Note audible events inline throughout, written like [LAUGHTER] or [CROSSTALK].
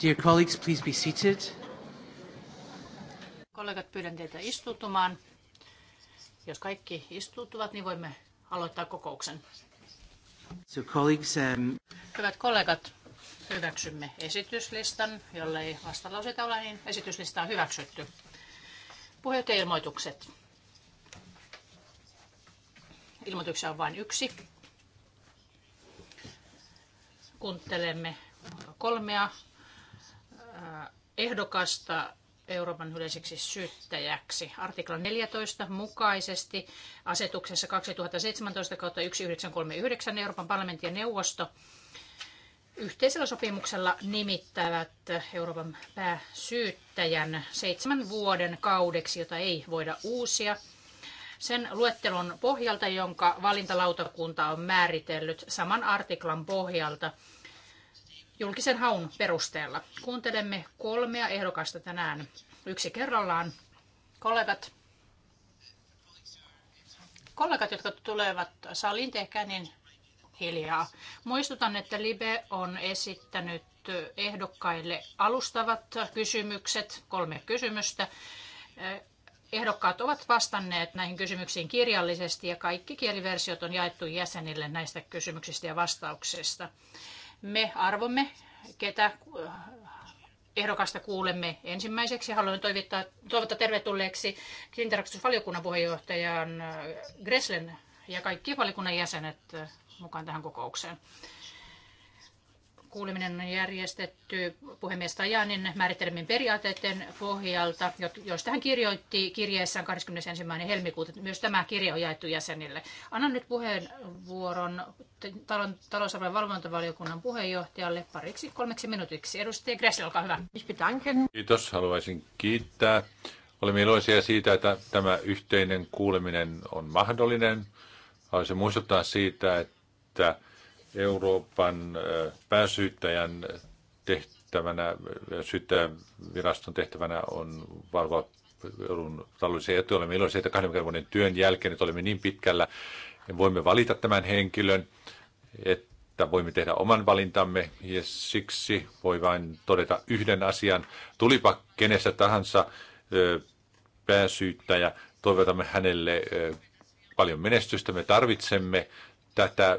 Dear colleagues, please be seated. Kollegat, pyydän teitä istuutumaan. Jos kaikki istuutuvat, niin voimme aloittaa kokouksen. So colleagues, um... Hyvät kollegat, hyväksymme esityslistan. Jollei vastalauseita ole, niin esityslista on hyväksytty. Puheenjohtajan ilmoitukset. Ilmoituksia on vain yksi. Kuuntelemme kolmea ehdokasta Euroopan yleiseksi syyttäjäksi. Artikla 14 mukaisesti asetuksessa 2017-1939 Euroopan parlamentti ja neuvosto yhteisellä sopimuksella nimittävät Euroopan pääsyyttäjän seitsemän vuoden kaudeksi, jota ei voida uusia. Sen luettelon pohjalta, jonka valintalautakunta on määritellyt saman artiklan pohjalta julkisen haun perusteella. Kuuntelemme kolmea ehdokasta tänään yksi kerrallaan. Kollegat, kollegat, jotka tulevat saliin, tehkää niin hiljaa. Muistutan, että Libe on esittänyt ehdokkaille alustavat kysymykset, kolme kysymystä. Ehdokkaat ovat vastanneet näihin kysymyksiin kirjallisesti ja kaikki kieliversiot on jaettu jäsenille näistä kysymyksistä ja vastauksista. Me arvomme, ketä ehdokasta kuulemme ensimmäiseksi. Haluan toivottaa, toivottaa tervetulleeksi tilintarkastusvaliokunnan puheenjohtajan Greslen ja kaikki valiokunnan jäsenet mukaan tähän kokoukseen. Kuuleminen on järjestetty puhemies Tajanin määrittelemiin periaatteiden pohjalta, joista hän kirjoitti kirjeessään 21. helmikuuta. Myös tämä kirja on jaettu jäsenille. Annan nyt puheenvuoron talon, talousarvojen valvontavaliokunnan puheenjohtajalle pariksi kolmeksi minuutiksi. Edustaja Gressel, olkaa hyvä. Kiitos, haluaisin kiittää. Olemme iloisia siitä, että tämä yhteinen kuuleminen on mahdollinen. Haluaisin muistuttaa siitä, että Euroopan äh, pääsyyttäjän tehtävänä, äh, syyttäjän viraston tehtävänä on valvoa EUn taloudellisia etuja. Olemme iloisia, että 20 vuoden työn jälkeen että olemme niin pitkällä, ja voimme valita tämän henkilön, että voimme tehdä oman valintamme, ja siksi voi vain todeta yhden asian. Tulipa kenestä tahansa äh, pääsyyttäjä, toivotamme hänelle paljon menestystä. Me tarvitsemme tätä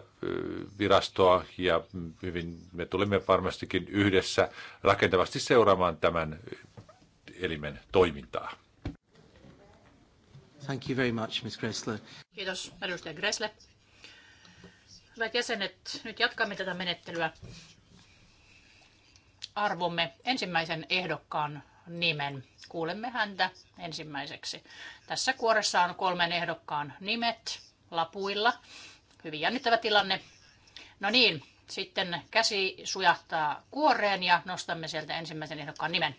virastoa ja hyvin me tulemme varmastikin yhdessä rakentavasti seuraamaan tämän elimen toimintaa. Thank you very much, Ms. Gressler. Kiitos, edustaja Gressle. Hyvät jäsenet, nyt jatkamme tätä menettelyä. Arvomme ensimmäisen ehdokkaan nimen. Kuulemme häntä ensimmäiseksi. Tässä kuoressa on kolmen ehdokkaan nimet lapuilla. Hyvin jännittävä tilanne. No niin, sitten käsi sujahtaa kuoreen ja nostamme sieltä ensimmäisen ehdokkaan nimen.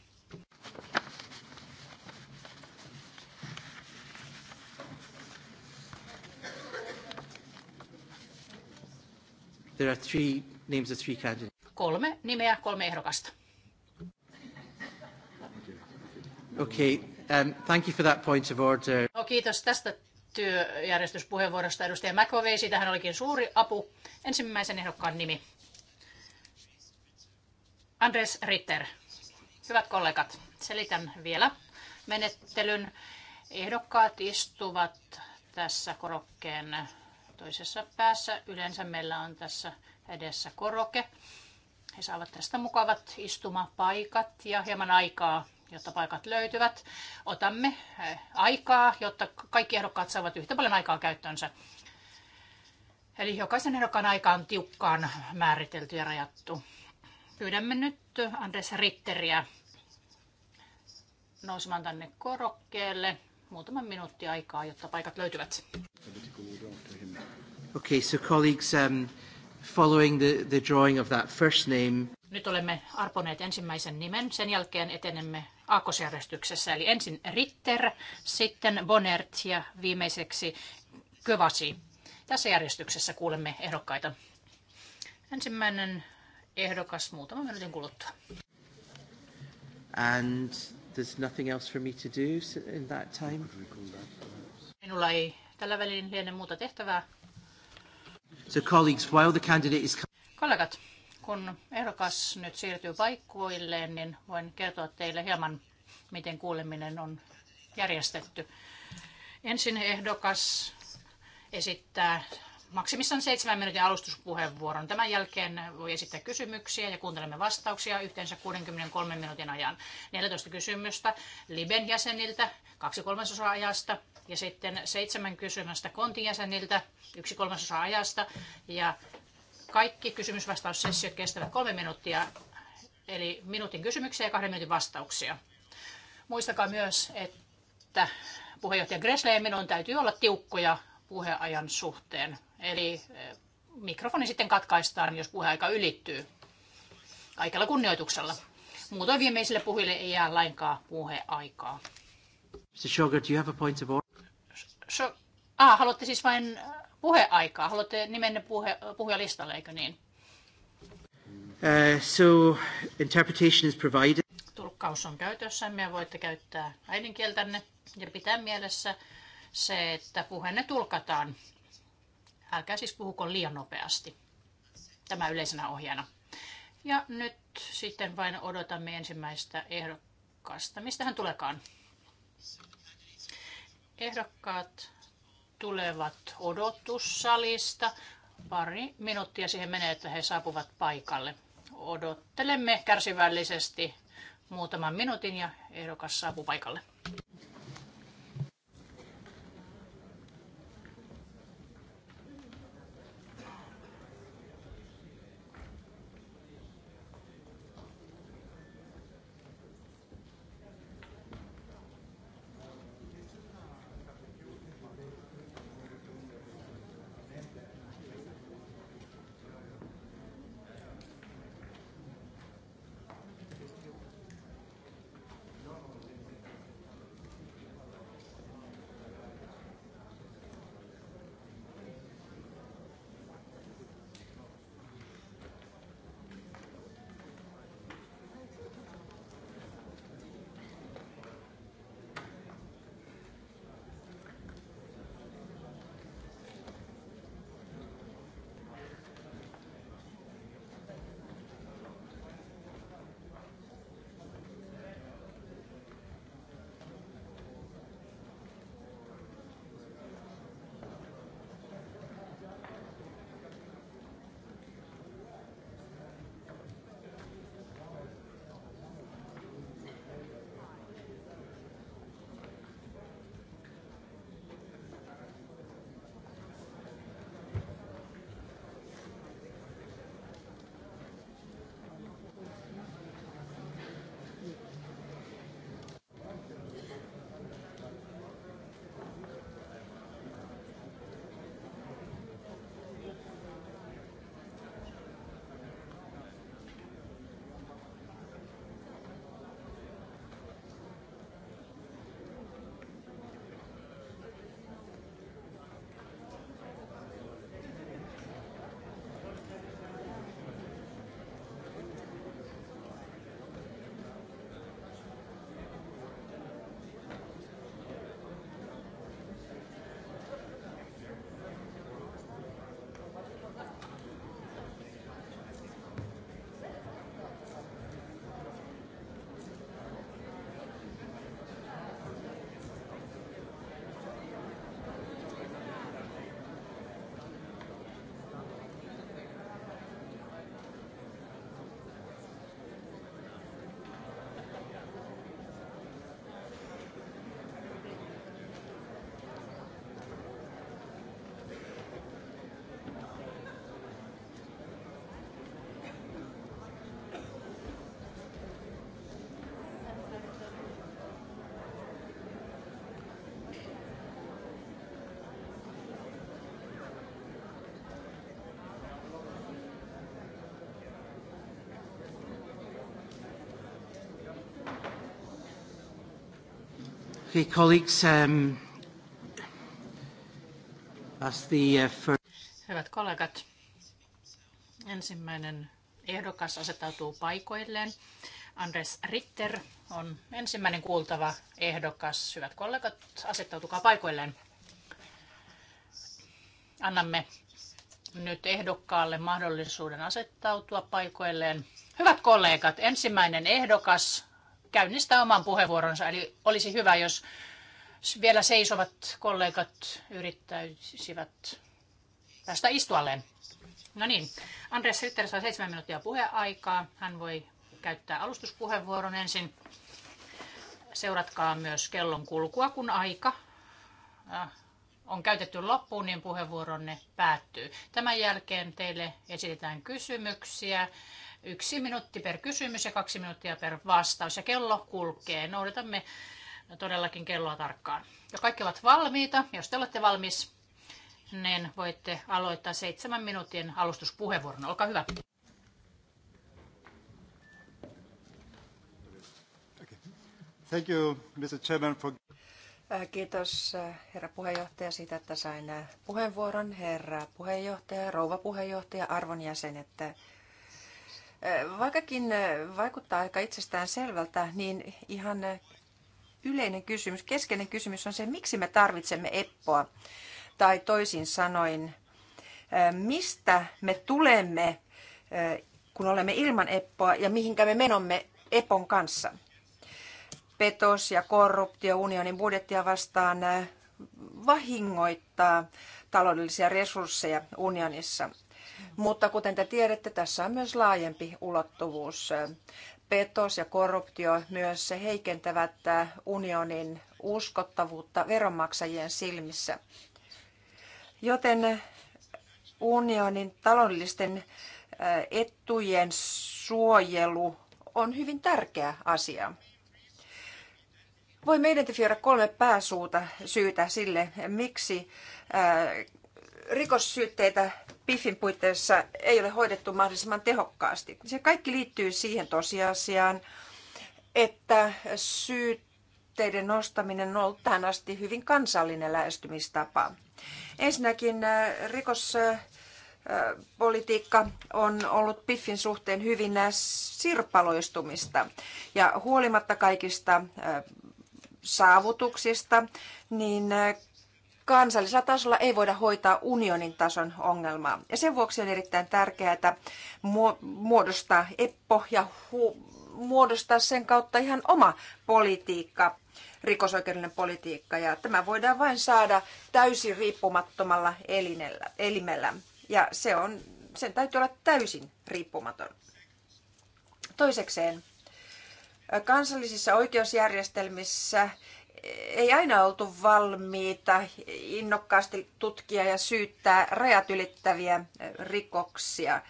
There are three names of three candidates. Kolme nimeä, kolme ehdokasta. Okay, um, thank you for that point of order. No, kiitos tästä työjärjestyspuheenvuorosta edustaja McAvey. Siitähän olikin suuri apu. Ensimmäisen ehdokkaan nimi. Andres Ritter. Hyvät kollegat, selitän vielä menettelyn. Ehdokkaat istuvat tässä korokkeen toisessa päässä. Yleensä meillä on tässä edessä koroke. He saavat tästä mukavat istumapaikat ja hieman aikaa jotta paikat löytyvät. Otamme eh, aikaa, jotta kaikki ehdokkaat saavat yhtä paljon aikaa käyttöönsä. Eli jokaisen ehdokkaan aika on tiukkaan määritelty ja rajattu. Pyydämme nyt Andres Ritteriä nousemaan tänne korokkeelle. Muutama minuutti aikaa, jotta paikat löytyvät. Okay, so colleagues, um, following the, the drawing of that first name... Nyt olemme arponeet ensimmäisen nimen. Sen jälkeen etenemme aakkosjärjestyksessä. Eli ensin Ritter, sitten Bonert ja viimeiseksi Kövasi. Tässä järjestyksessä kuulemme ehdokkaita. Ensimmäinen ehdokas muutaman minuutin kuluttua. And there's nothing else for me to do in that time. Minulla ei tällä välin liene muuta tehtävää. So colleagues, while the candidate is... Kollegat, kun ehdokas nyt siirtyy paikkoilleen, niin voin kertoa teille hieman, miten kuuleminen on järjestetty. Ensin ehdokas esittää maksimissaan seitsemän minuutin alustuspuheenvuoron. Tämän jälkeen voi esittää kysymyksiä ja kuuntelemme vastauksia yhteensä 63 minuutin ajan. 14 kysymystä Liben jäseniltä, kaksi kolmasosa ajasta, ja sitten seitsemän kysymystä kontin jäseniltä, yksi kolmasosa ajasta, ja kaikki kysymysvastaussessiot kestävät kolme minuuttia, eli minuutin kysymyksiä ja kahden minuutin vastauksia. Muistakaa myös, että puheenjohtaja Gressley ja minun täytyy olla tiukkoja puheajan suhteen. Eli eh, mikrofoni sitten katkaistaan, jos puheaika ylittyy. Kaikella kunnioituksella. Muutoin viimeisille puhujille ei jää lainkaan puheaikaa. Mr. Sugar, do you have a point of order? So, ah, haluatte siis vain puheaikaa. Haluatte nimenne puhe, puhujalistalle, eikö niin? Uh, so interpretation is provided. Tulkkaus on käytössä. Me voitte käyttää äidinkieltänne ja pitää mielessä se, että puheenne tulkataan. Älkää siis puhuko liian nopeasti. Tämä yleisenä ohjana. Ja nyt sitten vain odotamme ensimmäistä ehdokkaasta. Mistä hän tulekaan? Ehdokkaat tulevat odotussalista. Pari minuuttia siihen menee, että he saapuvat paikalle. Odottelemme kärsivällisesti muutaman minuutin ja ehdokas saapuu paikalle. Okay, colleagues, um, the uh, first... Hyvät kollegat, ensimmäinen ehdokas asettautuu paikoilleen. Andres Ritter on ensimmäinen kuultava ehdokas. Hyvät kollegat, asettautukaa paikoilleen. Annamme nyt ehdokkaalle mahdollisuuden asettautua paikoilleen. Hyvät kollegat, ensimmäinen ehdokas käynnistää oman puheenvuoronsa. Eli olisi hyvä, jos vielä seisovat kollegat yrittäisivät päästä istualleen. No niin, Andres Ritter saa seitsemän minuuttia puheaikaa. Hän voi käyttää alustuspuheenvuoron ensin. Seuratkaa myös kellon kulkua, kun aika äh, on käytetty loppuun, niin puheenvuoronne päättyy. Tämän jälkeen teille esitetään kysymyksiä Yksi minuutti per kysymys ja kaksi minuuttia per vastaus. Ja kello kulkee. Noudatamme todellakin kelloa tarkkaan. Ja kaikki ovat valmiita. Jos te olette valmis, niin voitte aloittaa seitsemän minuutin alustuspuheenvuoron. Olkaa hyvä. Thank you, Mr. Chairman, for... Äh, kiitos äh, herra puheenjohtaja siitä, että sain äh, puheenvuoron. Herra puheenjohtaja, rouva puheenjohtaja, arvon jäsenet. Vaikkakin eh, vaikuttaa aika itsestään selvältä, niin ihan eh, yleinen kysymys, keskeinen kysymys on se, miksi me tarvitsemme EPPOa. Tai toisin sanoen, eh, mistä me tulemme, kun olemme ilman EPPOa ja mihinkä me menomme EPON kanssa. Petos ja korruptio unionin budjettia vastaan vahingoittaa taloudellisia resursseja unionissa. Mutta kuten te tiedätte, tässä on myös laajempi ulottuvuus. Petos ja korruptio myös se heikentävät unionin uskottavuutta veronmaksajien silmissä. Joten unionin taloudellisten etujen suojelu on hyvin tärkeä asia. Voimme identifioida kolme pääsuuta syytä sille, miksi rikossyytteitä PIFin puitteissa ei ole hoidettu mahdollisimman tehokkaasti. Se kaikki liittyy siihen tosiasiaan, että syytteiden nostaminen on ollut tähän asti hyvin kansallinen lähestymistapa. Ensinnäkin äh, rikospolitiikka äh, on ollut PIFin suhteen hyvin äh, sirpaloistumista. Ja huolimatta kaikista saavutuksista, niin kansallisella tasolla ei voida hoitaa unionin tason ongelmaa. Ja sen vuoksi on erittäin tärkeää että muodostaa EPPO ja muodostaa sen kautta ihan oma politiikka, rikosoikeudellinen politiikka. Ja tämä voidaan vain saada täysin riippumattomalla elinellä, elimellä. Ja se on, sen täytyy olla täysin riippumaton. Toisekseen, kansallisissa oikeusjärjestelmissä ei aina oltu valmiita innokkaasti tutkia ja syyttää rajat ylittäviä rikoksia.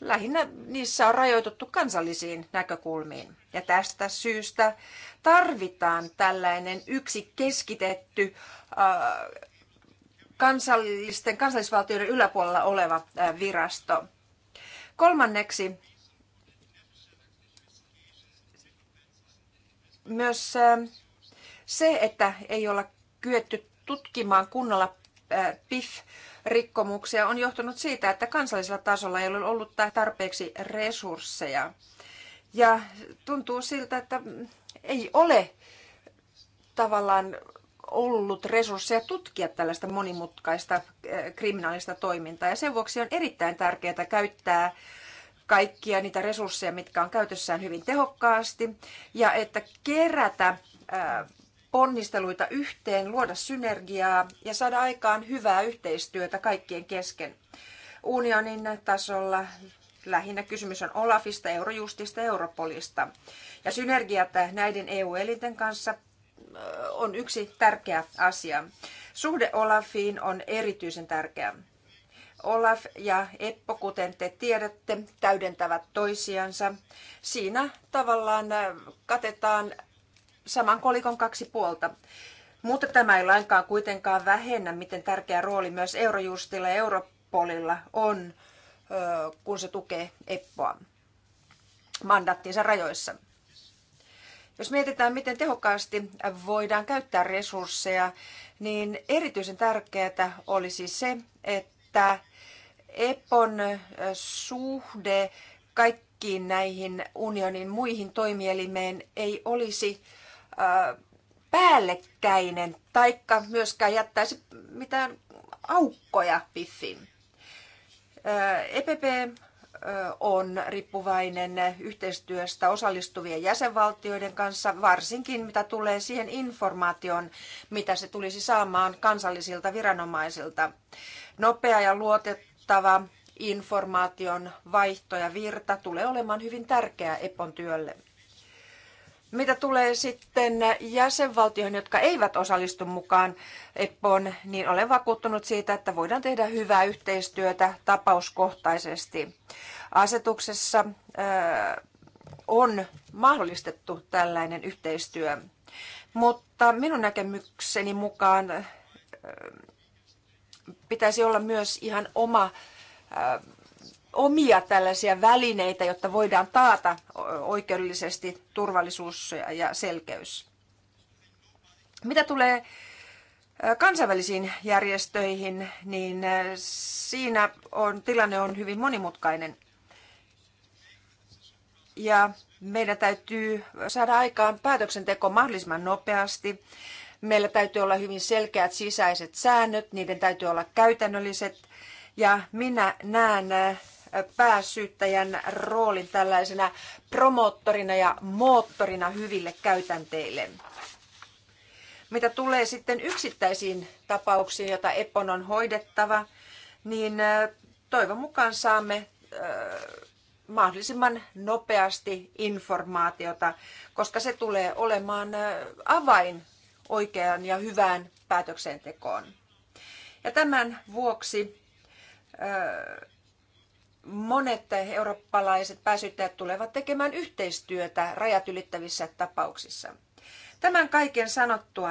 Lähinnä niissä on rajoituttu kansallisiin näkökulmiin. Ja tästä syystä tarvitaan tällainen yksi keskitetty kansallisten, kansallisvaltioiden yläpuolella oleva virasto. Kolmanneksi myös se, että ei olla kyetty tutkimaan kunnolla PIF-rikkomuksia, on johtunut siitä, että kansallisella tasolla ei ole ollut tarpeeksi resursseja. Ja tuntuu siltä, että ei ole tavallaan ollut resursseja tutkia tällaista monimutkaista kriminaalista toimintaa. Ja sen vuoksi on erittäin tärkeää käyttää kaikkia niitä resursseja, mitkä on käytössään hyvin tehokkaasti, ja että kerätä ponnisteluita yhteen, luoda synergiaa ja saada aikaan hyvää yhteistyötä kaikkien kesken. Unionin tasolla lähinnä kysymys on Olafista, Eurojustista ja Europolista. Ja synergiat näiden EU-elinten kanssa on yksi tärkeä asia. Suhde Olafiin on erityisen tärkeä. Olaf ja Eppo, kuten te tiedätte, täydentävät toisiansa. Siinä tavallaan katetaan saman kolikon kaksi puolta. Mutta tämä ei lainkaan kuitenkaan vähennä, miten tärkeä rooli myös Eurojustilla ja Europolilla on, kun se tukee EPPOa mandattiinsa rajoissa. Jos mietitään, miten tehokkaasti voidaan käyttää resursseja, niin erityisen tärkeää olisi se, että EPON suhde kaikkiin näihin unionin muihin toimielimeen ei olisi päällekkäinen, taikka myöskään jättäisi mitään aukkoja piffin. EPP on riippuvainen yhteistyöstä osallistuvien jäsenvaltioiden kanssa, varsinkin mitä tulee siihen informaatioon, mitä se tulisi saamaan kansallisilta viranomaisilta. Nopea ja luotettava informaation vaihto ja virta tulee olemaan hyvin tärkeää EPON työlle. Mitä tulee sitten jäsenvaltioihin, jotka eivät osallistu mukaan EPPOon, niin olen vakuuttunut siitä, että voidaan tehdä hyvää yhteistyötä tapauskohtaisesti. Asetuksessa äh, on mahdollistettu tällainen yhteistyö, mutta minun näkemykseni mukaan äh, pitäisi olla myös ihan oma äh, omia tällaisia välineitä, jotta voidaan taata oikeudellisesti turvallisuus ja selkeys. Mitä tulee kansainvälisiin järjestöihin, niin siinä on, tilanne on hyvin monimutkainen. Ja meidän täytyy saada aikaan päätöksenteko mahdollisimman nopeasti. Meillä täytyy olla hyvin selkeät sisäiset säännöt, niiden täytyy olla käytännölliset. Ja minä näen pääsyyttäjän roolin tällaisena promoottorina ja moottorina hyville käytänteille. Mitä tulee sitten yksittäisiin tapauksiin, joita EPON on hoidettava, niin toivon mukaan saamme mahdollisimman nopeasti informaatiota, koska se tulee olemaan avain oikeaan ja hyvään päätöksentekoon. Ja tämän vuoksi monet eurooppalaiset pääsyttäjät tulevat tekemään yhteistyötä rajat ylittävissä tapauksissa. Tämän kaiken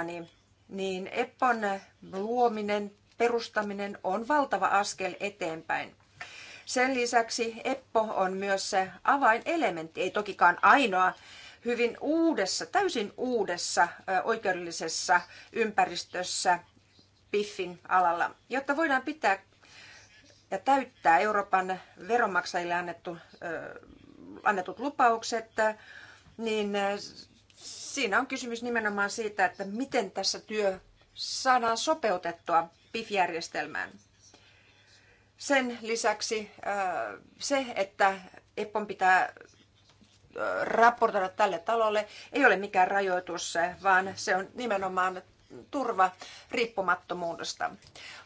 niin, niin EPPON luominen, perustaminen on valtava askel eteenpäin. Sen lisäksi EPPO on myös se avainelementti, ei tokikaan ainoa, hyvin uudessa, täysin uudessa oikeudellisessa ympäristössä PIFin alalla, jotta voidaan pitää ja täyttää Euroopan veronmaksajille annettu, annetut lupaukset, niin siinä on kysymys nimenomaan siitä, että miten tässä työ saadaan sopeutettua PIF-järjestelmään. Sen lisäksi se, että EPPON pitää raportoida tälle talolle, ei ole mikään rajoitus, vaan se on nimenomaan turva riippumattomuudesta.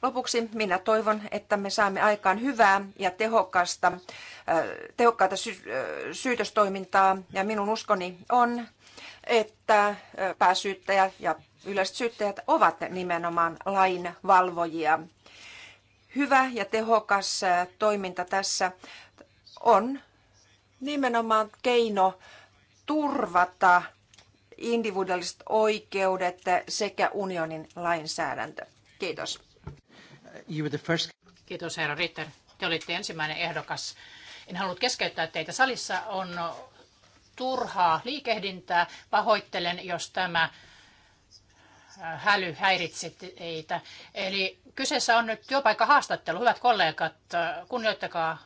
Lopuksi minä toivon, että me saamme aikaan hyvää ja tehokasta, äh, tehokkaata sy- äh, syytöstoimintaa ja minun uskoni on, että äh, pääsyyttäjä ja yleiset syyttäjät ovat nimenomaan lainvalvojia. Hyvä ja tehokas toiminta tässä on nimenomaan keino turvata individuaaliset oikeudet sekä unionin lainsäädäntö. Kiitos. Kiitos herra Ritter. Te olitte ensimmäinen ehdokas. En halunnut keskeyttää teitä. Salissa on turhaa liikehdintää. Pahoittelen, jos tämä äh, häly häiritsi teitä. Eli kyseessä on nyt työpaikkahaastattelu. Hyvät kollegat, äh, kunnioittakaa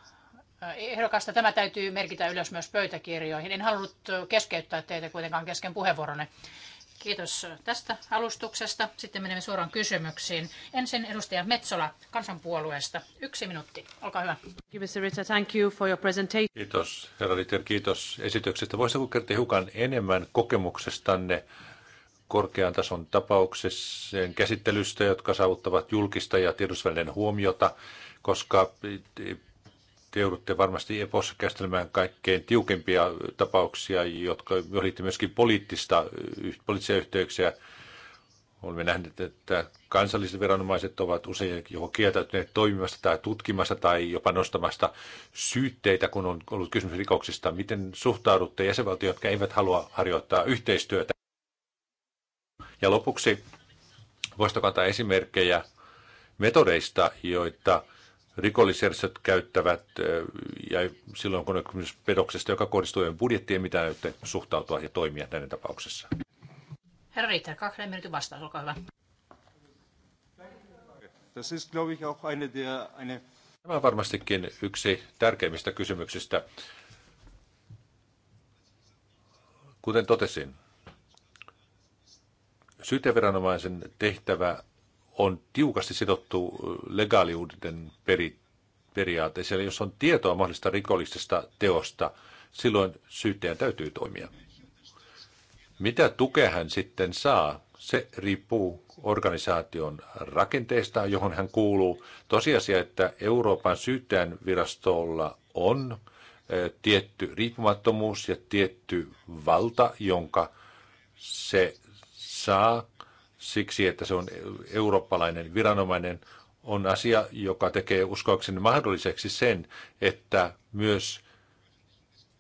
ehdokasta. Tämä täytyy merkitä ylös myös pöytäkirjoihin. En halunnut keskeyttää teitä kuitenkaan kesken puheenvuoronne. Kiitos tästä alustuksesta. Sitten menemme suoraan kysymyksiin. Ensin edustaja Metsola kansanpuolueesta. Yksi minuutti. Olkaa hyvä. Thank you for your presentation. Kiitos, herra Ritter. Kiitos esityksestä. Voisitko kertoa hiukan enemmän kokemuksestanne korkean tason tapauksessa käsittelystä, jotka saavuttavat julkista ja tiedotusvälineen huomiota, koska te joudutte varmasti EPOssa käsittelemään kaikkein tiukempia tapauksia, jotka liittyvät myöskin poliittista, poliittisia yhteyksiä. Olemme nähneet, että kansalliset viranomaiset ovat usein joko kieltäytyneet toimimasta tai tutkimasta tai jopa nostamasta syytteitä, kun on ollut kysymys rikoksista. Miten suhtaudutte jäsenvaltioihin, jotka eivät halua harjoittaa yhteistyötä? Ja lopuksi voisitko antaa esimerkkejä metodeista, joita rikollisjärjestöt käyttävät, ja silloin kun on pedoksesta, joka kohdistuu budjettiin, mitä näytte suhtautua ja toimia näiden tapauksessa. Herra Ritter, kahden minuutin vastaus, olkaa hyvä. Tämä on varmastikin yksi tärkeimmistä kysymyksistä. Kuten totesin, syyteviranomaisen tehtävä on tiukasti sidottu legaaliuuden peri, periaatteeseen. Jos on tietoa mahdollisesta rikollisesta teosta, silloin syyttäjän täytyy toimia. Mitä tukea hän sitten saa, se riippuu organisaation rakenteesta, johon hän kuuluu. Tosiasia, että Euroopan syyttäjän virastolla on tietty riippumattomuus ja tietty valta, jonka se saa siksi, että se on eurooppalainen viranomainen, on asia, joka tekee uskoakseni mahdolliseksi sen, että myös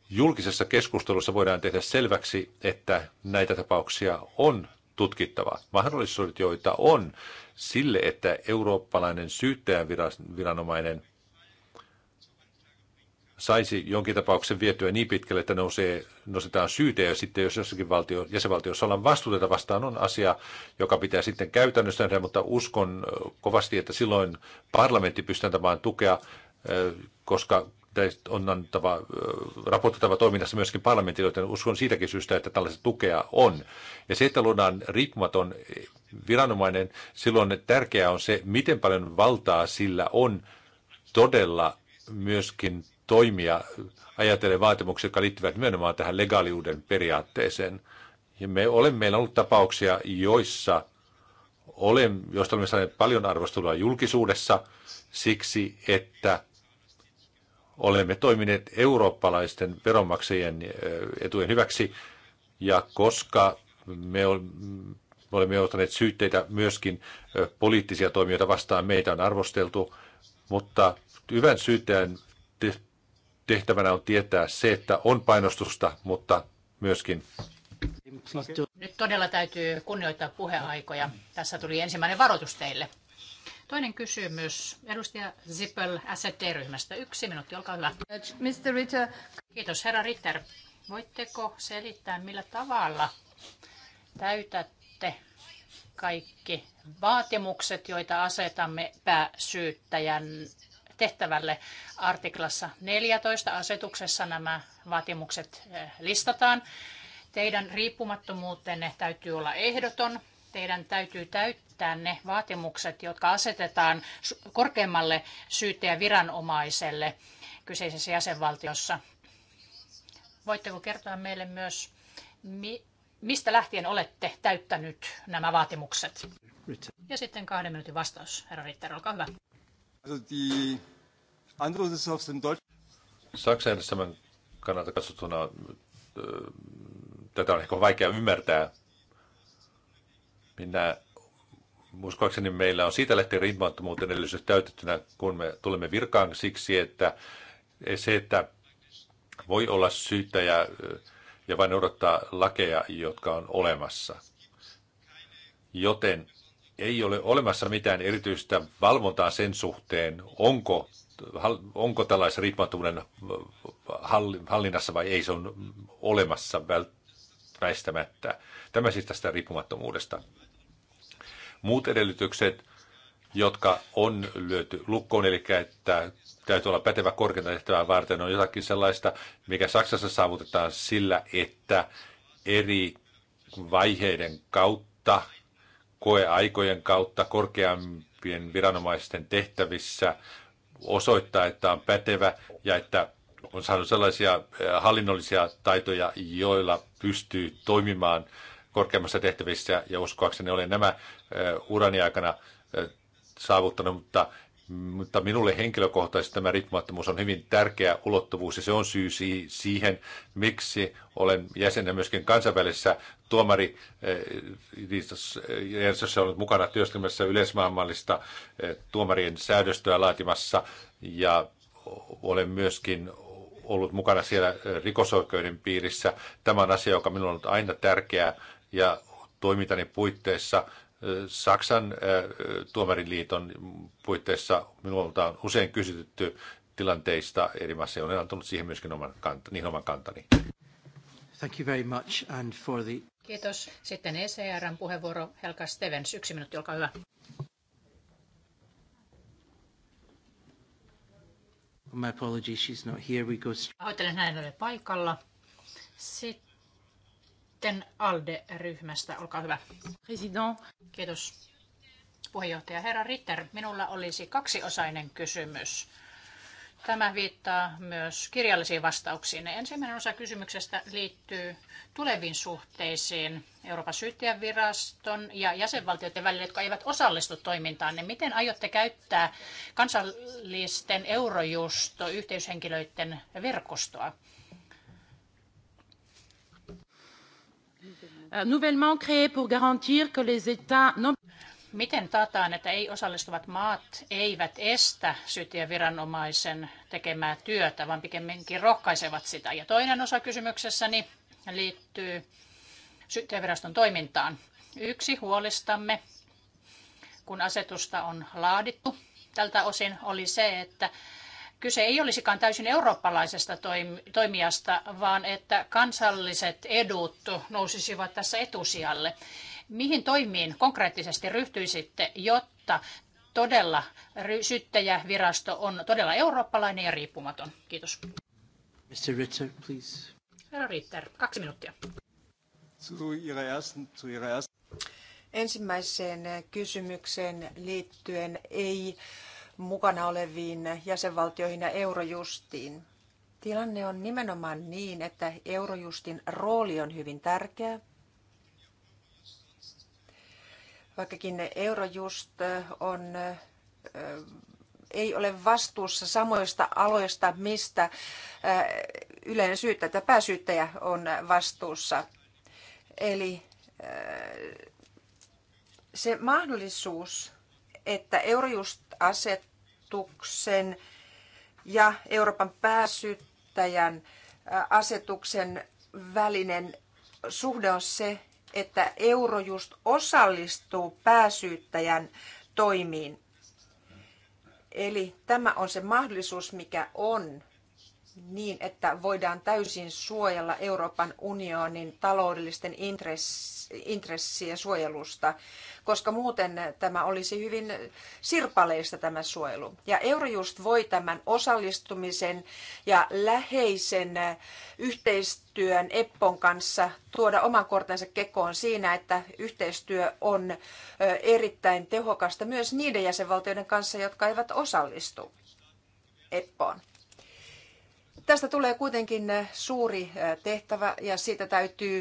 julkisessa keskustelussa voidaan tehdä selväksi, että näitä tapauksia on tutkittava. Mahdollisuudet, joita on sille, että eurooppalainen syyttäjän viranomainen saisi jonkin tapauksen vietyä niin pitkälle, että nousee, nostetaan syyte ja sitten jos jossakin valtio, jäsenvaltiossa ollaan vastuuta vastaan, on asia, joka pitää sitten käytännössä nähdä, mutta uskon kovasti, että silloin parlamentti pystyy antamaan tukea, koska on antava, raportoitava toiminnassa myöskin parlamentille, joten uskon siitäkin syystä, että tällaista tukea on. Ja se, että luodaan riippumaton viranomainen, silloin tärkeää on se, miten paljon valtaa sillä on todella myöskin toimia ajatellen vaatimuksia, jotka liittyvät nimenomaan tähän legaaliuden periaatteeseen. Ja me olemme, meillä on ollut tapauksia, joissa olen, josta olemme saaneet paljon arvostelua julkisuudessa siksi, että olemme toimineet eurooppalaisten veronmaksajien eh, etujen hyväksi, ja koska me olemme ottaneet syytteitä myöskin eh, poliittisia toimijoita vastaan, meitä on arvosteltu, mutta hyvän syyttäjän tehtävänä on tietää se, että on painostusta, mutta myöskin nyt todella täytyy kunnioittaa puheaikoja. Tässä tuli ensimmäinen varoitus teille. Toinen kysymys. Edustaja Zippel ST-ryhmästä. Yksi minuutti, olkaa hyvä. Mr. Ritter. Kiitos, herra Ritter. Voitteko selittää, millä tavalla täytätte kaikki vaatimukset, joita asetamme pääsyyttäjän tehtävälle. Artiklassa 14 asetuksessa nämä vaatimukset eh, listataan. Teidän riippumattomuutenne täytyy olla ehdoton. Teidän täytyy täyttää ne vaatimukset, jotka asetetaan korkeammalle syyttäjäviranomaiselle kyseisessä jäsenvaltiossa. Voitteko kertoa meille myös, mistä lähtien olette täyttänyt nämä vaatimukset? Ja sitten kahden minuutin vastaus, herra Ritter, olkaa hyvä. Saksan järjestelmän kannalta katsottuna äh, tätä on ehkä vaikea ymmärtää. Minä uskoakseni meillä on siitä lähtien riippumattomuuden edellisyys täytettynä, kun me tulemme virkaan siksi, että se, että voi olla syyttäjä äh, ja vain odottaa lakeja, jotka on olemassa. Joten ei ole olemassa mitään erityistä valvontaa sen suhteen, onko, onko tällaisen riippumattomuuden äh, hallinnassa vai ei. Se on olemassa väistämättä. Tämä siis tästä riippumattomuudesta. Muut edellytykset, jotka on lyöty lukkoon, eli että täytyy olla pätevä korkeinta tehtävää varten, on jotakin sellaista, mikä Saksassa saavutetaan sillä, että eri vaiheiden kautta koeaikojen kautta korkeampien viranomaisten tehtävissä osoittaa, että on pätevä ja että on saanut sellaisia eh, hallinnollisia taitoja, joilla pystyy toimimaan korkeammassa tehtävissä ja uskoakseni olen nämä eh, urani aikana eh, saavuttanut, mutta mutta minulle henkilökohtaisesti tämä riippumattomuus on hyvin tärkeä ulottuvuus ja se on syy siihen, miksi olen jäsenä myöskin kansainvälisessä eh, jossa eh, ollut mukana työskennellessä yleismaailmallista eh, tuomarien säädöstöä laatimassa ja olen myöskin ollut mukana siellä rikosoikeuden piirissä. Tämä on asia, joka minulle on ollut aina tärkeää ja toimintani puitteissa Saksan äh, tuomariliiton puitteissa minulta on usein kysytty tilanteista eri maissa, ja olen antanut siihen myöskin oman, kant- niin oman kantani. Thank you very much and for the... Kiitos. Sitten ECRn puheenvuoro Helka Stevens. Yksi minuutti, olkaa hyvä. My apologies, she's not here. We go... Pahoittelen, hän ei ole paikalla. Sitten sitten ALDE-ryhmästä, olkaa hyvä. President. Kiitos. Puheenjohtaja herra Ritter, minulla olisi kaksiosainen kysymys. Tämä viittaa myös kirjallisiin vastauksiin. Ensimmäinen osa kysymyksestä liittyy tuleviin suhteisiin Euroopan syyttäjänviraston ja jäsenvaltioiden välillä, jotka eivät osallistu toimintaan. Niin miten aiotte käyttää kansallisten eurojusto yhteyshenkilöiden verkostoa? Euh, nouvellement créé pour garantir que les États non... Miten taataan, että ei osallistuvat maat eivät estä syyttäjäviranomaisen tekemää työtä, vaan pikemminkin rohkaisevat sitä? Ja toinen osa kysymyksessäni liittyy syyttäjäviraston toimintaan. Yksi huolistamme, kun asetusta on laadittu tältä osin, oli se, että kyse ei olisikaan täysin eurooppalaisesta toimijasta, vaan että kansalliset edut nousisivat tässä etusijalle. Mihin toimiin konkreettisesti ryhtyisitte, jotta todella syyttäjävirasto on todella eurooppalainen ja riippumaton? Kiitos. Mr. Ritter, please. Herra Ritter, kaksi minuuttia. Ensimmäiseen kysymykseen liittyen ei mukana oleviin jäsenvaltioihin ja Eurojustiin. Tilanne on nimenomaan niin, että Eurojustin rooli on hyvin tärkeä. Vaikkakin Eurojust on, ei ole vastuussa samoista aloista, mistä yleinen syyttäjä tai pääsyyttäjä on vastuussa. Eli se mahdollisuus, että Eurojust aset asetuksen ja Euroopan pääsyttäjän asetuksen välinen suhde on se, että Eurojust osallistuu pääsyyttäjän toimiin. Eli tämä on se mahdollisuus, mikä on niin, että voidaan täysin suojella Euroopan unionin taloudellisten intressien suojelusta, koska muuten tämä olisi hyvin sirpaleista tämä suojelu. Ja Eurojust voi tämän osallistumisen ja läheisen yhteistyön EPPON kanssa tuoda oman kortensa kekoon siinä, että yhteistyö on erittäin tehokasta myös niiden jäsenvaltioiden kanssa, jotka eivät osallistu EPPOon. Tästä tulee kuitenkin eh, suuri eh, tehtävä ja siitä täytyy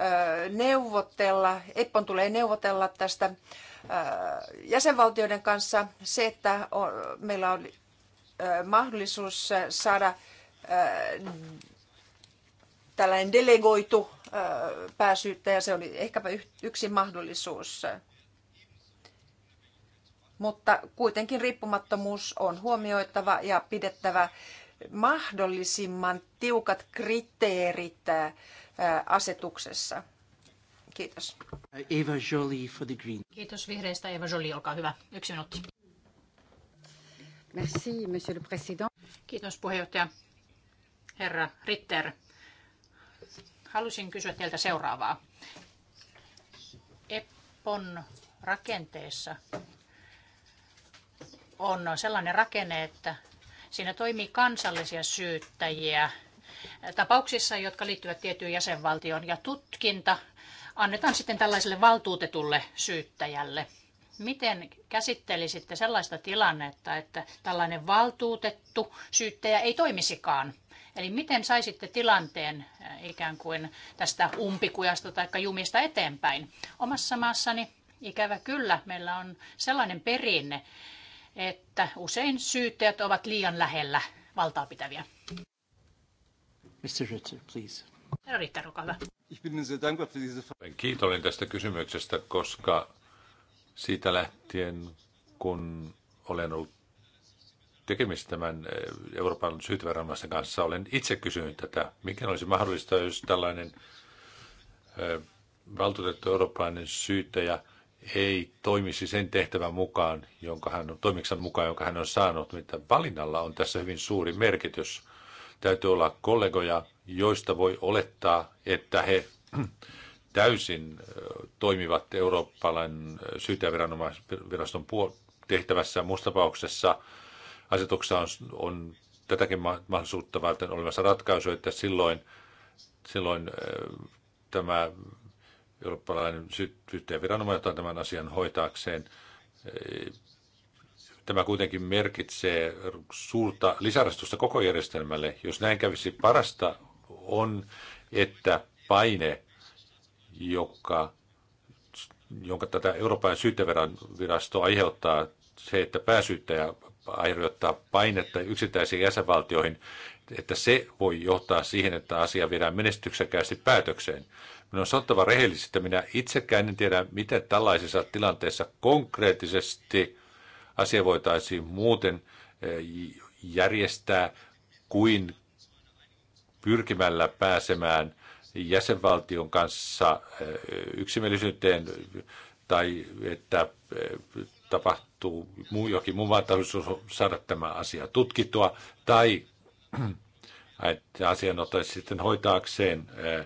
eh, neuvotella, Eppon tulee neuvotella tästä jäsenvaltioiden kanssa se, että meillä on mahdollisuus saada tällainen delegoitu ja se oli ehkäpä yksi mahdollisuus. Mutta kuitenkin riippumattomuus on huomioitava ja pidettävä mahdollisimman tiukat kriteerit asetuksessa. Kiitos. Eva Jolie for the Green. Kiitos vihreistä. Eva Jolie, olkaa hyvä. Yksi minuutti. Merci, monsieur le président. Kiitos puheenjohtaja. Herra Ritter, halusin kysyä teiltä seuraavaa. EPPON rakenteessa on sellainen rakenne, että Siinä toimii kansallisia syyttäjiä tapauksissa, jotka liittyvät tiettyyn jäsenvaltioon, ja tutkinta annetaan sitten tällaiselle valtuutetulle syyttäjälle. Miten käsittelisitte sellaista tilannetta, että tällainen valtuutettu syyttäjä ei toimisikaan? Eli miten saisitte tilanteen eh, ikään kuin tästä umpikujasta tai jumista eteenpäin? Omassa maassani ikävä kyllä meillä on sellainen perinne, että usein syyttäjät ovat liian lähellä valtaa pitäviä. Mr. Ritter, please. Herra Ritter, olkaa hyvä. Kiitollinen tästä kysymyksestä, koska siitä lähtien, kun olen ollut tekemistä tämän eh, Euroopan syytäväranomaisen kanssa, olen itse kysynyt tätä, mikä olisi mahdollista, jos tällainen eh, valtuutettu eurooppalainen syyttäjä – ei toimisi sen tehtävän mukaan, jonka hän on, toimiksen mukaan, jonka hän on saanut, mitä valinnalla on tässä hyvin suuri merkitys. Täytyy olla kollegoja, joista voi olettaa, että he [CLEARS THROAT] täysin toimivat eurooppalainen syyttäjäviraston tehtävässä. Muussa tapauksessa asetuksessa on, on tätäkin mahdollisuutta varten olemassa ratkaisu, että silloin, silloin tämä eurooppalainen syyttäjäviranomainen ottaa tämän asian hoitaakseen. Tämä kuitenkin merkitsee suurta lisärastusta koko järjestelmälle. Jos näin kävisi, parasta on, että paine, joka, jonka tätä Euroopan syyttäjävirasto aiheuttaa, se, että pääsyyttäjä aiheuttaa painetta yksittäisiin jäsenvaltioihin, että se voi johtaa siihen, että asia viedään menestyksekkäästi päätökseen. Minun on sanottava rehellisesti, että minä itsekään en tiedä, miten tällaisessa tilanteessa konkreettisesti asia voitaisiin muuten eh, järjestää kuin pyrkimällä pääsemään jäsenvaltion kanssa eh, yksimielisyyteen tai että eh, tapahtuu muu, jokin muu mahdollisuus saada tämä asia tutkittua tai [CLEARS THROAT] että asian ottaisi sitten hoitaakseen ää,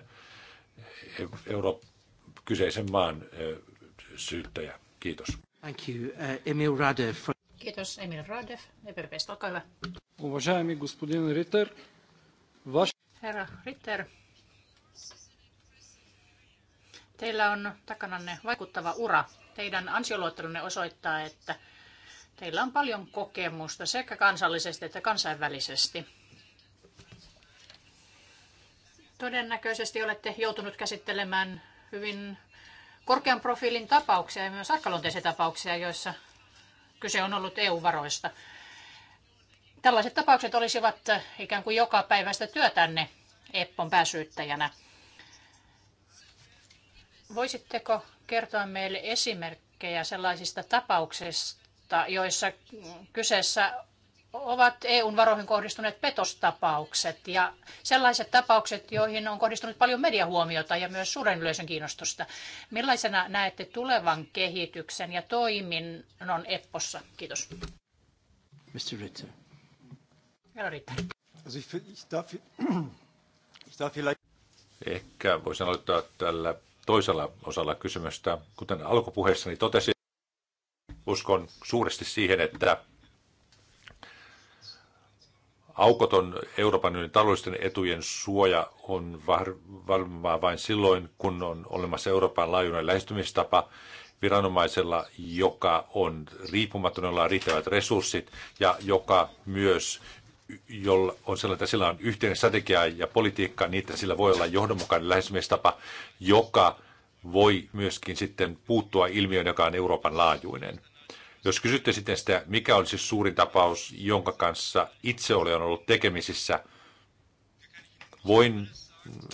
euro kyseisen maan syyttäjä. Kiitos. Thank you, uh, Emil Radev. Kiitos, Emil Radev. EPPstä, olkaa hyvä. Уважаеми господин Ritter, ваш... Herra Ritter, teillä on takananne vaikuttava ura. Teidän ansioluottelunne osoittaa, että teillä on paljon kokemusta sekä kansallisesti että kansainvälisesti Todennäköisesti olette joutunut käsittelemään hyvin korkean profiilin tapauksia ja myös arkaluonteisia tapauksia, joissa kyse on ollut EU-varoista. Tällaiset tapaukset olisivat ikään kuin joka päivästä työtänne Eppon pääsyyttäjänä. Voisitteko kertoa meille esimerkkejä sellaisista tapauksista, joissa kyseessä ovat EUn varoihin kohdistuneet petostapaukset ja sellaiset tapaukset, joihin on kohdistunut paljon mediahuomiota ja myös suuren yleisön kiinnostusta. Millaisena näette tulevan kehityksen ja toiminnon EPPOssa? Kiitos. Mr. Ritter. Herra Ritter. Ehkä voisin aloittaa tällä toisella osalla kysymystä. Kuten alkupuheessani totesin, uskon suuresti siihen, että aukoton Euroopan unionin taloudellisten etujen suoja on varmaa vain silloin, kun on olemassa Euroopan laajuinen lähestymistapa viranomaisella, joka on riippumaton, jolla on riittävät resurssit ja joka myös jolla on sellainen, että sillä on yhteinen strategia ja politiikka, niin että sillä voi olla johdonmukainen lähestymistapa, joka voi myöskin sitten puuttua ilmiöön, joka on Euroopan laajuinen. Jos kysytte sitten sitä, mikä olisi siis suurin tapaus, jonka kanssa itse olen ollut tekemisissä, voin,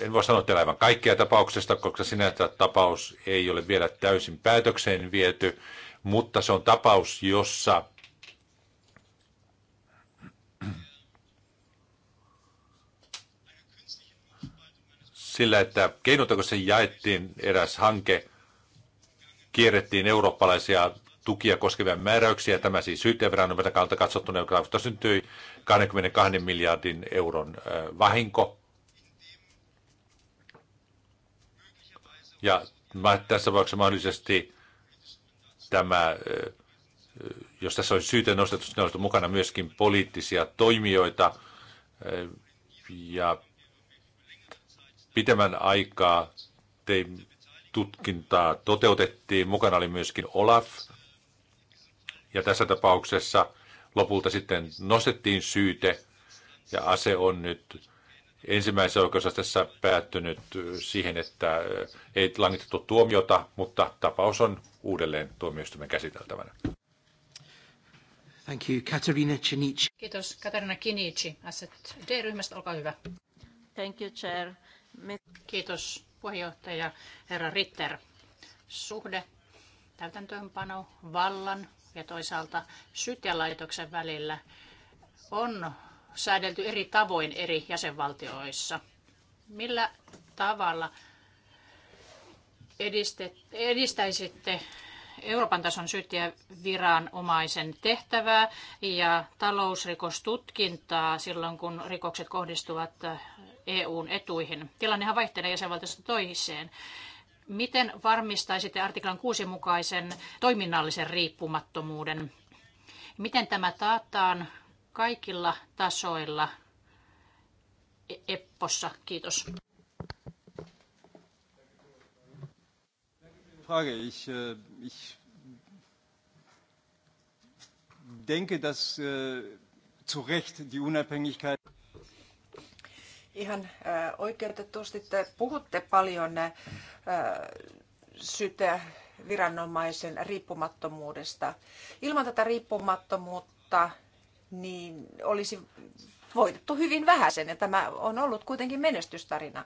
en voi sanoa teillä aivan kaikkea tapauksesta, koska sinänsä tapaus ei ole vielä täysin päätökseen viety, mutta se on tapaus, jossa sillä, että keinotekoisen jaettiin eräs hanke, kierrettiin eurooppalaisia tukia koskevia määräyksiä. Tämä siis syyttäjäviranomaisen kautta katsottuna, joka syntyi 22 miljardin euron vahinko. Ja tässä vaiheessa mahdollisesti tämä, jos tässä olisi syytä nostettu, niin olisi mukana myöskin poliittisia toimijoita ja pitemmän aikaa tein tutkintaa toteutettiin. Mukana oli myöskin Olaf, ja tässä tapauksessa lopulta sitten nostettiin syyte ja ase on nyt ensimmäisessä tässä päättynyt siihen, että äh, ei langitettu tuomiota, mutta tapaus on uudelleen tuomioistuimen käsiteltävänä. Thank you, Katarina Chinichi. Kiitos, Katarina Kinichi. Asset D-ryhmästä, olkaa hyvä. Thank you, Chair. Me... Kiitos, puheenjohtaja herra Ritter. Suhde, täytäntöönpano, vallan ja toisaalta syyttäjälaitoksen välillä on säädelty eri tavoin eri jäsenvaltioissa. Millä tavalla edistäisitte Euroopan tason syyttäjäviranomaisen tehtävää ja talousrikostutkintaa silloin, kun rikokset kohdistuvat EUn etuihin. Tilannehan vaihtelee jäsenvaltiosta toiseen. Miten varmistaisitte artiklan 6 mukaisen toiminnallisen riippumattomuuden? Miten tämä taataan kaikilla tasoilla EPPOssa? Kiitos. Frage. Ich, äh, ich denke, dass äh, zu Recht die Unabhängigkeit ihan oikeutetusti te puhutte paljon sytä viranomaisen riippumattomuudesta. Ilman tätä riippumattomuutta niin olisi voitettu hyvin vähäisen ja tämä on ollut kuitenkin menestystarina.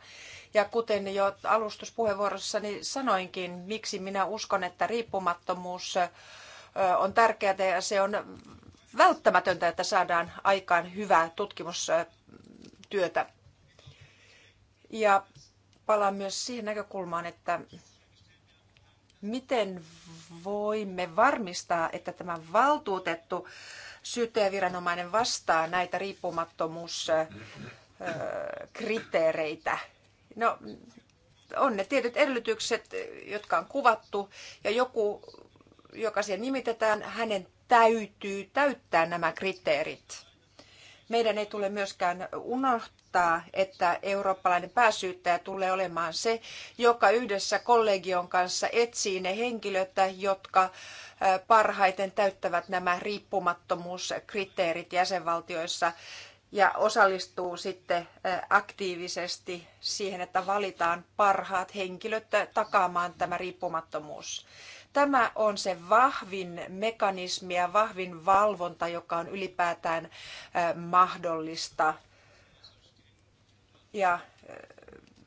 Ja kuten jo alustuspuheenvuorossani sanoinkin, miksi minä uskon, että riippumattomuus on tärkeää ja se on välttämätöntä, että saadaan aikaan hyvää tutkimustyötä. Ja palaan myös siihen näkökulmaan, että miten voimme varmistaa, että tämä valtuutettu syyttäjäviranomainen vastaa näitä riippumattomuuskriteereitä. No, on ne tietyt edellytykset, jotka on kuvattu, ja joku, joka siihen nimitetään, hänen täytyy täyttää nämä kriteerit. Meidän ei tule myöskään unohtaa, että eurooppalainen pääsyyttäjä tulee olemaan se, joka yhdessä kollegion kanssa etsii ne henkilöt, jotka parhaiten täyttävät nämä riippumattomuuskriteerit jäsenvaltioissa ja osallistuu sitten aktiivisesti siihen, että valitaan parhaat henkilöt takaamaan tämä riippumattomuus. Tämä on se vahvin mekanismi ja vahvin valvonta, joka on ylipäätään mahdollista. Ja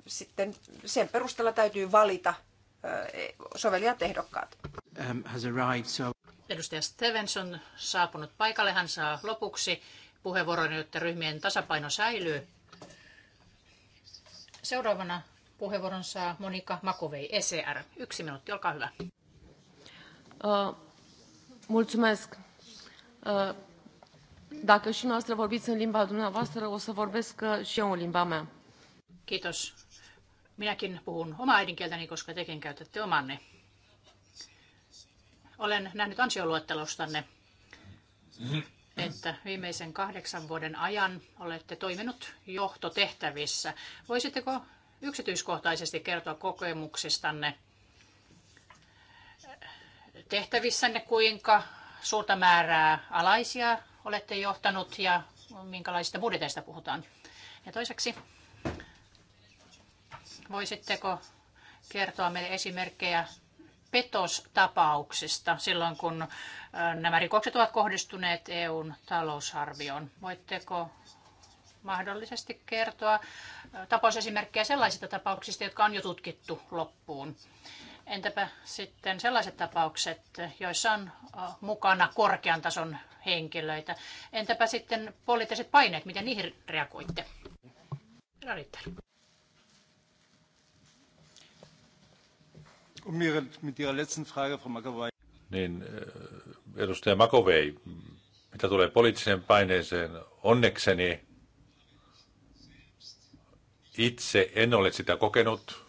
sitten sen perusteella täytyy valita sovelijat ehdokkaat. Um, Edustaja Stevens on saapunut paikalle. Hän saa lopuksi puheenvuoron, jotta ryhmien tasapaino säilyy. Seuraavana puheenvuoron saa Monika Makovei, ECR. Yksi minuutti, olkaa hyvä. Uh, mulțumesc. Uh, dacă și noastră vorbiți în limba dumneavoastră, o să vorbesc uh, și eu în limba mea. Kiitos. Minäkin puhun omaa äidinkieltäni, koska tekin käytätte omanne. Olen nähnyt ansioluettelostanne, että viimeisen kahdeksan vuoden ajan olette toiminut johtotehtävissä. Voisitteko yksityiskohtaisesti kertoa kokemuksistanne tehtävissänne, kuinka suurta määrää alaisia olette johtanut ja minkälaisista budjeteista puhutaan. Ja toiseksi, voisitteko kertoa meille esimerkkejä petostapauksista silloin, kun äh, nämä rikokset ovat kohdistuneet EUn talousarvioon. Voitteko mahdollisesti kertoa äh, tapausesimerkkejä sellaisista tapauksista, jotka on jo tutkittu loppuun? Entäpä sitten sellaiset tapaukset, joissa on mukana korkean tason henkilöitä? Entäpä sitten poliittiset paineet, miten niihin reagoitte? Riittää. Um, niin, edustaja Makovei, mitä tulee poliittiseen paineeseen, onnekseni itse en ole sitä kokenut,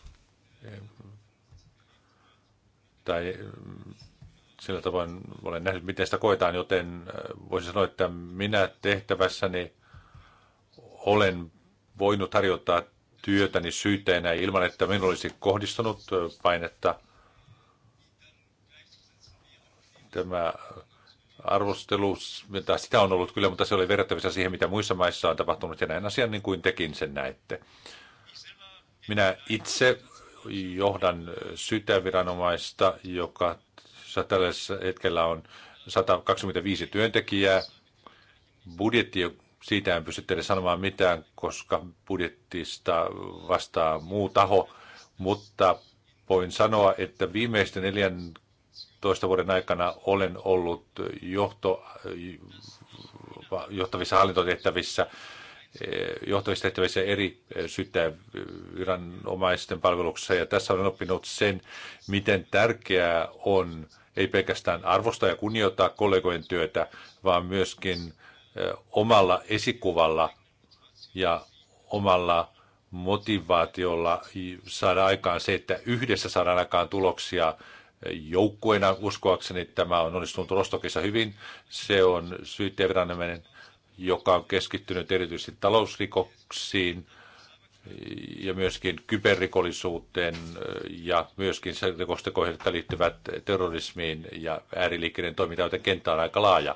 tai mm, sillä tavoin olen nähnyt, miten sitä koetaan, joten äh, voisin sanoa, että minä tehtävässäni olen voinut harjoittaa työtäni syyteenä ilman, että minulla olisi kohdistunut äh, painetta. Tämä arvostelu, sitä on ollut kyllä, mutta se oli verrattavissa siihen, mitä muissa maissa on tapahtunut ja näin asian, niin kuin tekin sen näette. Minä itse johdan syyttäjäviranomaista, joka tällä hetkellä on 125 työntekijää. Budjetti, siitä en pysty teille sanomaan mitään, koska budjettista vastaa muu taho, mutta voin sanoa, että viimeisten 14 vuoden aikana olen ollut johto, johtavissa hallintotehtävissä Eh, johtavissa tehtävissä eri eh, syyttäjäviranomaisten eh, palveluksessa. Ja tässä olen oppinut sen, miten tärkeää on ei pelkästään arvostaa ja kunnioittaa kollegojen työtä, vaan myöskin omalla esikuvalla ja omalla motivaatiolla saada aikaan se, että yhdessä saadaan aikaan tuloksia joukkueena. Uskoakseni tämä on onnistunut Rostokissa hyvin. Se on syyttäjäviranomainen joka on keskittynyt erityisesti talousrikoksiin ja myöskin kyberrikollisuuteen ja myöskin rikostekoihin, jotka liittyvät terrorismiin ja ääriliikkeiden toiminta, joten kenttä on aika laaja.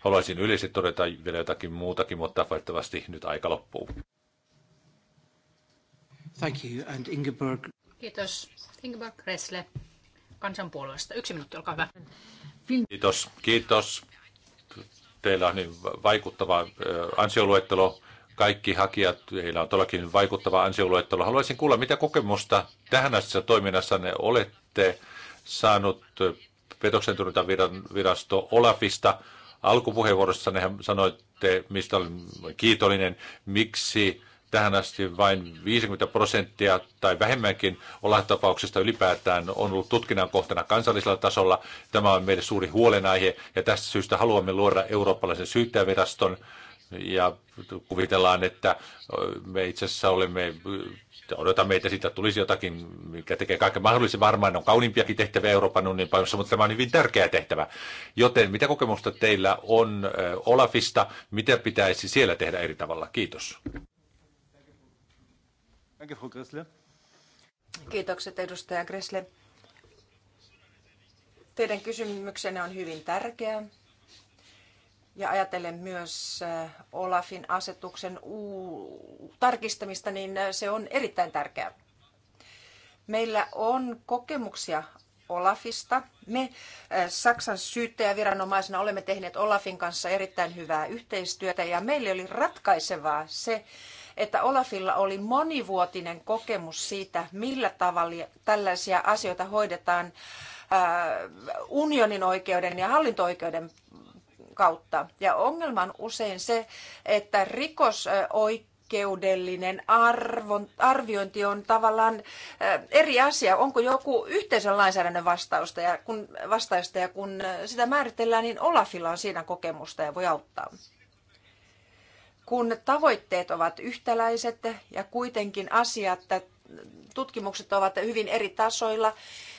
Haluaisin yleisesti todeta vielä jotakin muutakin, mutta valitettavasti nyt aika loppuu. Thank you, and Ingeborg. Kiitos. Ingeborg Resle kansanpuolueesta. Yksi minuutti, olkaa hyvä. Kiitos, kiitos teillä on niin vaikuttava ansioluettelo, kaikki hakijat, heillä on todellakin vaikuttava ansioluettelo. Haluaisin kuulla, mitä kokemusta tähän asti toiminnassanne olette saanut petoksen virasto Olafista. Alkupuheenvuorossanne sanoitte, mistä olen kiitollinen, miksi tähän asti vain 50 prosenttia tai vähemmänkin tapauksista ylipäätään on ollut tutkinnan kohtana kansallisella tasolla. Tämä on meille suuri huolenaihe ja tästä syystä haluamme luoda eurooppalaisen syyttäjäviraston ja kuvitellaan, että me itse asiassa olemme, odotamme, että siitä tulisi jotakin, mikä tekee kaiken mahdollisen. Varmaan on kauniimpiakin tehtäviä Euroopan unionin painossa, mutta tämä on hyvin tärkeä tehtävä. Joten mitä kokemusta teillä on Olafista? Mitä pitäisi siellä tehdä eri tavalla? Kiitos. Danke, Frau Gressle. Kiitokset edustaja Gressle. Teidän kysymyksenne on hyvin tärkeä. Ja ajatellen myös äh, Olafin asetuksen tarkistamista, niin äh, se on erittäin tärkeää. Meillä on kokemuksia Olafista. Me äh, Saksan syyttäjäviranomaisena olemme tehneet Olafin kanssa erittäin hyvää yhteistyötä ja meille oli ratkaisevaa se, että Olafilla oli monivuotinen kokemus siitä, millä tavalla tällaisia asioita hoidetaan äh, unionin oikeuden ja hallinto-oikeuden kautta. Ja ongelma on usein se, että rikosoikeudellinen arvon, arviointi on tavallaan äh, eri asia. Onko joku yhteisön lainsäädännön vastausta ja kun, vastaista ja kun äh, sitä määritellään, niin Olafilla on siinä kokemusta ja voi auttaa kun tavoitteet ovat yhtäläiset ja kuitenkin asiat, tutkimukset ovat hyvin eri tasoilla,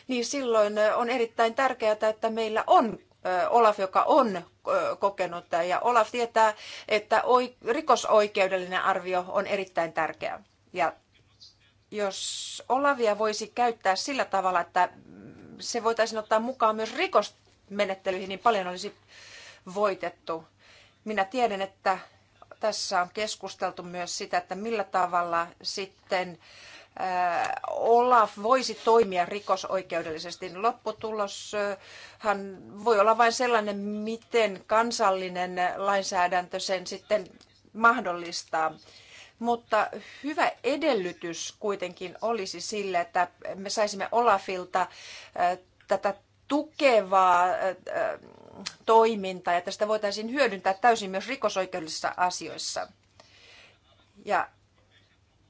niin silloin on erittäin tärkeää, että meillä on Olaf, joka on kokenut ja Olaf tietää, että rikosoikeudellinen arvio on erittäin tärkeä. Ja jos Olavia voisi käyttää sillä tavalla, että se voitaisiin ottaa mukaan myös rikosmenettelyihin, niin paljon olisi voitettu. Minä tiedän, että tässä on keskusteltu myös sitä, että millä tavalla sitten äh, Olaf voisi toimia rikosoikeudellisesti. Lopputuloshan voi olla vain sellainen, miten kansallinen lainsäädäntö sen sitten mahdollistaa. Mutta hyvä edellytys kuitenkin olisi sille, että me saisimme Olafilta äh, tätä tukevaa äh, toiminta ja tästä voitaisiin hyödyntää täysin myös rikosoikeudellisissa asioissa. Ja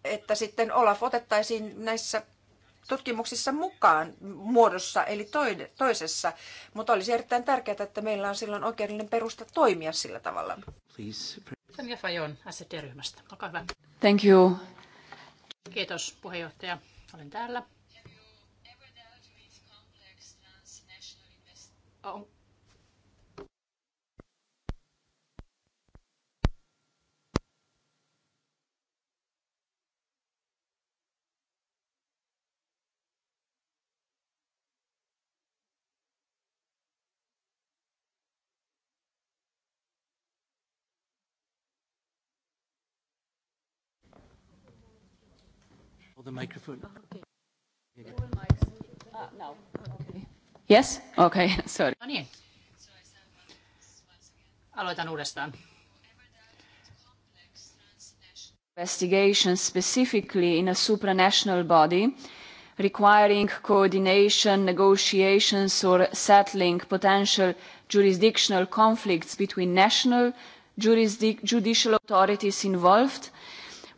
että sitten Olaf otettaisiin näissä tutkimuksissa mukaan muodossa eli toisessa, mutta olisi erittäin tärkeää, että meillä on silloin oikeudellinen perusta toimia sillä tavalla. Tanja Fajon, ST-ryhmästä. Olkaa hyvä. Thank you. Kiitos puheenjohtaja. Olen täällä. On the microphone. Oh, okay. Uh, no. okay. Yes? Okay, [LAUGHS] sorry. No niin. Aloitan uudestaan. Investigation specifically in a supranational body requiring coordination, negotiations or settling potential jurisdictional conflicts between national jurisdic judicial authorities involved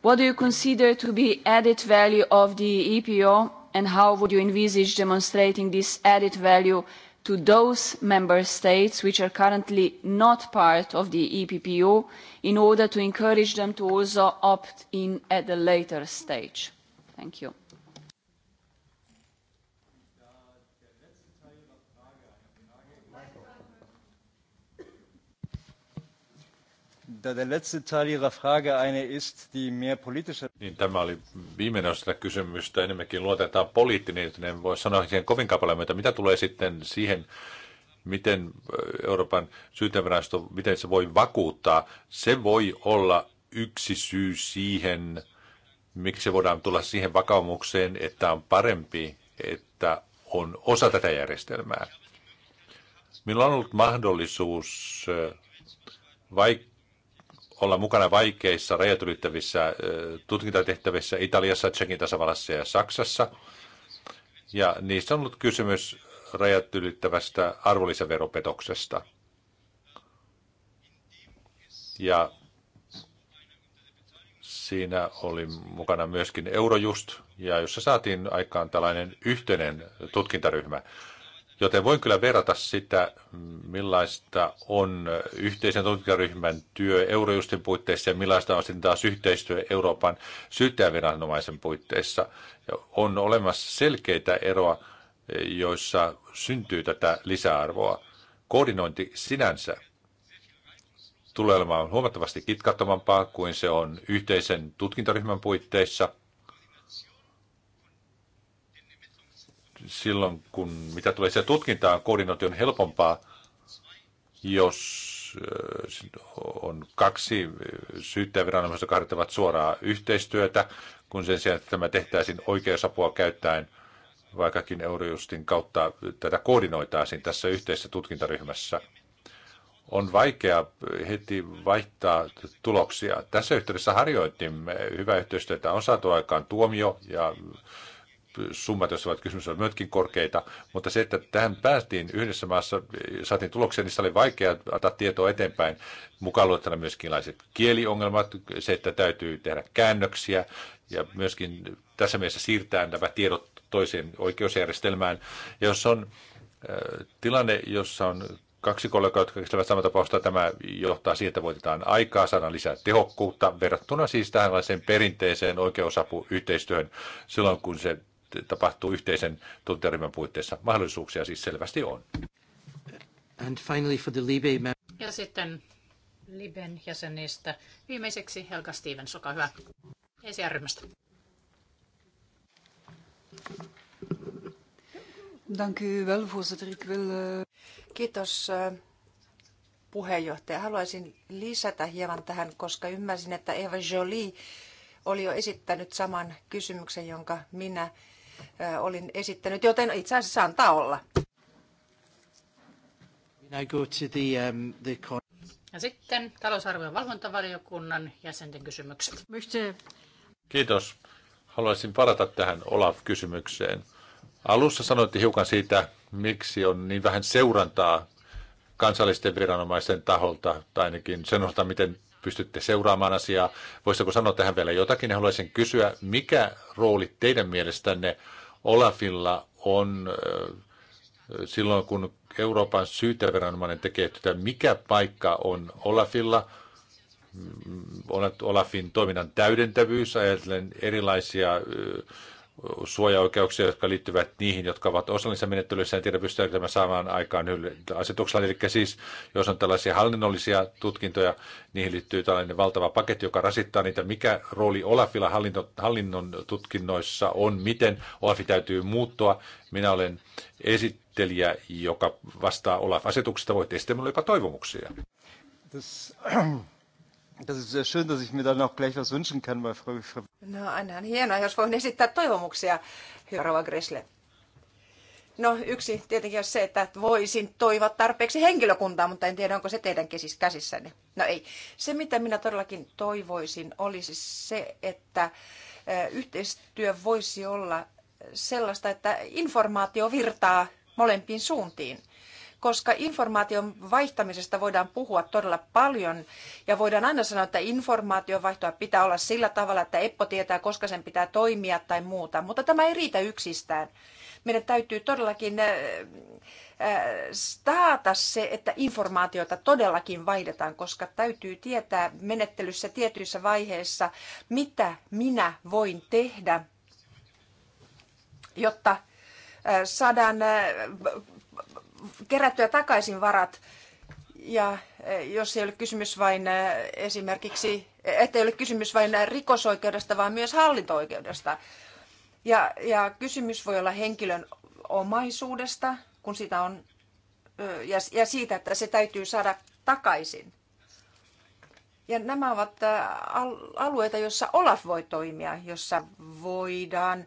What do you consider to be added value of the EPO and how would you envisage demonstrating this added value to those member states which are currently not part of the EPPO in order to encourage them to also opt in at a later stage? Thank you. Niin, tämä oli viimeinen osa kysymystä. Enemmänkin luotetaan poliittinen, joten en voi sanoa siihen kovin paljon, mutta mitä tulee sitten siihen, miten Euroopan syyttävirasto, miten se voi vakuuttaa, se voi olla yksi syy siihen, miksi voidaan tulla siihen vakaumukseen, että on parempi, että on osa tätä järjestelmää. Minulla on ollut mahdollisuus, vaikka olla mukana vaikeissa rajat ylittävissä tutkintatehtävissä Italiassa, Tsekin tasavallassa ja Saksassa. Ja niistä on ollut kysymys rajat ylittävästä arvonlisäveropetoksesta. Ja siinä oli mukana myöskin Eurojust, ja jossa saatiin aikaan tällainen yhteinen tutkintaryhmä. Joten voin kyllä verrata sitä, millaista on yhteisen tutkijaryhmän työ Eurojustin puitteissa ja millaista on sitten taas yhteistyö Euroopan syyttäjäviranomaisen puitteissa. On olemassa selkeitä eroa, joissa syntyy tätä lisäarvoa. Koordinointi sinänsä tulee olemaan huomattavasti kitkattomampaa kuin se on yhteisen tutkintaryhmän puitteissa – silloin, kun mitä tulee se tutkintaan, koordinointi on helpompaa, jos on kaksi viranomaista, jotka harjoittavat suoraa yhteistyötä, kun sen sijaan, että tämä tehtäisiin oikeusapua käyttäen, vaikkakin Eurojustin kautta tätä koordinoitaisiin tässä yhteisessä tutkintaryhmässä. On vaikea heti vaihtaa tuloksia. Tässä yhteydessä harjoitimme hyvää yhteistyötä. On saatu aikaan tuomio ja summat, jos ovat kysymys, ovat myöskin korkeita. Mutta se, että tähän päästiin yhdessä maassa, saatiin tuloksia, niistä oli vaikea antaa tietoa eteenpäin. Mukaan luettuna myöskin kieliongelmat, se, että täytyy tehdä käännöksiä ja myöskin tässä mielessä siirtää nämä tiedot toiseen oikeusjärjestelmään. Ja jos on äh, tilanne, jossa on kaksi kollegaa, jotka käsittelevät samaa tapausta, tämä johtaa siihen, että voitetaan aikaa, saada lisää tehokkuutta verrattuna siis tähänlaiseen perinteiseen oikeusapuyhteistyöhön silloin, kun se tapahtuu yhteisen tuntijaryhmän puitteissa. Mahdollisuuksia siis selvästi on. And finally for the Libe... Ja sitten Liben jäsenistä. Viimeiseksi Helga Stevens, olkaa hyvä. ECR-ryhmästä. Eh, Kiitos eh, puheenjohtaja. Haluaisin lisätä hieman tähän, koska ymmärsin, että Eva Jolie oli jo esittänyt saman kysymyksen, jonka minä olin esittänyt, joten itse asiassa antaa olla. Um, ja sitten talousarvion valvontavaliokunnan jäsenten kysymykset. Kiitos. Haluaisin parata tähän Olaf-kysymykseen. Alussa sanoitte hiukan siitä, miksi on niin vähän seurantaa kansallisten viranomaisten taholta, tai ainakin sen osalta, miten pystytte seuraamaan asiaa. Voisitko sanoa tähän vielä jotakin? Haluaisin kysyä, mikä rooli teidän mielestänne Olafilla on silloin, kun Euroopan syyteviranomainen tekee tätä, mikä paikka on Olafilla, Olafin toiminnan täydentävyys, ajatellen erilaisia suojaoikeuksia, jotka liittyvät niihin, jotka ovat osallisessa menettelyssä. En tiedä, pystytäänkö tämä saamaan aikaan asetuksella. Eli siis, jos on tällaisia hallinnollisia tutkintoja, niihin liittyy tällainen valtava paketti, joka rasittaa niitä. Mikä rooli Olafilla hallinto, hallinnon tutkinnoissa on? Miten Olafi täytyy muuttua? Minä olen esittelijä, joka vastaa olaf asetuksista Voitte esittää minulle jopa toivomuksia. This, [CLEARS THROAT] Das ist sehr schön, dass ich mir dann auch gleich was wünschen kann bei Frau No aina on hienoa, jos voin esittää toivomuksia, hyvä Rova Gressle. No yksi tietenkin on se, että voisin toivoa tarpeeksi henkilökuntaa, mutta en tiedä, onko se teidän käsissänne. No ei. Se, mitä minä todellakin toivoisin, olisi se, että yhteistyö voisi olla sellaista, että informaatio virtaa molempiin suuntiin koska informaation vaihtamisesta voidaan puhua todella paljon ja voidaan aina sanoa, että informaation vaihtoa pitää olla sillä tavalla, että Eppo tietää, koska sen pitää toimia tai muuta, mutta tämä ei riitä yksistään. Meidän täytyy todellakin äh, äh, taata se, että informaatiota todellakin vaihdetaan, koska täytyy tietää menettelyssä tietyissä vaiheissa, mitä minä voin tehdä, jotta äh, saadaan kerättyä takaisin varat. Ja e, jos ei ole kysymys vain e, esimerkiksi, e, ettei ole kysymys vain rikosoikeudesta, vaan myös hallinto-oikeudesta. Ja, ja kysymys voi olla henkilön omaisuudesta, kun sitä on, ja, ja siitä, että se täytyy saada takaisin. Ja nämä ovat alueita, joissa Olaf voi toimia, jossa voidaan äh,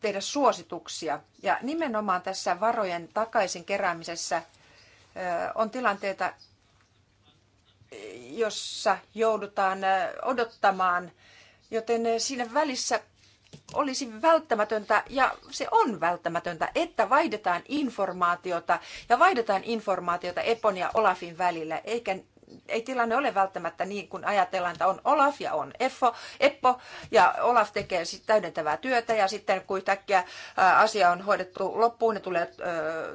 tehdä suosituksia. Ja nimenomaan tässä varojen takaisin keräämisessä on tilanteita, jossa joudutaan odottamaan, joten siinä välissä olisi välttämätöntä, ja se on välttämätöntä, että vaihdetaan informaatiota ja vaihdetaan informaatiota Epon ja Olafin välillä, eikä ei tilanne ole välttämättä niin kun ajatellaan, että on Olaf ja on Effo, Eppo ja Olaf tekee sitten täydentävää työtä ja sitten kun yhtäkkiä asia on hoidettu loppuun ja tulee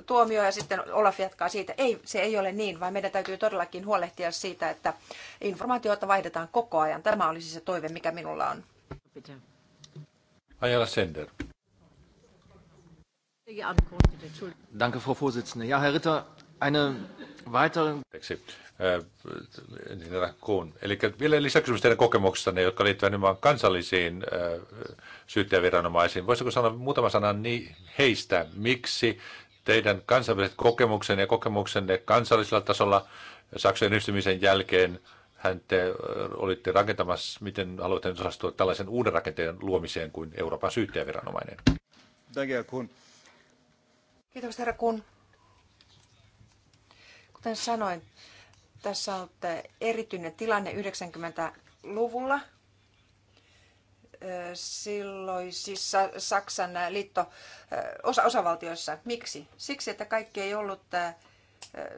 tuomio ja sitten Olaf jatkaa siitä. Ei, se ei ole niin, vaan meidän täytyy todellakin huolehtia siitä, että informaatiota vaihdetaan koko ajan. Tämä olisi se toive, mikä minulla on. Ajala Sender. Danke, Frau Vorsitzende. Ja, Herr Ritter, Eine weitere... Äh, niin, kun. Eli vielä lisäksi teidän kokemuksestanne, jotka liittyvät nimenomaan kansallisiin äh, syyttäjäviranomaisiin. Voisiko sanoa muutama sana niin heistä, miksi teidän kansainväliset kokemuksenne ja kokemuksenne kansallisella tasolla Saksan yhdistymisen jälkeen hän te äh, olitte rakentamassa, miten haluatte osastua tällaisen uuden rakenteen luomiseen kuin Euroopan syyttäjäviranomainen? Kiitos herra Kun. Kuten sanoin, tässä on erityinen tilanne 90-luvulla silloisissa Saksan liitto, osa, osavaltioissa. Miksi? Siksi, että kaikki ei ollut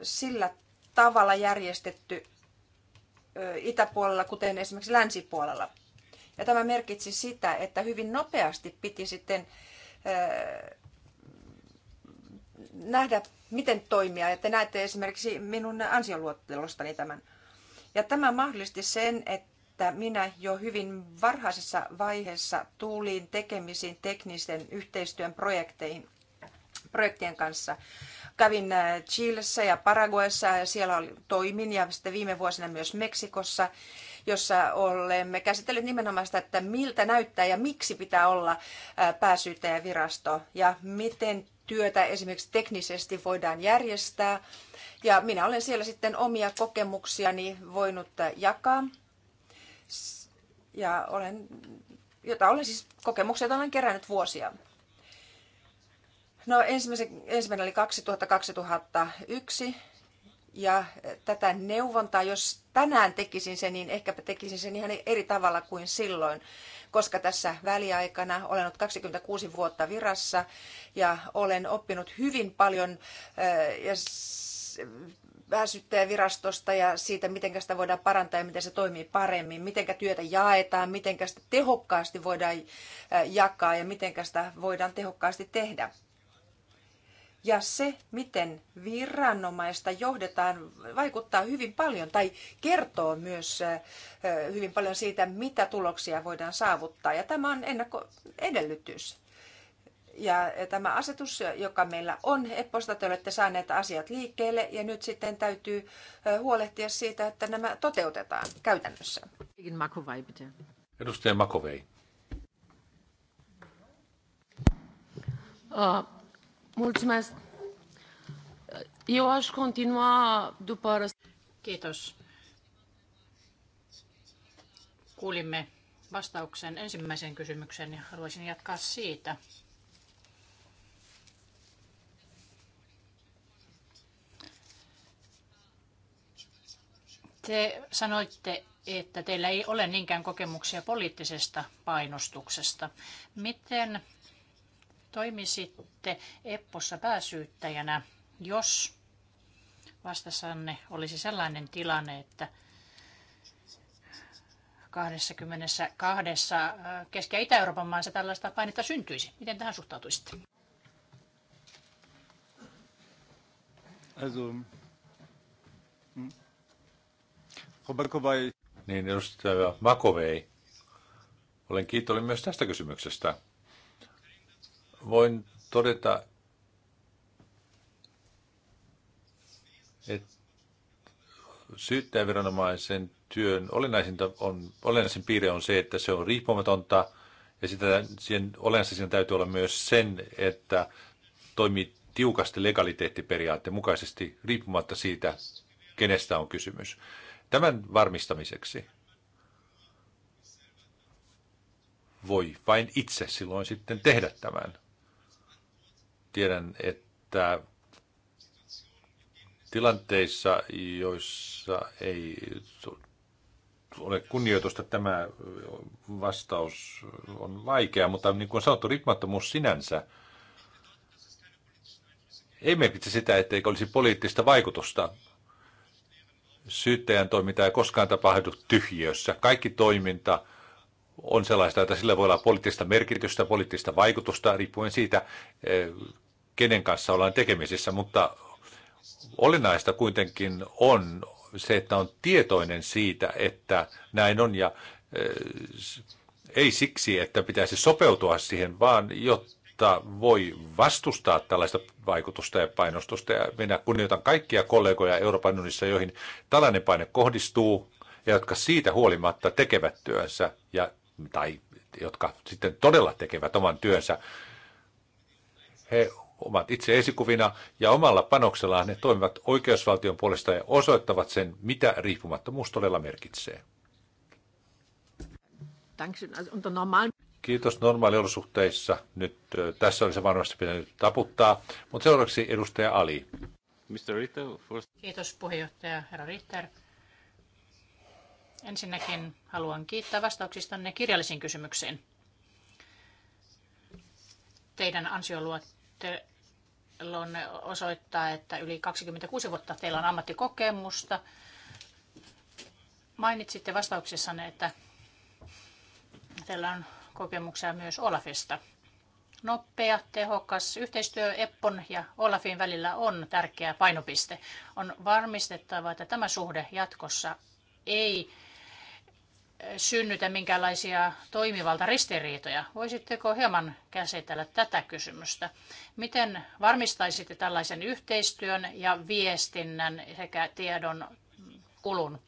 sillä tavalla järjestetty itäpuolella, kuten esimerkiksi länsipuolella. Ja tämä merkitsi sitä, että hyvin nopeasti piti sitten nähdä, miten toimia. Ja te näette esimerkiksi minun ansioluottelostani tämän. Ja tämä mahdollisti sen, että minä jo hyvin varhaisessa vaiheessa tulin tekemisiin teknisten yhteistyön projekteihin, projektien kanssa. Kävin äh, Chilessä ja Paraguayssa ja siellä toimin ja sitten viime vuosina myös Meksikossa jossa olemme käsitelleet nimenomaan sitä, että miltä näyttää ja miksi pitää olla pääsyyttäjävirasto ja miten työtä esimerkiksi teknisesti voidaan järjestää. Ja minä olen siellä sitten omia kokemuksiani voinut jakaa. Ja olen, jota olen siis kokemuksia olen kerännyt vuosia. No ensimmäisen, ensimmäinen oli 2000-2001 ja tätä neuvontaa, jos tänään tekisin sen, niin ehkäpä tekisin sen ihan eri tavalla kuin silloin, koska tässä väliaikana olen ollut 26 vuotta virassa ja olen oppinut hyvin paljon eh, ja virastosta ja siitä, miten sitä voidaan parantaa ja miten se toimii paremmin, miten työtä jaetaan, miten sitä tehokkaasti voidaan eh, jakaa ja miten sitä voidaan tehokkaasti tehdä. Ja se, miten viranomaista johdetaan, vaikuttaa hyvin paljon tai kertoo myös hyvin paljon siitä, mitä tuloksia voidaan saavuttaa. Ja tämä on ennakkoedellytys. Ja tämä asetus, joka meillä on, EPPOsta te olette saaneet asiat liikkeelle ja nyt sitten täytyy huolehtia siitä, että nämä toteutetaan käytännössä. Edustaja Makovei. Ah, Mulțumesc. Eu Kuulimme vastauksen ensimmäiseen kysymykseen ja haluaisin jatkaa siitä. Te sanoitte, että teillä ei ole niinkään kokemuksia poliittisesta painostuksesta. Miten toimisitte Eppossa pääsyyttäjänä, jos vastassanne olisi sellainen tilanne, että 22 äh, Keski- ja Itä-Euroopan maassa tällaista painetta syntyisi. Miten tähän suhtautuisitte? Also, hmm. Niin, edustaja Makovei. Olen kiitollinen myös tästä kysymyksestä voin todeta, että syyttäjäviranomaisen työn olennaisinta on, olennaisin piirre on se, että se on riippumatonta ja sitä, siihen olennaisena täytyy olla myös sen, että toimii tiukasti legaliteettiperiaatteen mukaisesti riippumatta siitä, kenestä on kysymys. Tämän varmistamiseksi voi vain itse silloin sitten tehdä tämän. Tiedän, että tilanteissa, joissa ei ole kunnioitusta, tämä vastaus on vaikea, mutta niin kuin sanottu, riippumattomuus sinänsä ei merkitse sitä, etteikö olisi poliittista vaikutusta. Syyttäjän toiminta ei koskaan tapahdu tyhjiössä. Kaikki toiminta on sellaista, että sillä voi olla poliittista merkitystä, poliittista vaikutusta, riippuen siitä, eh, kenen kanssa ollaan tekemisissä, mutta olennaista kuitenkin on se, että on tietoinen siitä, että näin on ja eh, ei siksi, että pitäisi sopeutua siihen, vaan jotta voi vastustaa tällaista vaikutusta ja painostusta. Ja minä kunnioitan kaikkia kollegoja Euroopan unionissa, joihin tällainen paine kohdistuu ja jotka siitä huolimatta tekevät työnsä ja, tai jotka sitten todella tekevät oman työnsä. He ovat itse esikuvina ja omalla panoksellaan ne toimivat oikeusvaltion puolesta ja osoittavat sen, mitä riippumattomuus todella merkitsee. Kiitos normaaliolosuhteissa. Nyt tässä olisi varmasti pitänyt taputtaa, mutta seuraavaksi edustaja Ali. Mr. Ritter, first. Kiitos puheenjohtaja herra Ritter. Ensinnäkin haluan kiittää vastauksistanne kirjallisiin kysymyksiin. Teidän ansioluot luettelon osoittaa, että yli 26 vuotta teillä on ammattikokemusta. Mainitsitte vastauksessanne, että teillä on kokemuksia myös Olafista. Nopea, tehokas yhteistyö Eppon ja Olafin välillä on tärkeä painopiste. On varmistettava, että tämä suhde jatkossa ei synnytä minkälaisia toimivaltaristiriitoja. Voisitteko hieman käsitellä tätä kysymystä? Miten varmistaisitte tällaisen yhteistyön ja viestinnän sekä tiedon kulun?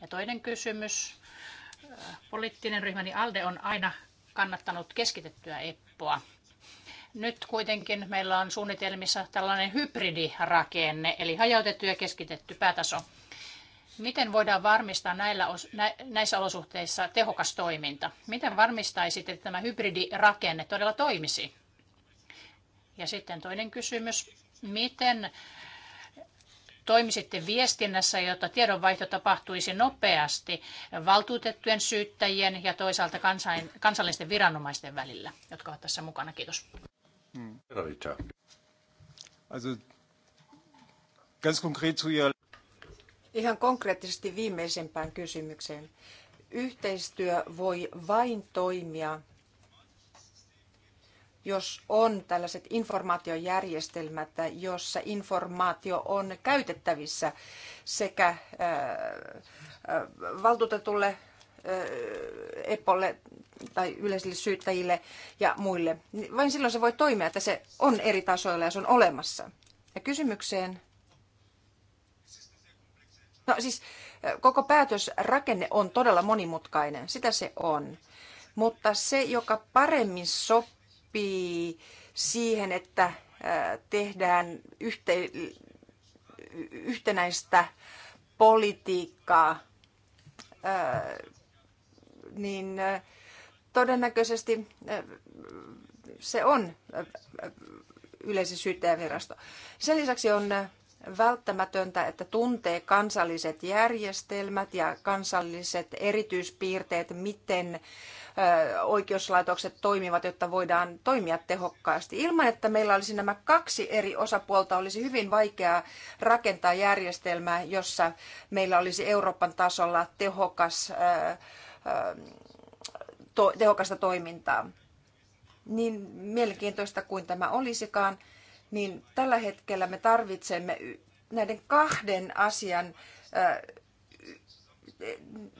Ja toinen kysymys. Poliittinen ryhmäni ALDE on aina kannattanut keskitettyä EPPOa. Nyt kuitenkin meillä on suunnitelmissa tällainen hybridirakenne, eli hajautettu ja keskitetty päätaso. Miten voidaan varmistaa näillä, näissä olosuhteissa tehokas toiminta? Miten varmistaisit, että tämä hybridirakenne todella toimisi? Ja sitten toinen kysymys. Miten toimisitte viestinnässä, jotta tiedonvaihto tapahtuisi nopeasti valtuutettujen syyttäjien ja toisaalta kansain, kansallisten viranomaisten välillä, jotka ovat tässä mukana? Kiitos. Hmm. Also, ganz konkret zu ihr... Ihan konkreettisesti viimeisempään kysymykseen. Yhteistyö voi vain toimia, jos on tällaiset informaatiojärjestelmät, jossa informaatio on käytettävissä sekä äh, äh, valtuutetulle äh, EPOlle tai yleisille syyttäjille ja muille. Vain silloin se voi toimia, että se on eri tasoilla ja se on olemassa. Ja kysymykseen No siis koko päätösrakenne on todella monimutkainen, sitä se on. Mutta se, joka paremmin sopii siihen, että tehdään yhte, yhtenäistä politiikkaa, niin todennäköisesti se on yleisen syyttäjävirasto. Sen lisäksi on välttämätöntä, että tuntee kansalliset järjestelmät ja kansalliset erityispiirteet, miten oikeuslaitokset toimivat, jotta voidaan toimia tehokkaasti. Ilman, että meillä olisi nämä kaksi eri osapuolta, olisi hyvin vaikeaa rakentaa järjestelmää, jossa meillä olisi Euroopan tasolla tehokas, tehokasta toimintaa. Niin mielenkiintoista kuin tämä olisikaan, niin tällä hetkellä me tarvitsemme näiden kahden asian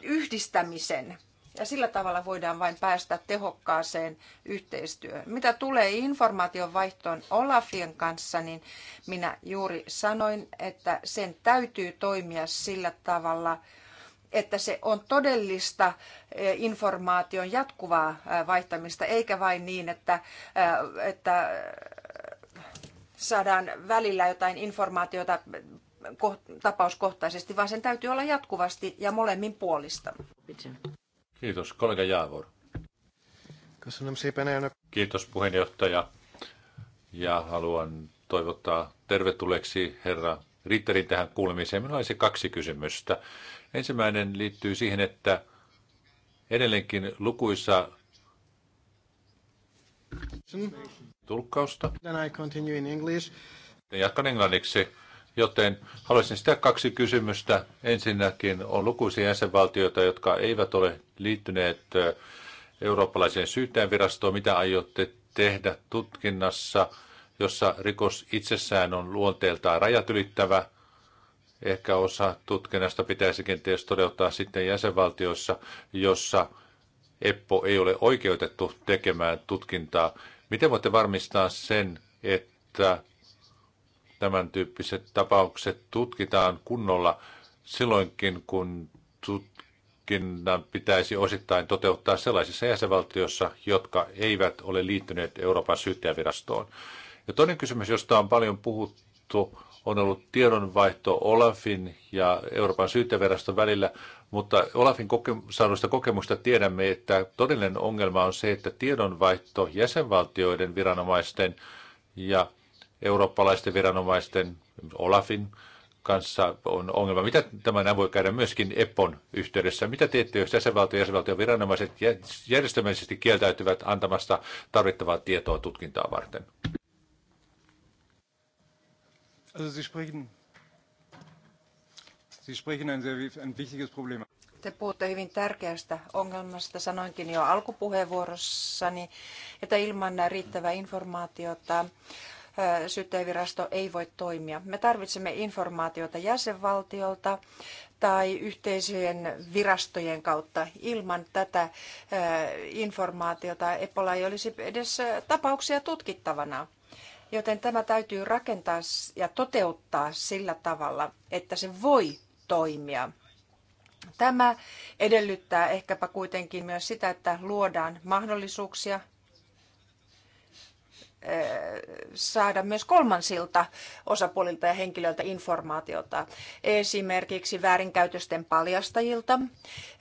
yhdistämisen. Ja sillä tavalla voidaan vain päästä tehokkaaseen yhteistyöhön. Mitä tulee informaation vaihtoon Olafien kanssa, niin minä juuri sanoin, että sen täytyy toimia sillä tavalla, että se on todellista informaation jatkuvaa vaihtamista, eikä vain niin, että, että saadaan välillä jotain informaatiota tapauskohtaisesti, vaan sen täytyy olla jatkuvasti ja molemmin puolista. Kiitos, kollega Jaavor. Kiitos puheenjohtaja ja haluan toivottaa tervetulleeksi herra Ritterin tähän kuulemiseen. Minulla olisi kaksi kysymystä. Ensimmäinen liittyy siihen, että edelleenkin lukuissa tulkkausta. Then I continue in English. Jatkan englanniksi, joten haluaisin sitä kaksi kysymystä. Ensinnäkin on lukuisia jäsenvaltioita, jotka eivät ole liittyneet eurooppalaiseen syyttäjänvirastoon. Mitä aiotte tehdä tutkinnassa, jossa rikos itsessään on luonteeltaan rajat ylittävä? Ehkä osa tutkinnasta pitäisi kenties toteuttaa sitten jäsenvaltioissa, jossa EPPO ei ole oikeutettu tekemään tutkintaa. Miten voitte varmistaa sen, että tämän tyyppiset tapaukset tutkitaan kunnolla silloinkin, kun tutkinnan pitäisi osittain toteuttaa sellaisissa jäsenvaltioissa, jotka eivät ole liittyneet Euroopan syyttäjävirastoon? Ja toinen kysymys, josta on paljon puhuttu, on ollut tiedonvaihto Olafin ja Euroopan syyttäjäviraston välillä. Mutta Olafin koke- saadusta kokemusta tiedämme, että todellinen ongelma on se, että tiedonvaihto jäsenvaltioiden viranomaisten ja eurooppalaisten viranomaisten, Olafin kanssa on ongelma. Mitä tämä voi käydä myöskin Epon yhteydessä? Mitä teette, jos jäsenvaltio ja jäsenvaltion viranomaiset järjestelmällisesti kieltäytyvät antamasta tarvittavaa tietoa tutkintaa varten? Also Sie sprechen te puhutte hyvin tärkeästä ongelmasta. Sanoinkin jo alkupuheenvuorossani, että ilman riittävää informaatiota syyttäjävirasto ei voi toimia. Me tarvitsemme informaatiota jäsenvaltiolta tai yhteisöjen virastojen kautta. Ilman tätä informaatiota Epola ei olisi edes tapauksia tutkittavana. Joten tämä täytyy rakentaa ja toteuttaa sillä tavalla, että se voi toimia. Tämä edellyttää ehkäpä kuitenkin myös sitä, että luodaan mahdollisuuksia saada myös kolmansilta osapuolilta ja henkilöiltä informaatiota, esimerkiksi väärinkäytösten paljastajilta.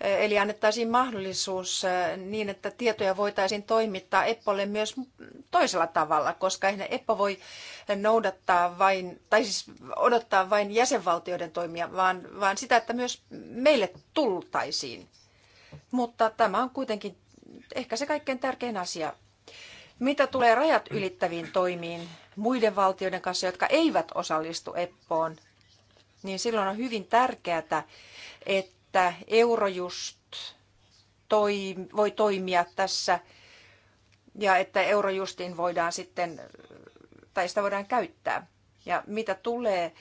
Eli annettaisiin mahdollisuus äh, niin, että tietoja voitaisiin toimittaa Eppolle myös toisella tavalla, koska eihän Eppo voi noudattaa vain, tai siis odottaa vain jäsenvaltioiden toimia, vaan, vaan sitä, että myös meille tultaisiin. Mutta tämä on kuitenkin ehkä se kaikkein tärkein asia mitä tulee rajat ylittäviin toimiin muiden valtioiden kanssa, jotka eivät osallistu EPPOon, niin silloin on hyvin tärkeää, että Eurojust toi, voi toimia tässä ja että Eurojustin voidaan sitten, tai sitä voidaan käyttää. Ja mitä tulee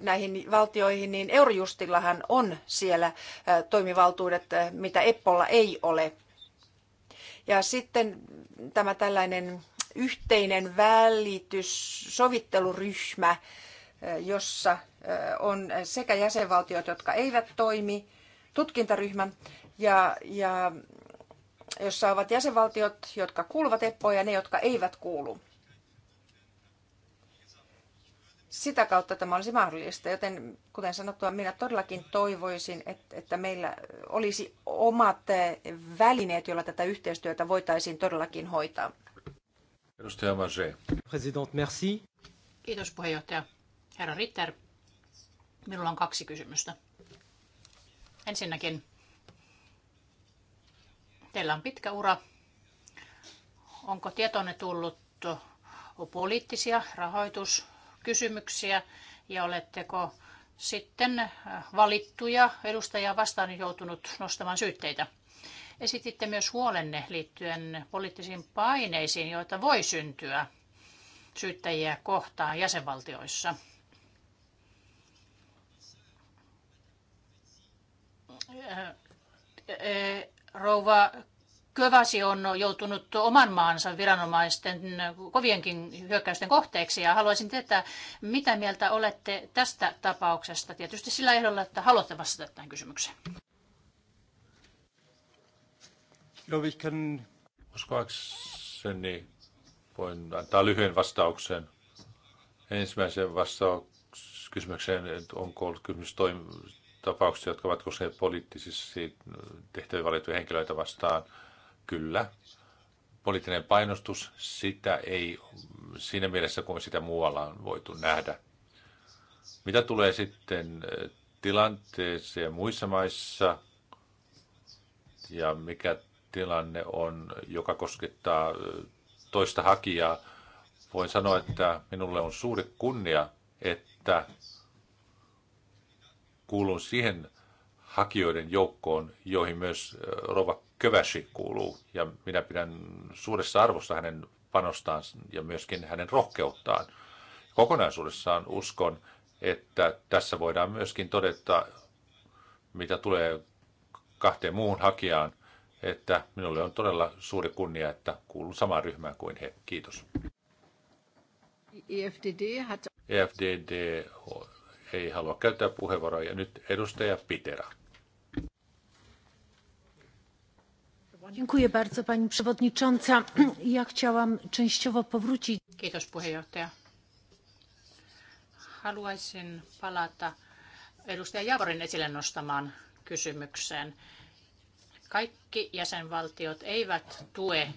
näihin valtioihin, niin Eurojustillahan on siellä toimivaltuudet, mitä Eppolla ei ole. Ja sitten tämä tällainen yhteinen välitys, sovitteluryhmä, jossa on sekä jäsenvaltiot, jotka eivät toimi, tutkintaryhmä, ja, ja jossa ovat jäsenvaltiot, jotka kuuluvat EPPOon ja ne, jotka eivät kuulu sitä kautta tämä olisi mahdollista. Joten kuten sanottua, minä todellakin toivoisin, että, että meillä olisi omat eh, välineet, joilla tätä yhteistyötä voitaisiin todellakin hoitaa. Edustaja Marge. President, merci. Kiitos puheenjohtaja. Herra Ritter, minulla on kaksi kysymystä. Ensinnäkin, teillä on pitkä ura. Onko tietonne tullut poliittisia rahoitus- kysymyksiä ja oletteko sitten valittuja edustajia vastaan joutunut nostamaan syytteitä? Esititte myös huolenne liittyen poliittisiin paineisiin, joita voi syntyä syyttäjiä kohtaan jäsenvaltioissa. Rouva Kövasi on joutunut oman maansa viranomaisten kovienkin hyökkäysten kohteeksi ja haluaisin tietää, mitä mieltä olette tästä tapauksesta, tietysti sillä ehdolla, että haluatte vastata tähän kysymykseen. Uskoakseni voin antaa lyhyen vastauksen. Ensimmäisen vastauksen kysymykseen, että onko ollut kysymys toim- tapauksia, jotka ovat koskeneet poliittisesti tehtäviin valittuja henkilöitä vastaan – Kyllä, poliittinen painostus, sitä ei siinä mielessä kuin sitä muualla on voitu nähdä. Mitä tulee sitten eh, tilanteeseen muissa maissa ja mikä tilanne on, joka koskettaa eh, toista hakijaa, voin sanoa, että minulle on suuri kunnia, että kuulun siihen hakijoiden joukkoon, joihin myös eh, Rova Köväsi kuuluu ja minä pidän suuressa arvossa hänen panostaan ja myöskin hänen rohkeuttaan. Kokonaisuudessaan uskon, että tässä voidaan myöskin todeta, mitä tulee kahteen muuhun hakijaan, että minulle on todella suuri kunnia, että kuulun samaan ryhmään kuin he. Kiitos. EFDD, hat... EFDD ei halua käyttää puheenvuoroja. Nyt edustaja Pitera. pani przewodnicząca! Ja chciałam częściowo powrócić. Kiitos Haluaisin palata edustaja Javorin esille nostamaan kysymykseen. Kaikki jäsenvaltiot eivät tue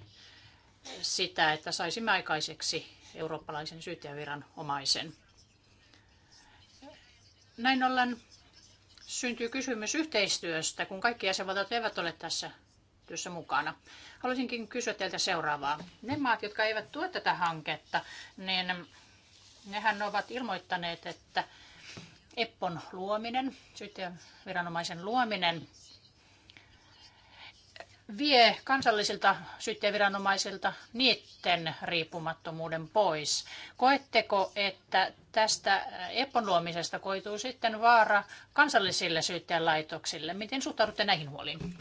sitä, että saisimme aikaiseksi eurooppalaisen syyttäjäviranomaisen. Näin ollen syntyy kysymys yhteistyöstä, kun kaikki jäsenvaltiot eivät ole tässä työssä mukana. Haluaisinkin kysyä teiltä seuraavaa. Ne maat, jotka eivät tue tätä hanketta, niin nehän ovat ilmoittaneet, että EPPON luominen, syyttäjäviranomaisen luominen, vie kansallisilta syyttäjäviranomaisilta niiden riippumattomuuden pois. Koetteko, että tästä EPPON luomisesta koituu sitten vaara kansallisille syyttäjälaitoksille? Miten suhtaudutte näihin huoliin?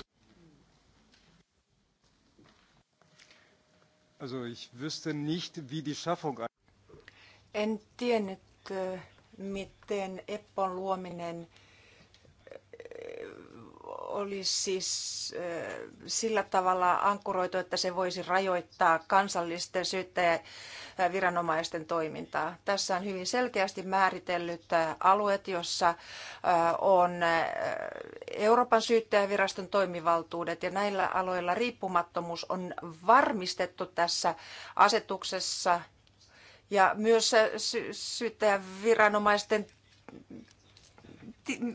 Also ich wüsste nicht, wie die Schaffung... En tiennyt, äh, miten Eppon luominen olisi siis sillä tavalla ankkuroitu, että se voisi rajoittaa kansallisten syyttäjäviranomaisten toimintaa. Tässä on hyvin selkeästi määritellyt alueet, jossa on Euroopan syyttäjäviraston toimivaltuudet ja näillä aloilla riippumattomuus on varmistettu tässä asetuksessa ja myös sy- syyttäjäviranomaisten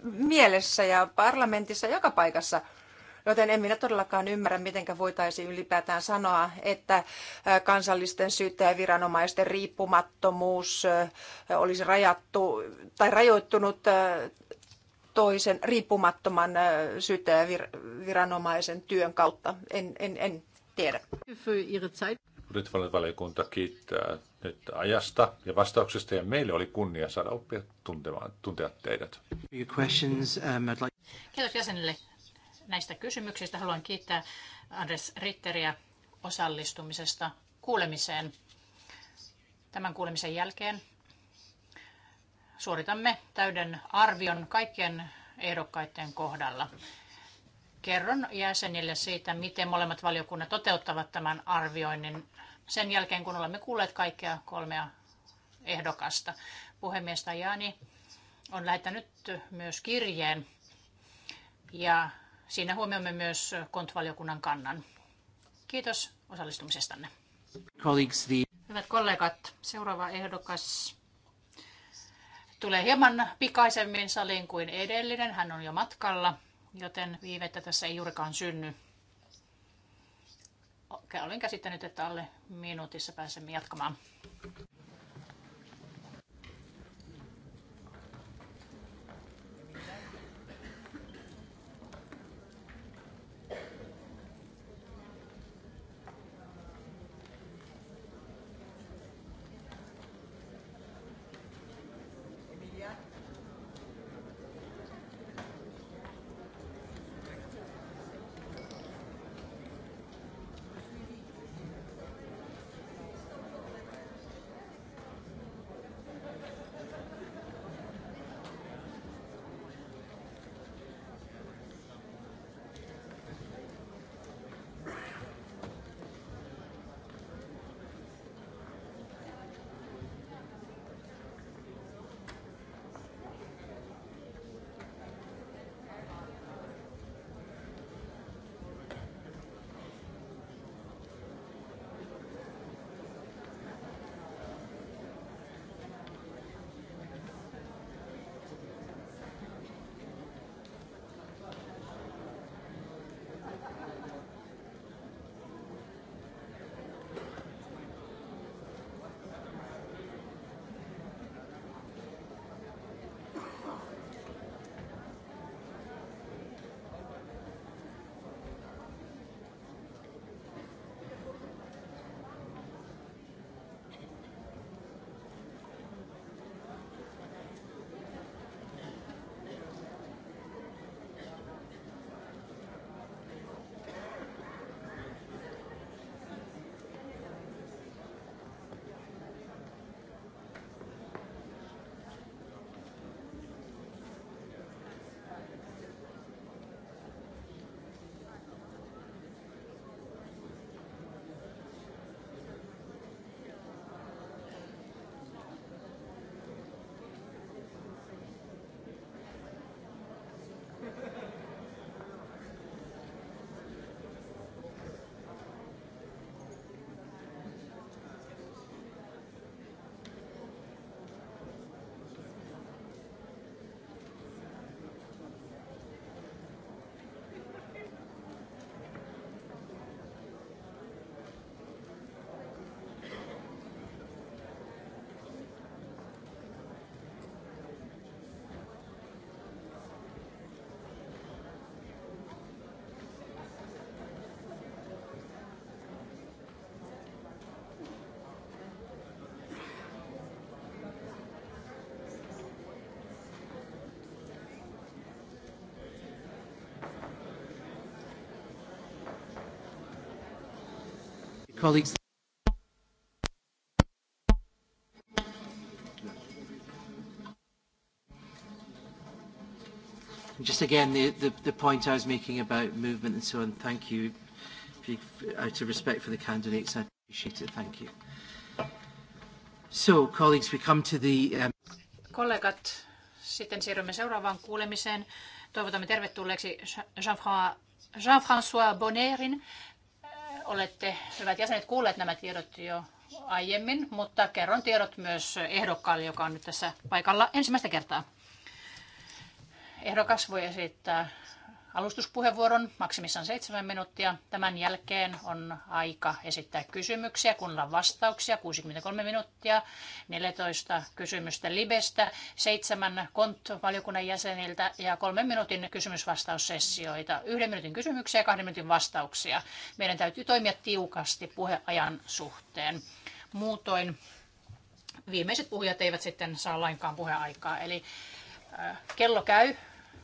mielessä ja parlamentissa joka paikassa. Joten en minä todellakaan ymmärrä, miten voitaisiin ylipäätään sanoa, että kansallisten syyttäjäviranomaisten riippumattomuus olisi rajattu tai rajoittunut toisen riippumattoman syyttäjäviranomaisen työn kautta. En, en, en tiedä. valiokunta kiittää nyt ajasta ja vastauksista, ja meille oli kunnia saada oppia tuntemaan, tuntea teidät. Um, Kiitos jäsenille näistä kysymyksistä. Haluan kiittää Andres Ritteriä osallistumisesta kuulemiseen. Tämän kuulemisen jälkeen suoritamme täyden arvion kaikkien ehdokkaiden kohdalla. Kerron jäsenille siitä, miten molemmat valiokunnat toteuttavat tämän arvioinnin sen jälkeen, kun olemme kuulleet kaikkea kolmea ehdokasta. Puhemies Tajani on lähettänyt myös kirjeen ja siinä huomioimme myös kontvaliokunnan kannan. Kiitos osallistumisestanne. Hyvät kollegat, seuraava ehdokas tulee hieman pikaisemmin saliin kuin edellinen. Hän on jo matkalla, joten viivettä tässä ei juurikaan synny. Olen käsittänyt, että alle minuutissa pääsemme jatkamaan. Colleagues. Just again, the, the, the point I was making about movement and so on, thank you. If you out of respect for the candidates, I appreciate it. Thank you. So, colleagues, we come to the... Um... Kollegat, sitten siirrymme seuraavaan kuulemiseen. Toivotamme tervetulleeksi Jean-François Bonnerin olette, hyvät jäsenet, kuulleet nämä tiedot jo aiemmin, mutta kerron tiedot myös ehdokkaalle, joka on nyt tässä paikalla ensimmäistä kertaa. Ehdokas voi esittää alustuspuheenvuoron, maksimissaan seitsemän minuuttia. Tämän jälkeen on aika esittää kysymyksiä, kunnan vastauksia, 63 minuuttia, 14 kysymystä Libestä, seitsemän KONT-valiokunnan jäseniltä ja kolmen minuutin kysymysvastaussessioita, yhden minuutin kysymyksiä ja kahden minuutin vastauksia. Meidän täytyy toimia tiukasti puheajan suhteen. Muutoin viimeiset puhujat eivät sitten saa lainkaan puheaikaa. Eli äh, kello käy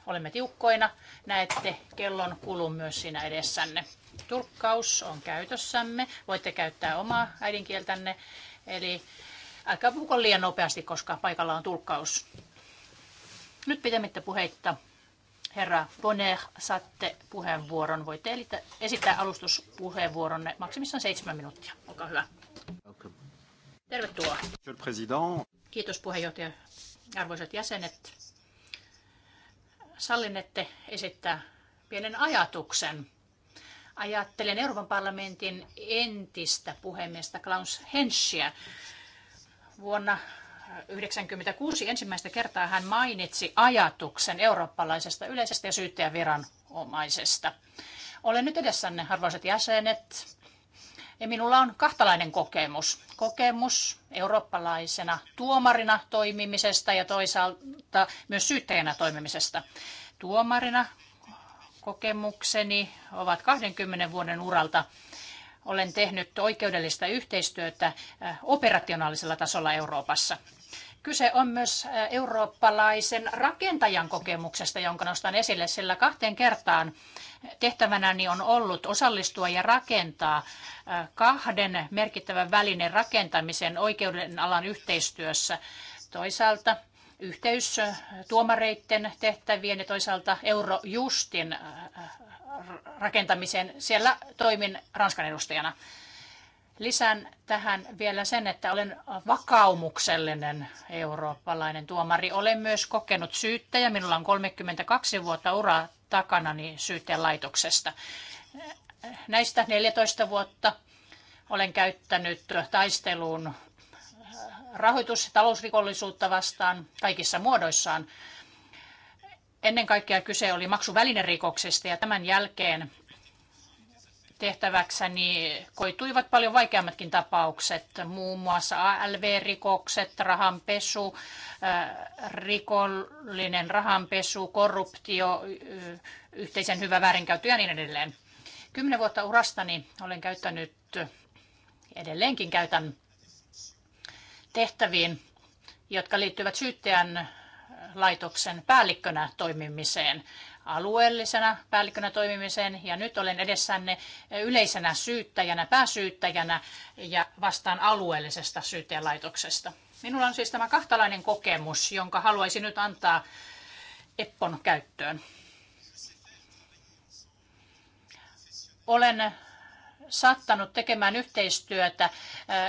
Olemme tiukkoina. Näette kellon kulun myös siinä edessänne. Turkkaus on käytössämme. Voitte käyttää omaa äidinkieltänne. Eli älkää puhuko liian nopeasti, koska paikalla on tulkkaus. Nyt pitämättä puheitta. Herra Bonner, saatte puheenvuoron. Voitte esittää alustuspuheenvuoronne maksimissaan seitsemän minuuttia. Olkaa hyvä. Tervetuloa. Kiitos puheenjohtaja. Arvoisat jäsenet, sallinette esittää pienen ajatuksen. Ajattelen Euroopan parlamentin entistä puhemiestä Klaus Henschia. Vuonna 1996 ensimmäistä kertaa hän mainitsi ajatuksen eurooppalaisesta yleisestä ja syyttäjäviranomaisesta. Olen nyt edessänne, arvoisat jäsenet, ja minulla on kahtalainen kokemus. Kokemus eurooppalaisena tuomarina toimimisesta ja toisaalta myös syyttäjänä toimimisesta. Tuomarina kokemukseni ovat 20 vuoden uralta. Olen tehnyt oikeudellista yhteistyötä operationaalisella tasolla Euroopassa. Kyse on myös eurooppalaisen rakentajan kokemuksesta, jonka nostan esille, sillä kahteen kertaan tehtävänäni on ollut osallistua ja rakentaa kahden merkittävän välinen rakentamisen oikeuden alan yhteistyössä. Toisaalta yhteys tuomareiden tehtävien ja toisaalta Eurojustin rakentamiseen. Siellä toimin Ranskan edustajana. Lisään tähän vielä sen, että olen vakaumuksellinen eurooppalainen tuomari. Olen myös kokenut syyttäjä. Minulla on 32 vuotta uraa takanani syyttäjän laitoksesta. Näistä 14 vuotta olen käyttänyt taisteluun rahoitus- ja talousrikollisuutta vastaan kaikissa muodoissaan. Ennen kaikkea kyse oli maksuvälinerikoksista ja tämän jälkeen tehtäväkseni koituivat paljon vaikeammatkin tapaukset, muun muassa ALV-rikokset, rahanpesu, äh, rikollinen rahanpesu, korruptio, yhteisen hyvä väärinkäyttö ja niin edelleen. Kymmenen vuotta urastani olen käyttänyt, edelleenkin käytän tehtäviin, jotka liittyvät syyttäjän laitoksen päällikkönä toimimiseen alueellisena päällikkönä toimimisen ja nyt olen edessänne yleisenä syyttäjänä, pääsyyttäjänä ja vastaan alueellisesta syyttäjälaitoksesta. Minulla on siis tämä kahtalainen kokemus, jonka haluaisin nyt antaa Eppon käyttöön. Olen saattanut tekemään yhteistyötä äh,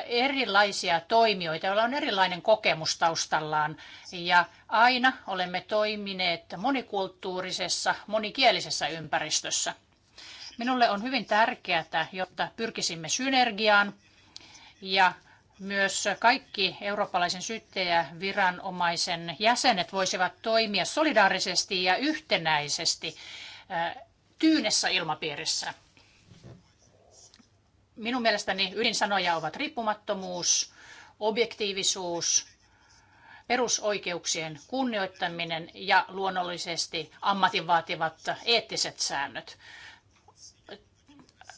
erilaisia toimijoita, joilla on erilainen kokemus taustallaan ja Aina olemme toimineet monikulttuurisessa, monikielisessä ympäristössä. Minulle on hyvin tärkeää, jotta pyrkisimme synergiaan ja myös kaikki eurooppalaisen syyttäjäviranomaisen jäsenet voisivat toimia solidaarisesti ja yhtenäisesti äh, tyynessä ilmapiirissä. Minun mielestäni ydinsanoja ovat riippumattomuus, objektiivisuus perusoikeuksien kunnioittaminen ja luonnollisesti ammatin vaativat eettiset säännöt.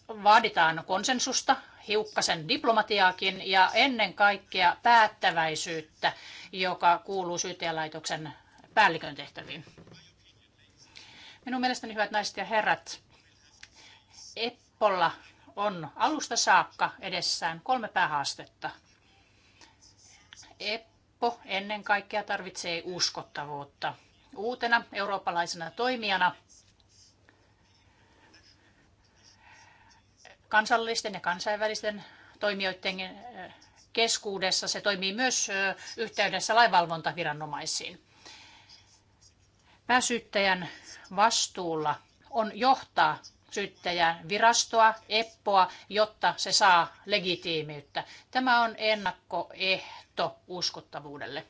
Vaaditaan konsensusta, hiukkasen diplomatiaakin ja ennen kaikkea päättäväisyyttä, joka kuuluu syyttäjälaitoksen päällikön tehtäviin. Minun mielestäni, hyvät naiset ja herrat, Eppolla on alusta saakka edessään kolme päähaastetta. Eurooppa ennen kaikkea tarvitsee uskottavuutta. Uutena eurooppalaisena toimijana kansallisten ja kansainvälisten toimijoiden eh, keskuudessa se toimii myös eh, yhteydessä lainvalvontaviranomaisiin. Pääsyyttäjän vastuulla on johtaa syyttäjän virastoa, EPPOa, jotta se saa legitiimiyttä. Tämä on ennakkoehto ehto uskottavuudelle.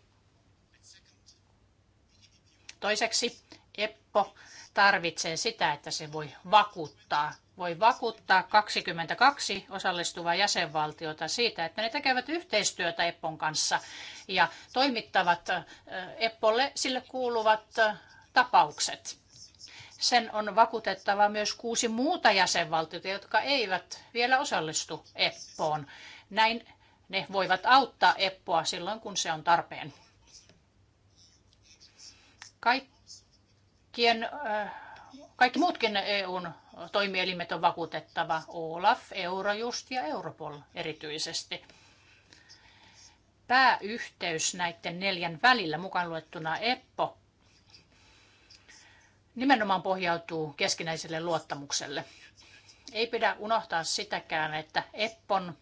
Toiseksi Eppo tarvitsee sitä, että se voi vakuuttaa voi vakuuttaa 22 osallistuvaa jäsenvaltiota siitä, että ne tekevät yhteistyötä Eppon kanssa ja toimittavat Eppolle sille kuuluvat tapaukset. Sen on vakuutettava myös kuusi muuta jäsenvaltiota, jotka eivät vielä osallistu Eppoon. Näin ne voivat auttaa EPPOa silloin, kun se on tarpeen. Kaikkien, äh, kaikki muutkin EUn toimielimet on vakuutettava. OLAF, Eurojust ja Europol erityisesti. Pääyhteys näiden neljän välillä, mukaan luettuna EPPO, nimenomaan pohjautuu keskinäiselle luottamukselle. Ei pidä unohtaa sitäkään, että EPPON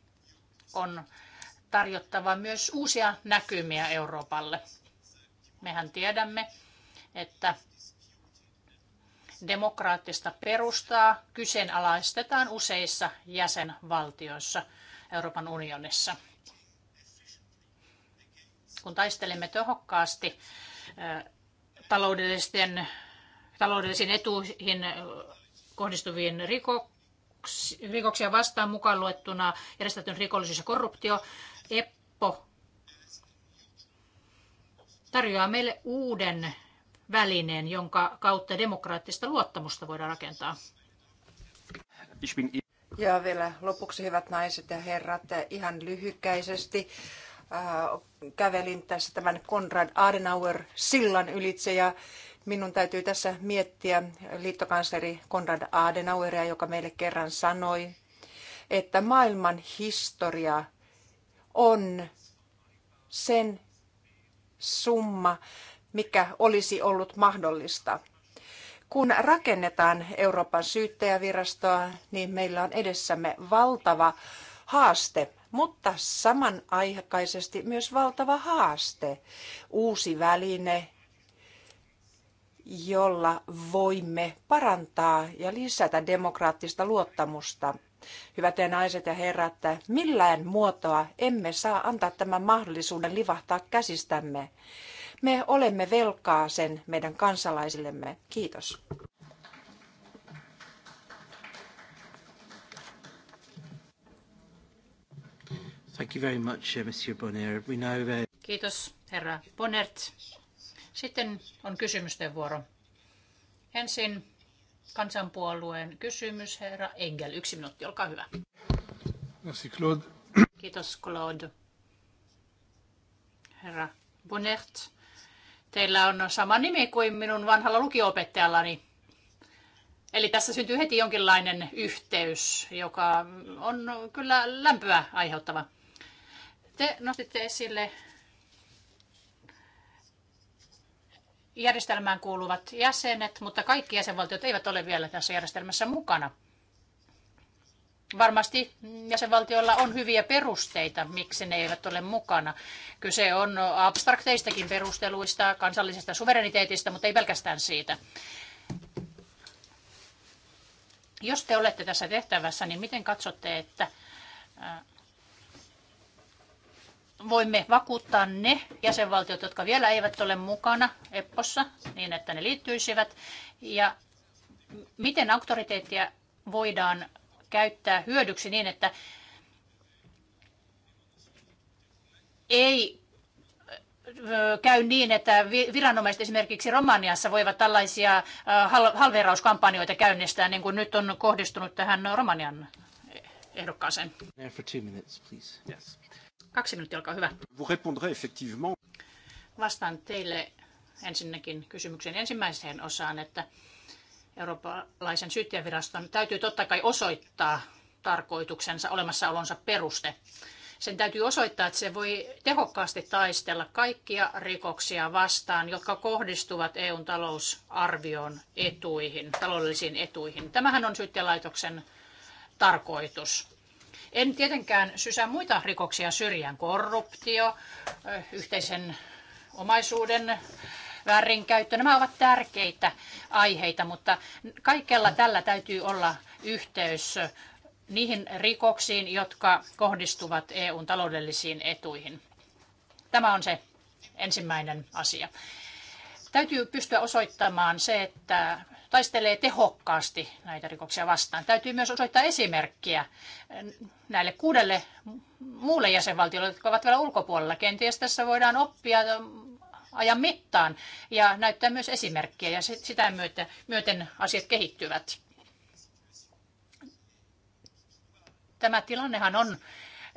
on tarjottava myös uusia näkymiä Euroopalle. Mehän tiedämme, että demokraattista perustaa kyseenalaistetaan useissa jäsenvaltioissa Euroopan unionissa. Kun taistelemme tehokkaasti eh, taloudellisten, taloudellisiin etuihin eh, kohdistuviin rikoksiin, rikoksia vastaan mukaan luettuna järjestetyn rikollisuus ja korruptio, EPPO tarjoaa meille uuden välineen, jonka kautta demokraattista luottamusta voidaan rakentaa. Ja vielä lopuksi, hyvät naiset ja herrat, ihan lyhykäisesti äh, kävelin tässä tämän Konrad Adenauer-sillan ylitse ja minun täytyy tässä miettiä liittokansleri Konrad Adenaueria, joka meille kerran sanoi, että maailman historia on sen summa, mikä olisi ollut mahdollista. Kun rakennetaan Euroopan syyttäjävirastoa, niin meillä on edessämme valtava haaste, mutta samanaikaisesti myös valtava haaste, uusi väline, jolla voimme parantaa ja lisätä demokraattista luottamusta Hyvät ja naiset ja herrat, millään muotoa emme saa antaa tämän mahdollisuuden livahtaa käsistämme. Me olemme velkaa sen meidän kansalaisillemme. Kiitos. Thank you very much, uh, Monsieur Bonner. We now... Kiitos, herra Bonnert. Sitten on kysymysten vuoro. Ensin kansanpuolueen kysymys. Herra Engel, yksi minuutti, olkaa hyvä. Merci Claude. Kiitos Claude. Herra Bonert, teillä on sama nimi kuin minun vanhalla lukio-opettajallani. Eli tässä syntyy heti jonkinlainen yhteys, joka on kyllä lämpöä aiheuttava. Te nostitte esille järjestelmään kuuluvat jäsenet, mutta kaikki jäsenvaltiot eivät ole vielä tässä järjestelmässä mukana. Varmasti jäsenvaltioilla on hyviä perusteita, miksi ne eivät ole mukana. Kyse on abstrakteistakin perusteluista, kansallisesta suvereniteetista, mutta ei pelkästään siitä. Jos te olette tässä tehtävässä, niin miten katsotte, että voimme vakuuttaa ne jäsenvaltiot, jotka vielä eivät ole mukana EPPOssa, niin että ne liittyisivät. Ja miten auktoriteettia voidaan käyttää hyödyksi niin, että ei käy niin, että viranomaiset esimerkiksi Romaniassa voivat tällaisia halverauskampanjoita käynnistää, niin kuin nyt on kohdistunut tähän Romanian ehdokkaaseen. For two minutes, please. Yes. Kaksi minuuttia, olkaa hyvä. Vous répondrez effectivement. Vastaan teille ensinnäkin kysymyksen ensimmäiseen osaan, että eurooppalaisen syyttäjäviraston täytyy totta kai osoittaa tarkoituksensa, olemassaolonsa peruste. Sen täytyy osoittaa, että se voi tehokkaasti taistella kaikkia rikoksia vastaan, jotka kohdistuvat EUn talousarvioon etuihin, taloudellisiin etuihin. Tämähän on syyttäjälaitoksen tarkoitus. En tietenkään sysää muita rikoksia syrjään. Korruptio, yhteisen omaisuuden väärinkäyttö, nämä ovat tärkeitä aiheita, mutta kaikella tällä täytyy olla yhteys niihin rikoksiin, jotka kohdistuvat EUn taloudellisiin etuihin. Tämä on se ensimmäinen asia. Täytyy pystyä osoittamaan se, että taistelee tehokkaasti näitä rikoksia vastaan. Täytyy myös osoittaa esimerkkiä näille kuudelle muulle jäsenvaltiolle, jotka ovat vielä ulkopuolella. Kenties tässä voidaan oppia ajan mittaan ja näyttää myös esimerkkiä ja sitä myötä, myöten asiat kehittyvät. Tämä tilannehan on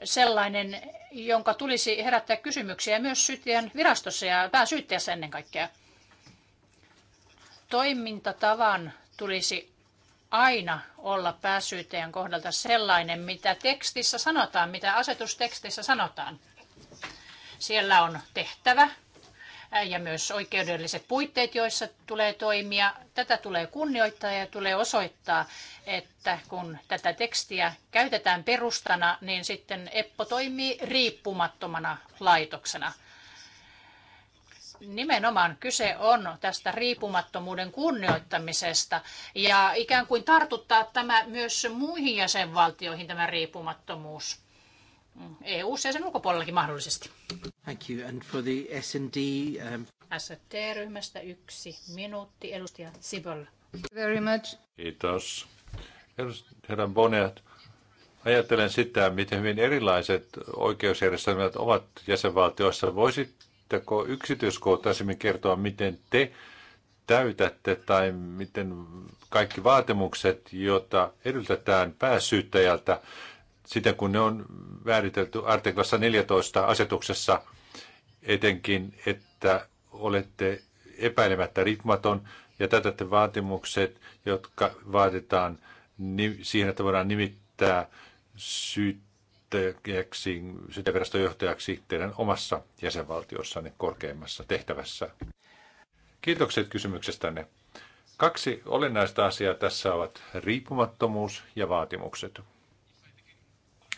sellainen, jonka tulisi herättää kysymyksiä myös syyttäjän virastossa ja pääsyyttäjässä ennen kaikkea toimintatavan tulisi aina olla pääsyyteen kohdalta sellainen, mitä tekstissä sanotaan, mitä asetustekstissä sanotaan. Siellä on tehtävä ja myös oikeudelliset puitteet, joissa tulee toimia. Tätä tulee kunnioittaa ja tulee osoittaa, että kun tätä tekstiä käytetään perustana, niin sitten EPPO toimii riippumattomana laitoksena – nimenomaan kyse on tästä riippumattomuuden kunnioittamisesta ja ikään kuin tartuttaa tämä myös muihin jäsenvaltioihin tämä riippumattomuus. eu ja sen ulkopuolellakin mahdollisesti. Thank you. And for the S&D, um... ryhmästä yksi minuutti. Edustaja Sibol. Very much. Kiitos. Herra Bonet, ajattelen sitä, miten hyvin erilaiset oikeusjärjestelmät ovat jäsenvaltioissa. Voisit voisitteko yksityiskohtaisemmin kertoa, miten te täytätte tai miten kaikki vaatimukset, joita edellytetään pääsyyttäjältä, sitä kun ne on määritelty artiklassa 14 asetuksessa, etenkin, että olette epäilemättä ritmaton ja täytätte vaatimukset, jotka vaaditaan siihen, että voidaan nimittää syyt pääjohtajaksi, johtajaksi teidän omassa jäsenvaltiossanne korkeimmassa tehtävässä? Kiitokset kysymyksestänne. Kaksi olennaista asiaa tässä ovat riippumattomuus ja vaatimukset.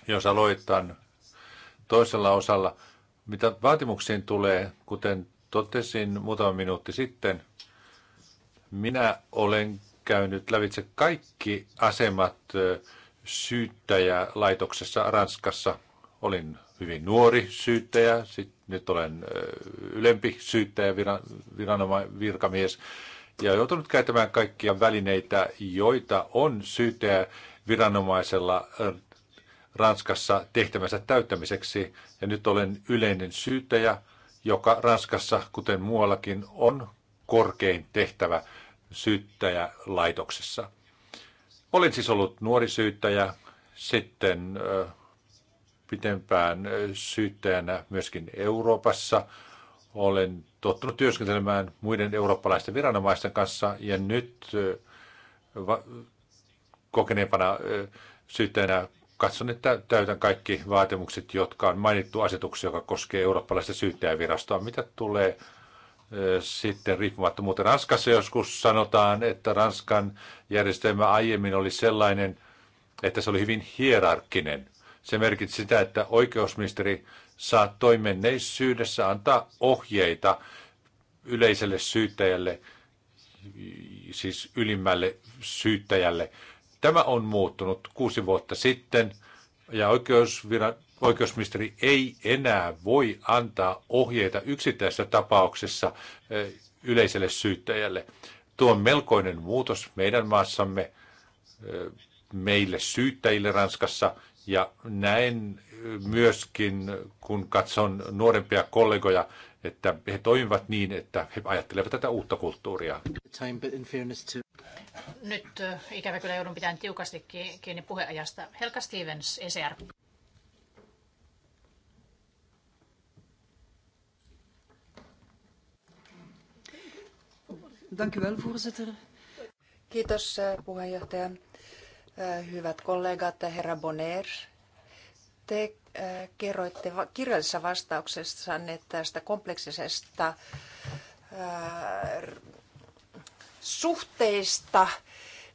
Jos aloitan toisella osalla, mitä vaatimuksiin tulee, kuten totesin muutama minuutti sitten, minä olen käynyt lävitse kaikki asemat syyttäjälaitoksessa laitoksessa Ranskassa. Olin hyvin nuori syyttäjä, sit nyt olen ylempi syyttäjä, viranoma, virkamies ja joutunut käyttämään kaikkia välineitä, joita on syyttäjä viranomaisella Ranskassa tehtävänsä täyttämiseksi. Ja nyt olen yleinen syyttäjä, joka Ranskassa, kuten muuallakin, on korkein tehtävä syyttäjälaitoksessa. Olin siis ollut nuori syyttäjä, sitten pitempään syyttäjänä myöskin Euroopassa. Olen tottunut työskentelemään muiden eurooppalaisten viranomaisten kanssa ja nyt kokeneempana syyttäjänä katson, että täytän kaikki vaatimukset, jotka on mainittu asetuksia, joka koskee eurooppalaista syyttäjävirastoa. Mitä tulee sitten riippumattomuutta. Ranskassa joskus sanotaan, että Ranskan järjestelmä aiemmin oli sellainen, että se oli hyvin hierarkkinen. Se merkitsi sitä, että oikeusministeri saa toimenneisyydessä antaa ohjeita yleiselle syyttäjälle, siis ylimmälle syyttäjälle. Tämä on muuttunut kuusi vuotta sitten ja oikeusviran oikeusministeri ei enää voi antaa ohjeita yksittäisessä tapauksessa eh, yleiselle syyttäjälle. Tuo on melkoinen muutos meidän maassamme, eh, meille syyttäjille Ranskassa, ja näen eh, myöskin, kun katson nuorempia kollegoja, että he toimivat niin, että he ajattelevat tätä uutta kulttuuria. Nyt ikävä kyllä joudun pitämään tiukasti kiinni puheajasta. Helka Stevens, ECR. Dank u wel, voorzitter. Kiitos eh, puheenjohtaja. Eh, hyvät kollegat, herra Bonner, te eh, kerroitte kirjallisessa vastauksessanne tästä kompleksisesta suhteista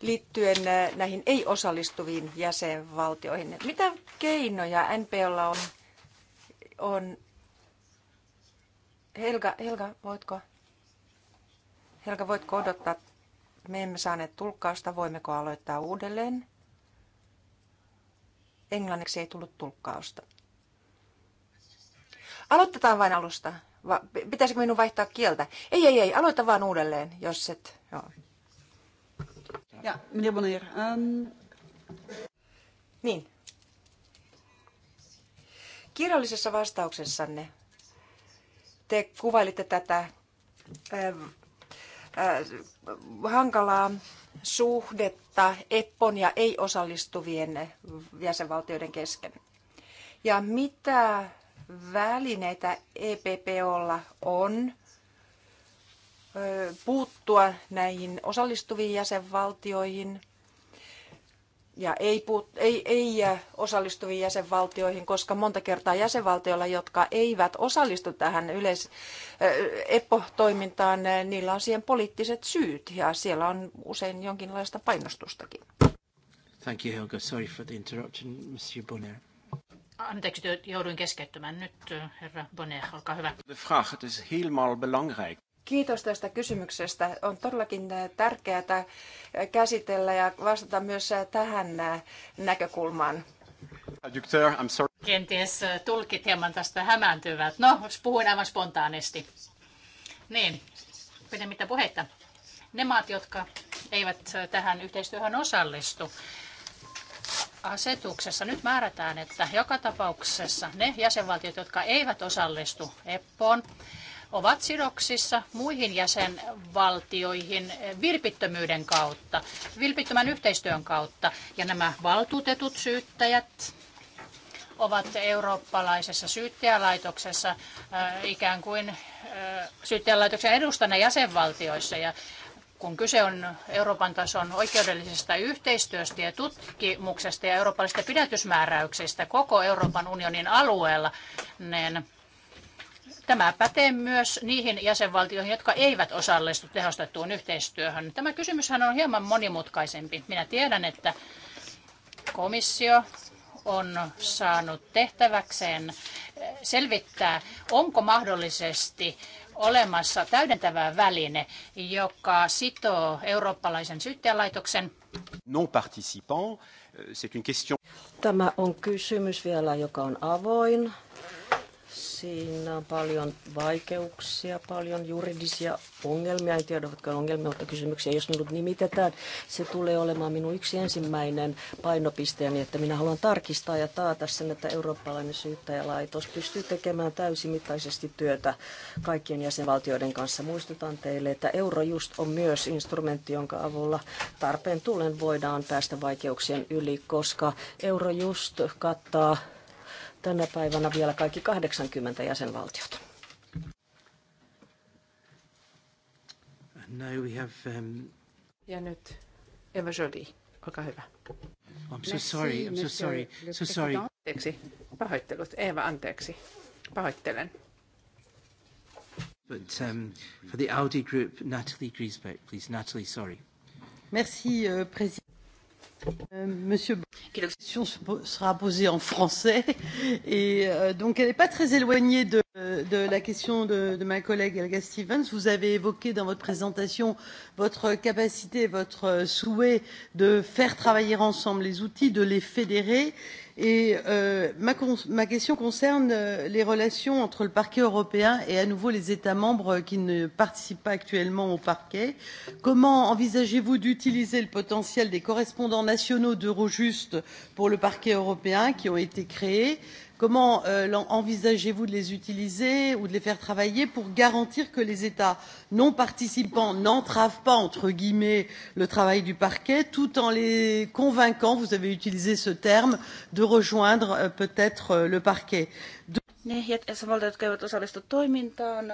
liittyen näihin ei-osallistuviin jäsenvaltioihin. Mitä keinoja NPOlla on? on Helga, Helga, voitko? Helka, voitko odottaa? Me emme saaneet tulkkausta. Voimmeko aloittaa uudelleen? Englanniksi ei tullut tulkkausta. Aloitetaan vain alusta. Va- pitäisikö minun vaihtaa kieltä? Ei, ei, ei. Aloita vaan uudelleen, jos et... Joo. Ja, minä Um... Ehm. Niin. Kirjallisessa vastauksessanne te kuvailitte tätä ehm, Äh, hankalaa suhdetta EPPON ja ei-osallistuvien jäsenvaltioiden kesken. Ja mitä välineitä EPPOlla on äh, puuttua näihin osallistuviin jäsenvaltioihin – ja ei, puut, ei, ei osallistuviin jäsenvaltioihin, koska monta kertaa jäsenvaltioilla, jotka eivät osallistu tähän yleis- EPPO-toimintaan, niillä on siihen poliittiset syyt ja siellä on usein jonkinlaista painostustakin. Thank you, Helga. Sorry for the interruption, Mr. Bonner. Anteeksi, jouduin keskeyttämään nyt, herra Bonner, olkaa hyvä. The vraag, het is helemaal belangrijk. Kiitos tästä kysymyksestä. On todellakin eh, tärkeää eh, käsitellä ja vastata myös eh, tähän näkökulmaan. Kenties tulkit hieman tästä hämääntyvät. No, puhuin aivan spontaanisti. Niin, pidemmittä puheita. Ne maat, jotka eivät tähän yhteistyöhön osallistu, asetuksessa nyt määrätään, että joka tapauksessa ne jäsenvaltiot, jotka eivät osallistu EPPOon, ovat sidoksissa muihin jäsenvaltioihin vilpittömyyden kautta, vilpittömän yhteistyön kautta. Ja nämä valtuutetut syyttäjät ovat eurooppalaisessa syyttäjälaitoksessa äh, ikään kuin äh, syyttäjälaitoksen edustana jäsenvaltioissa. Ja kun kyse on Euroopan tason oikeudellisesta yhteistyöstä ja tutkimuksesta ja eurooppalaisista pidätysmääräyksistä koko Euroopan unionin alueella, niin Tämä pätee myös niihin jäsenvaltioihin, jotka eivät osallistu tehostettuun yhteistyöhön. Tämä kysymyshän on hieman monimutkaisempi. Minä tiedän, että komissio on saanut tehtäväkseen selvittää, onko mahdollisesti olemassa täydentävä väline, joka sitoo eurooppalaisen syyttäjälaitoksen non participants. C'est une question. Tämä on kysymys vielä, joka on avoin. Siinä on paljon vaikeuksia, paljon juridisia ongelmia. En tiedä, ovatko ongelmia, mutta kysymyksiä, jos ne nimitetään. Se tulee olemaan minun yksi ensimmäinen painopisteeni, että minä haluan tarkistaa ja taata sen, että eurooppalainen syyttäjälaitos pystyy tekemään täysimittaisesti työtä kaikkien jäsenvaltioiden kanssa. Muistutan teille, että Eurojust on myös instrumentti, jonka avulla tarpeen tullen voidaan päästä vaikeuksien yli, koska Eurojust kattaa tänä päivänä vielä kaikki 80 jäsenvaltiota. Now we have, um... Ja nyt Eva Jolie, olkaa hyvä. I'm so sorry, I'm so sorry, so sorry. Anteeksi, pahoittelut. Eva, anteeksi. Pahoittelen. But um, for the Audi Group, Natalie Griesbeck, please. Natalie, sorry. Merci, uh, president. Monsieur, la question sera posée en français et euh, donc elle n'est pas très éloignée de, de la question de, de ma collègue Helga Stevens. Vous avez évoqué dans votre présentation votre capacité, votre souhait de faire travailler ensemble les outils, de les fédérer. Euh, et euh, ma, ma question concerne euh, les relations entre le parquet européen et à nouveau les États membres euh, qui ne participent pas actuellement au parquet. Comment envisagez-vous d'utiliser le potentiel des correspondants nationaux d'Eurojust pour le parquet européen qui ont été créés comment euh, envisagez vous de les utiliser ou de les faire travailler pour garantir que les états non participants n'entravent pas entre guillemets le travail du parquet tout en les convainquant vous avez utilisé ce terme de rejoindre euh, peut être euh, le parquet? ne jäsenvaltiot eivät osallistu toimintaan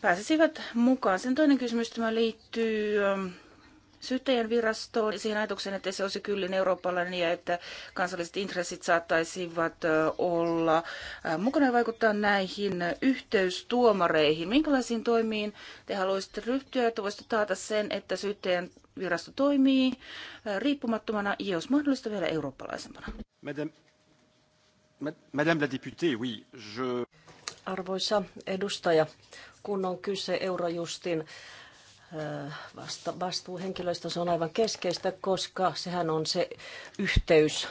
pääsisivät mukaan. Sen toinen kysymys tämä liittyy ähm, syyttäjän virastoon siihen ajatukseen, että se olisi kyllin eurooppalainen ja että kansalliset intressit saattaisivat olla mukana ja vaikuttaa näihin yhteystuomareihin. Minkälaisiin toimiin te haluaisitte ryhtyä, että voisitte taata sen, että syyttäjän virasto toimii riippumattomana ja jos mahdollista vielä eurooppalaisempana? Madame, Madame la députée, oui, je... Arvoisa edustaja, kun on kyse Eurojustin vasta, vastuuhenkilöistä se on aivan keskeistä, koska sehän on se yhteys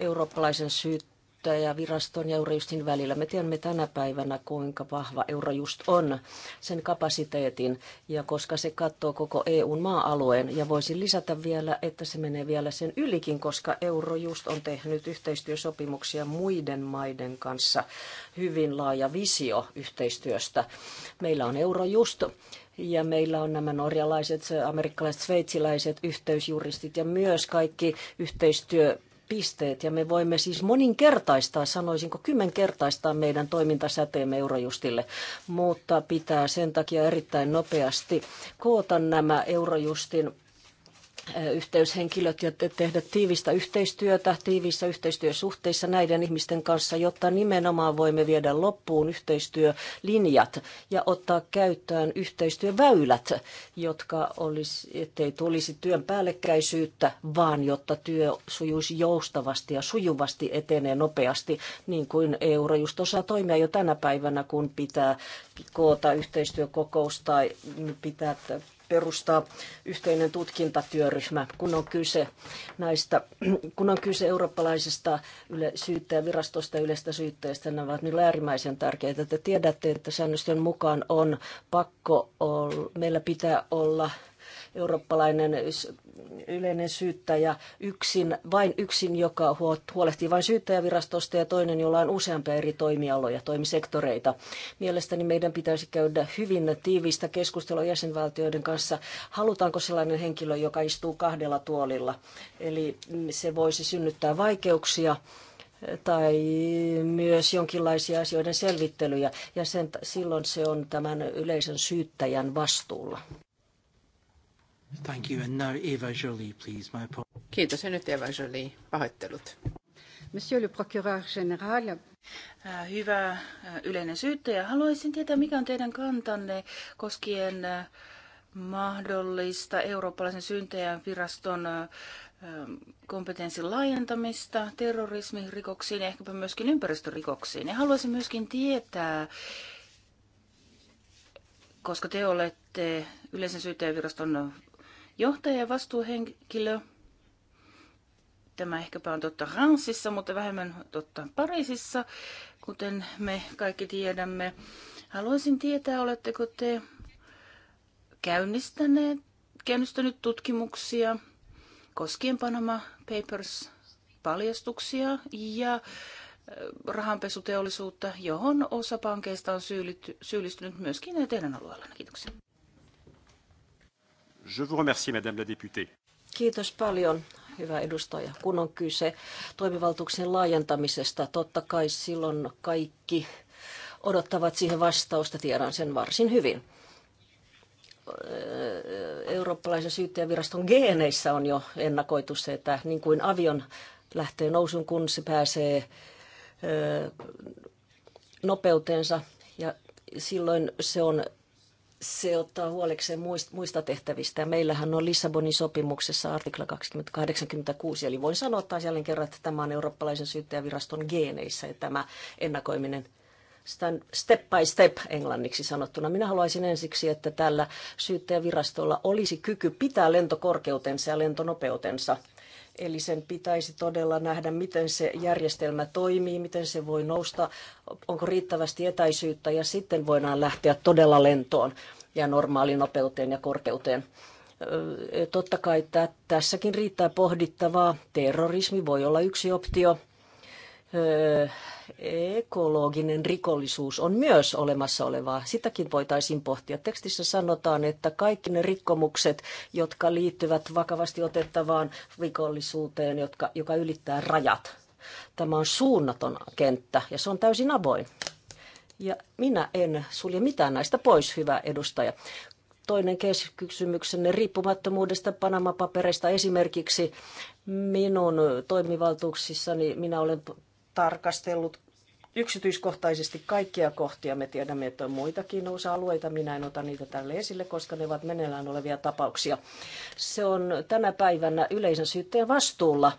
eurooppalaisen syyttäjäviraston ja Eurojustin välillä. Me tiedämme tänä päivänä, kuinka vahva Eurojust on, sen kapasiteetin, ja koska se katsoo koko EUn maa-alueen. Ja voisin lisätä vielä, että se menee vielä sen ylikin, koska Eurojust on tehnyt yhteistyösopimuksia muiden maiden kanssa. Hyvin laaja visio yhteistyöstä. Meillä on Eurojust, ja meillä on nämä norjalaiset, amerikkalaiset, sveitsiläiset yhteysjuristit ja myös kaikki yhteistyö pisteet ja me voimme siis moninkertaistaa, sanoisinko kymmenkertaistaa meidän toimintasäteemme Eurojustille, mutta pitää sen takia erittäin nopeasti koota nämä Eurojustin yhteyshenkilöt ja tehdä tiivistä yhteistyötä, tiiviissä yhteistyösuhteissa näiden ihmisten kanssa, jotta nimenomaan voimme viedä loppuun yhteistyölinjat ja ottaa käyttöön yhteistyöväylät, jotka olisi, ettei tulisi työn päällekkäisyyttä, vaan jotta työ sujuisi joustavasti ja sujuvasti etenee nopeasti, niin kuin euro just osaa toimia jo tänä päivänä, kun pitää koota yhteistyökokous tai pitää perustaa yhteinen tutkintatyöryhmä, kun on kyse näistä, [CLEARS THROAT] kun on kyse eurooppalaisesta yle, syyttäjävirastosta ja yleistä syyttäjästä, nämä ovat minulle niin äärimmäisen tärkeitä. Te tiedätte, että säännösten mukaan on pakko, meillä pitää olla eurooppalainen yleinen syyttäjä yksin, vain yksin, joka huolehtii vain syyttäjävirastosta ja toinen, jolla on useampia eri toimialoja, toimisektoreita. Mielestäni meidän pitäisi käydä hyvin tiiviistä keskustelua jäsenvaltioiden kanssa. Halutaanko sellainen henkilö, joka istuu kahdella tuolilla? Eli se voisi synnyttää vaikeuksia tai myös jonkinlaisia asioiden selvittelyjä, ja sen, silloin se on tämän yleisen syyttäjän vastuulla. Thank you. And now Eva Jolie, please. My Kiitos. Ja nyt Eva pahoittelut. Monsieur le procureur général. Äh, hyvä äh, yleinen syyttäjä, haluaisin tietää, mikä on teidän kantanne koskien äh, mahdollista eurooppalaisen syyttäjän viraston kompetenssin laajentamista terrorismirikoksiin ja ehkäpä myöskin ympäristörikoksiin. Ja haluaisin myöskin tietää, koska te olette yleisen syyttäjäviraston johtaja ja vastuuhenkilö. Tämä ehkäpä on totta Ranssissa, mutta vähemmän totta Pariisissa, kuten me kaikki tiedämme. Haluaisin tietää, oletteko te käynnistäneet, käynnistänyt tutkimuksia koskien Panama Papers paljastuksia ja rahanpesuteollisuutta, johon osa pankeista on syyllistynyt myöskin teidän alueellanne. Kiitoksia. Je vous remercie, madame la députée. Kiitos paljon, hyvä edustaja. Kun on kyse toimivaltuuksien laajentamisesta, totta kai silloin kaikki odottavat siihen vastausta, tiedän sen varsin hyvin. Eurooppalaisen syyttäjäviraston geeneissä on jo ennakoitu se, että niin kuin avion lähtee nousun, kun se pääsee nopeuteensa ja silloin se on se ottaa huolekseen muista tehtävistä. Ja meillähän on Lissabonin sopimuksessa artikla 2086, eli voin sanoa taas jälleen kerran, että tämä on eurooppalaisen syyttäjäviraston geeneissä ja tämä ennakoiminen step by step englanniksi sanottuna. Minä haluaisin ensiksi, että tällä syyttäjävirastolla olisi kyky pitää lentokorkeutensa ja lentonopeutensa – Eli sen pitäisi todella nähdä, miten se järjestelmä toimii, miten se voi nousta, onko riittävästi etäisyyttä ja sitten voidaan lähteä todella lentoon ja normaali-nopeuteen ja korkeuteen. Totta kai tässäkin riittää pohdittavaa. Terrorismi voi olla yksi optio ekologinen rikollisuus on myös olemassa olevaa. Sitäkin voitaisiin pohtia. Tekstissä sanotaan, että kaikki ne rikkomukset, jotka liittyvät vakavasti otettavaan rikollisuuteen, jotka, joka ylittää rajat. Tämä on suunnaton kenttä ja se on täysin avoin. Ja minä en sulje mitään näistä pois, hyvä edustaja. Toinen kysymyksenne riippumattomuudesta Panama-papereista esimerkiksi minun toimivaltuuksissani minä olen tarkastellut yksityiskohtaisesti kaikkia kohtia. Me tiedämme, että on muitakin osa-alueita. Minä en ota niitä tälle esille, koska ne ovat meneillään olevia tapauksia. Se on tänä päivänä yleisen syytteen vastuulla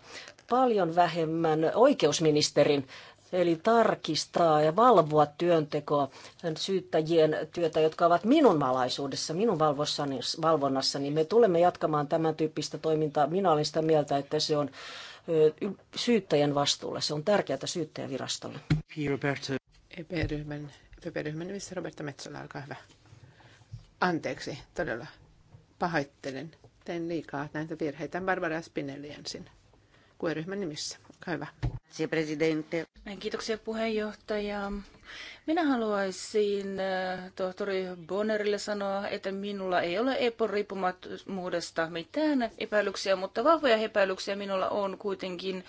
paljon vähemmän oikeusministerin eli tarkistaa ja valvoa työntekoa syyttäjien työtä, jotka ovat minun valaisuudessa, minun valvonnassani. Niin me tulemme jatkamaan tämän tyyppistä toimintaa. Minä olen sitä mieltä, että se on syyttäjän vastuulle. Se on tärkeää syyttäjävirastolle. Roberto. EP-ryhmän, EP-ryhmän nimissä Roberta Metsola, olkaa hyvä. Anteeksi, todella pahoittelen. Tein liikaa näitä virheitä. Barbara Spinelli ensin. qe nimissä. Olkaa hyvä. Kiitoksia puheenjohtaja. Minä haluaisin äh, tohtori Bonnerille sanoa, että minulla ei ole EPOn riippumattomuudesta mitään epäilyksiä, mutta vahvoja epäilyksiä minulla on kuitenkin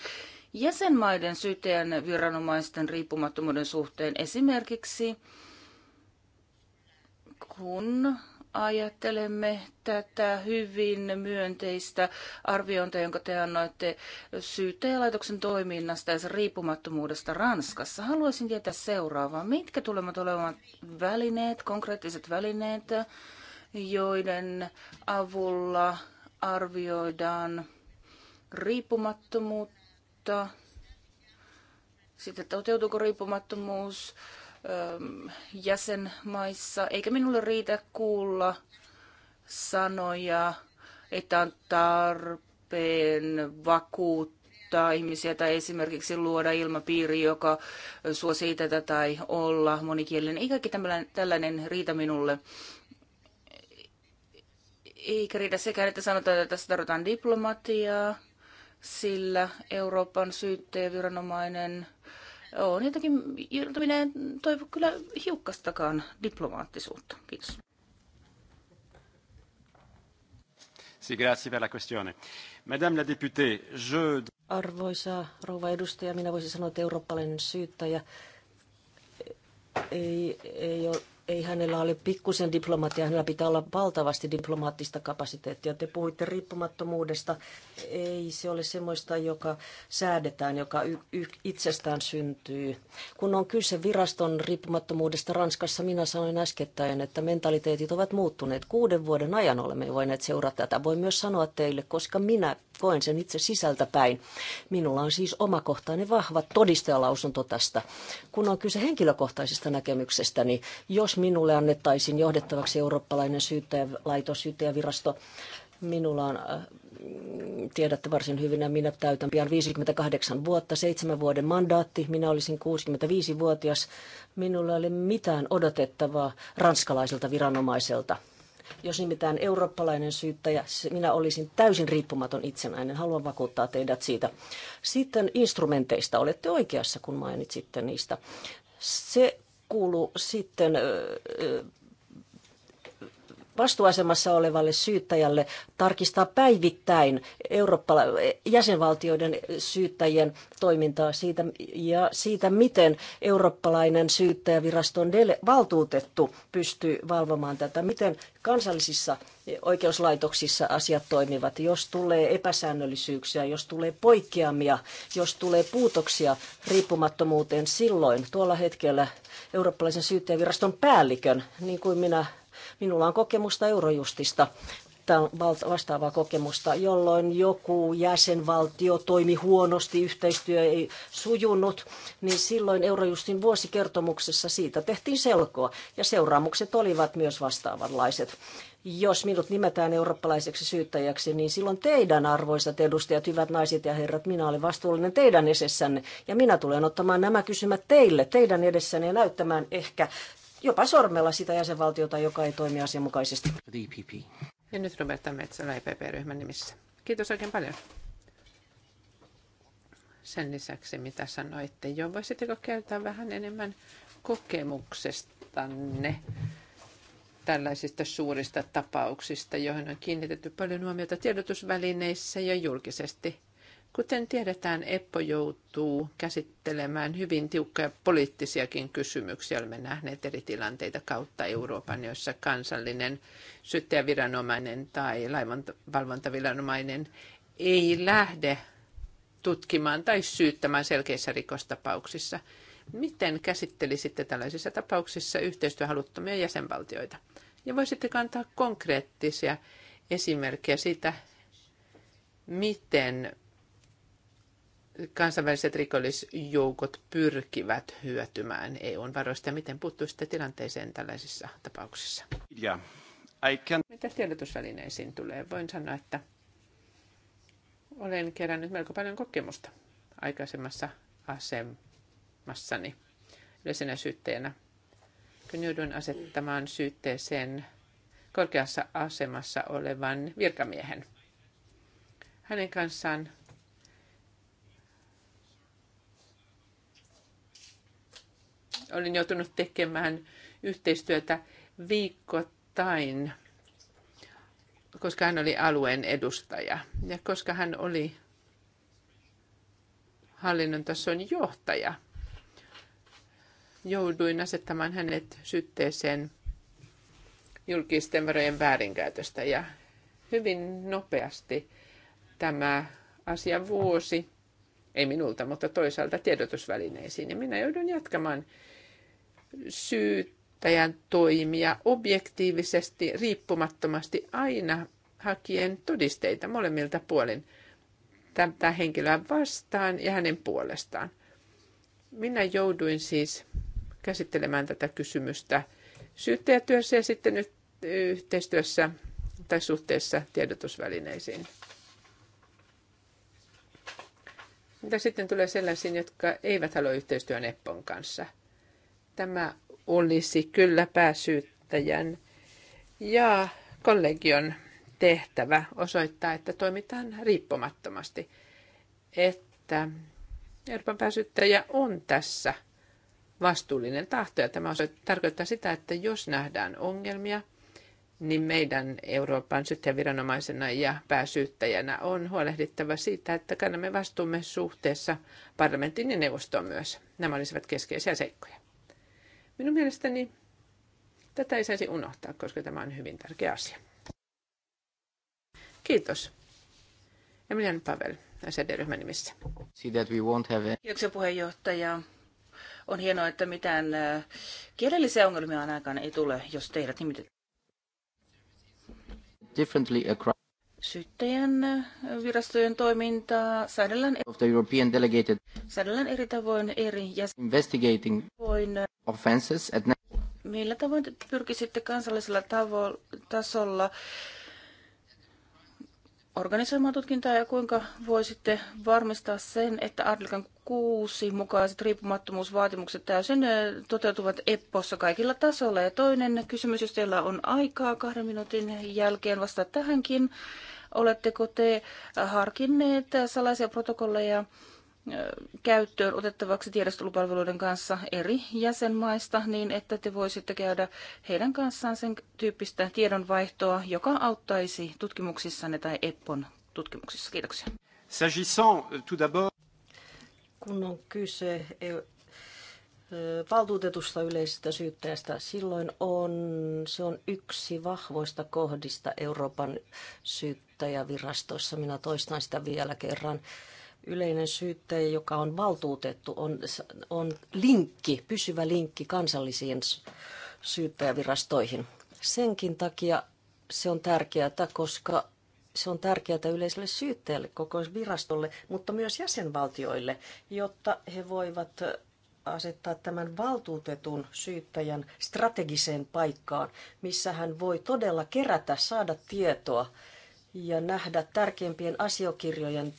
jäsenmaiden syyteen viranomaisten riippumattomuuden suhteen esimerkiksi kun ajattelemme tätä hyvin myönteistä arviointia, jonka te annoitte syyttäjälaitoksen toiminnasta ja sen riippumattomuudesta Ranskassa. Haluaisin tietää seuraavaa. Mitkä tulevat olemaan välineet, konkreettiset välineet, joiden avulla arvioidaan riippumattomuutta, sitten toteutuuko riippumattomuus, jäsenmaissa, eikä minulle riitä kuulla sanoja, että on tarpeen vakuuttaa ihmisiä tai esimerkiksi luoda ilmapiiri, joka suosii tätä tai olla monikielinen. Ei kaikki tämmöinen, tällainen riitä minulle. Eikä riitä sekään, että sanotaan, että tässä tarvitaan diplomatiaa, sillä Euroopan syyttäjäviranomainen viranomainen on jotenkin, jolta minä en toivo kyllä hiukkastakaan diplomaattisuutta. Kiitos. Si, grazie per la questione. Madame la députée, je... Arvoisa rouva edustaja, minä voisin sanoa, että eurooppalainen syyttäjä ei, ei ole ei hänellä ole pikkusen diplomatiaa, hänellä pitää olla valtavasti diplomaattista kapasiteettia. Te puhuitte riippumattomuudesta, ei se ole semmoista, joka säädetään, joka y- y- itsestään syntyy. Kun on kyse viraston riippumattomuudesta Ranskassa, minä sanoin äskettäin, että mentaliteetit ovat muuttuneet. Kuuden vuoden ajan olemme voineet seurata tätä. Voin myös sanoa teille, koska minä koen sen itse sisältä päin. Minulla on siis omakohtainen vahva todistajalausunto tästä. Kun on kyse henkilökohtaisesta näkemyksestä, niin jos minulle annettaisiin johdettavaksi eurooppalainen syyttäjälaitos, laitos, syyttäjävirasto, minulla on, äh, tiedätte varsin hyvin, ja minä täytän pian 58 vuotta, seitsemän vuoden mandaatti, minä olisin 65-vuotias, minulla ei ole mitään odotettavaa ranskalaiselta viranomaiselta. Jos nimittäin eurooppalainen syyttäjä, minä olisin täysin riippumaton itsenäinen. Haluan vakuuttaa teidät siitä. Sitten instrumenteista. Olette oikeassa, kun mainitsitte niistä. Se kuuluu sitten vastuuasemassa olevalle syyttäjälle tarkistaa päivittäin Eurooppa, jäsenvaltioiden syyttäjien toimintaa siitä, ja siitä, miten eurooppalainen syyttäjäviraston dele, valtuutettu pystyy valvomaan tätä, miten kansallisissa oikeuslaitoksissa asiat toimivat, jos tulee epäsäännöllisyyksiä, jos tulee poikkeamia, jos tulee puutoksia riippumattomuuteen silloin tuolla hetkellä eurooppalaisen syyttäjäviraston päällikön, niin kuin minä Minulla on kokemusta Eurojustista vastaavaa kokemusta, jolloin joku jäsenvaltio toimi huonosti, yhteistyö ei sujunut, niin silloin Eurojustin vuosikertomuksessa siitä tehtiin selkoa ja seuraamukset olivat myös vastaavanlaiset jos minut nimetään eurooppalaiseksi syyttäjäksi, niin silloin teidän arvoisat edustajat, hyvät naiset ja herrat, minä olen vastuullinen teidän esessänne. Ja minä tulen ottamaan nämä kysymät teille, teidän edessänne ja näyttämään ehkä jopa sormella sitä jäsenvaltiota, joka ei toimi asianmukaisesti. E ja nyt Roberta Metsälä EPP-ryhmän nimissä. Kiitos oikein paljon. Sen lisäksi, mitä sanoitte jo, voisitteko kertoa vähän enemmän kokemuksestanne tällaisista suurista tapauksista, joihin on kiinnitetty paljon huomiota tiedotusvälineissä ja julkisesti? Kuten tiedetään, Eppo joutuu käsittelemään hyvin tiukkoja poliittisiakin kysymyksiä. Olemme nähneet eri tilanteita kautta Euroopan, joissa kansallinen syyttäjäviranomainen tai laivanvalvontaviranomainen ei lähde tutkimaan tai syyttämään selkeissä rikostapauksissa. Miten käsittelisitte tällaisissa tapauksissa yhteistyöhaluttomia jäsenvaltioita? Ja voisitteko antaa konkreettisia esimerkkejä siitä, miten kansainväliset rikollisjoukot pyrkivät hyötymään EUn varoista ja miten puuttuisitte tilanteeseen tällaisissa tapauksissa? Yeah, I can... Mitä tiedotusvälineisiin tulee? Voin sanoa, että olen kerännyt melko paljon kokemusta aikaisemmassa asemassani yleisenä syyttäjänä, kun jouduin asettamaan syytteeseen korkeassa asemassa olevan virkamiehen. Hänen kanssaan olin joutunut tekemään yhteistyötä viikoittain, koska hän oli alueen edustaja ja koska hän oli hallinnon tason johtaja. Jouduin asettamaan hänet syytteeseen julkisten varojen väärinkäytöstä ja hyvin nopeasti tämä asia vuosi, ei minulta, mutta toisaalta tiedotusvälineisiin. Ja niin minä joudun jatkamaan syyttäjän toimia objektiivisesti, riippumattomasti aina hakien todisteita molemmilta puolin tätä henkilöä vastaan ja hänen puolestaan. Minä jouduin siis käsittelemään tätä kysymystä syyttäjätyössä ja sitten nyt yhteistyössä tai suhteessa tiedotusvälineisiin. Mitä sitten tulee sellaisiin, jotka eivät halua yhteistyön Eppon kanssa – Tämä olisi kyllä pääsyyttäjän ja kollegion tehtävä osoittaa, että toimitaan riippumattomasti, että Euroopan pääsyttäjä on tässä vastuullinen tahto. Ja tämä tarkoittaa sitä, että jos nähdään ongelmia, niin meidän Euroopan syyttäjäviranomaisena ja pääsyyttäjänä on huolehdittava siitä, että kannamme vastuumme suhteessa parlamentin ja neuvostoon myös. Nämä olisivat keskeisiä seikkoja. Minun mielestäni tätä ei saisi unohtaa, koska tämä on hyvin tärkeä asia. Kiitos. Emilian Pavel, SED-ryhmän nimissä. Kiitoksia puheenjohtaja. On hienoa, että mitään äh, kielellisiä ongelmia aikaan ei tule, jos teidät nimitetään. Differently across syyttäjän virastojen toimintaa säädellään, of the European delegated. säädellään eri tavoin eri jäsen. Investigating voin, offenses at... Millä tavoin pyrkisitte kansallisella tavo- tasolla organisoimaan tutkintaa ja kuinka voisitte varmistaa sen, että artiklan 6 mukaiset riippumattomuusvaatimukset täysin toteutuvat EPPOssa kaikilla tasoilla. Ja toinen kysymys, jos teillä on aikaa kahden minuutin jälkeen vastata tähänkin. Oletteko te harkinneet salaisia protokolleja käyttöön otettavaksi tiedostelupalveluiden kanssa eri jäsenmaista niin, että te voisitte käydä heidän kanssaan sen tyyppistä tiedonvaihtoa, joka auttaisi tutkimuksissanne tai EPPON tutkimuksissa. Kiitoksia. Euh, Kun on kyse e, valtuutetusta yleisestä syyttäjästä. Silloin on, se on yksi vahvoista kohdista Euroopan syyttäjävirastossa. Minä toistan sitä vielä kerran yleinen syyttäjä, joka on valtuutettu, on, on linkki, pysyvä linkki kansallisiin syyttäjävirastoihin. Senkin takia se on tärkeää, koska se on tärkeää yleiselle syyttäjälle, koko virastolle, mutta myös jäsenvaltioille, jotta he voivat asettaa tämän valtuutetun syyttäjän strategiseen paikkaan, missä hän voi todella kerätä, saada tietoa ja nähdä tärkeimpien asiakirjojen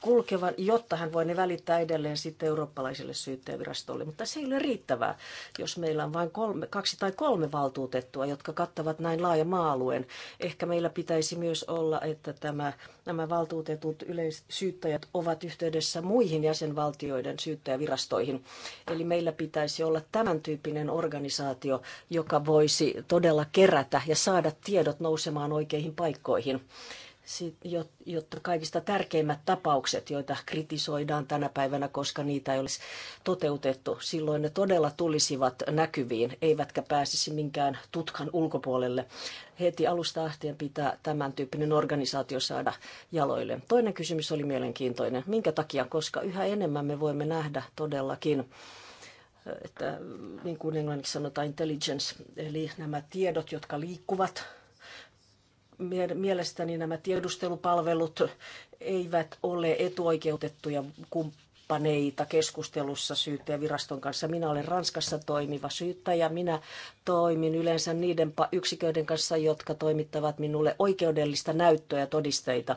kulkevan, jotta hän voi ne välittää edelleen sitten eurooppalaiselle syyttäjävirastolle. Mutta se ei ole riittävää, jos meillä on vain kolme, kaksi tai kolme valtuutettua, jotka kattavat näin laaja maa-alueen. Ehkä meillä pitäisi myös olla, että tämä, nämä valtuutetut yleissyyttäjät ovat yhteydessä muihin jäsenvaltioiden syyttäjävirastoihin. Eli meillä pitäisi olla tämän tyyppinen organisaatio, joka voisi todella kerätä ja saada tiedot nousemaan oikeihin paikkoihin jotta kaikista tärkeimmät tapaukset, joita kritisoidaan tänä päivänä, koska niitä ei olisi toteutettu, silloin ne todella tulisivat näkyviin, eivätkä pääsisi minkään tutkan ulkopuolelle. Heti alusta lähtien pitää tämän tyyppinen organisaatio saada jaloille. Toinen kysymys oli mielenkiintoinen. Minkä takia? Koska yhä enemmän me voimme nähdä todellakin että niin kuin englanniksi sanotaan intelligence, eli nämä tiedot, jotka liikkuvat Mielestäni nämä tiedustelupalvelut eivät ole etuoikeutettuja kumppaneita keskustelussa syyttäjäviraston kanssa. Minä olen Ranskassa toimiva syyttäjä. Minä toimin yleensä niiden yksiköiden kanssa, jotka toimittavat minulle oikeudellista näyttöä ja todisteita.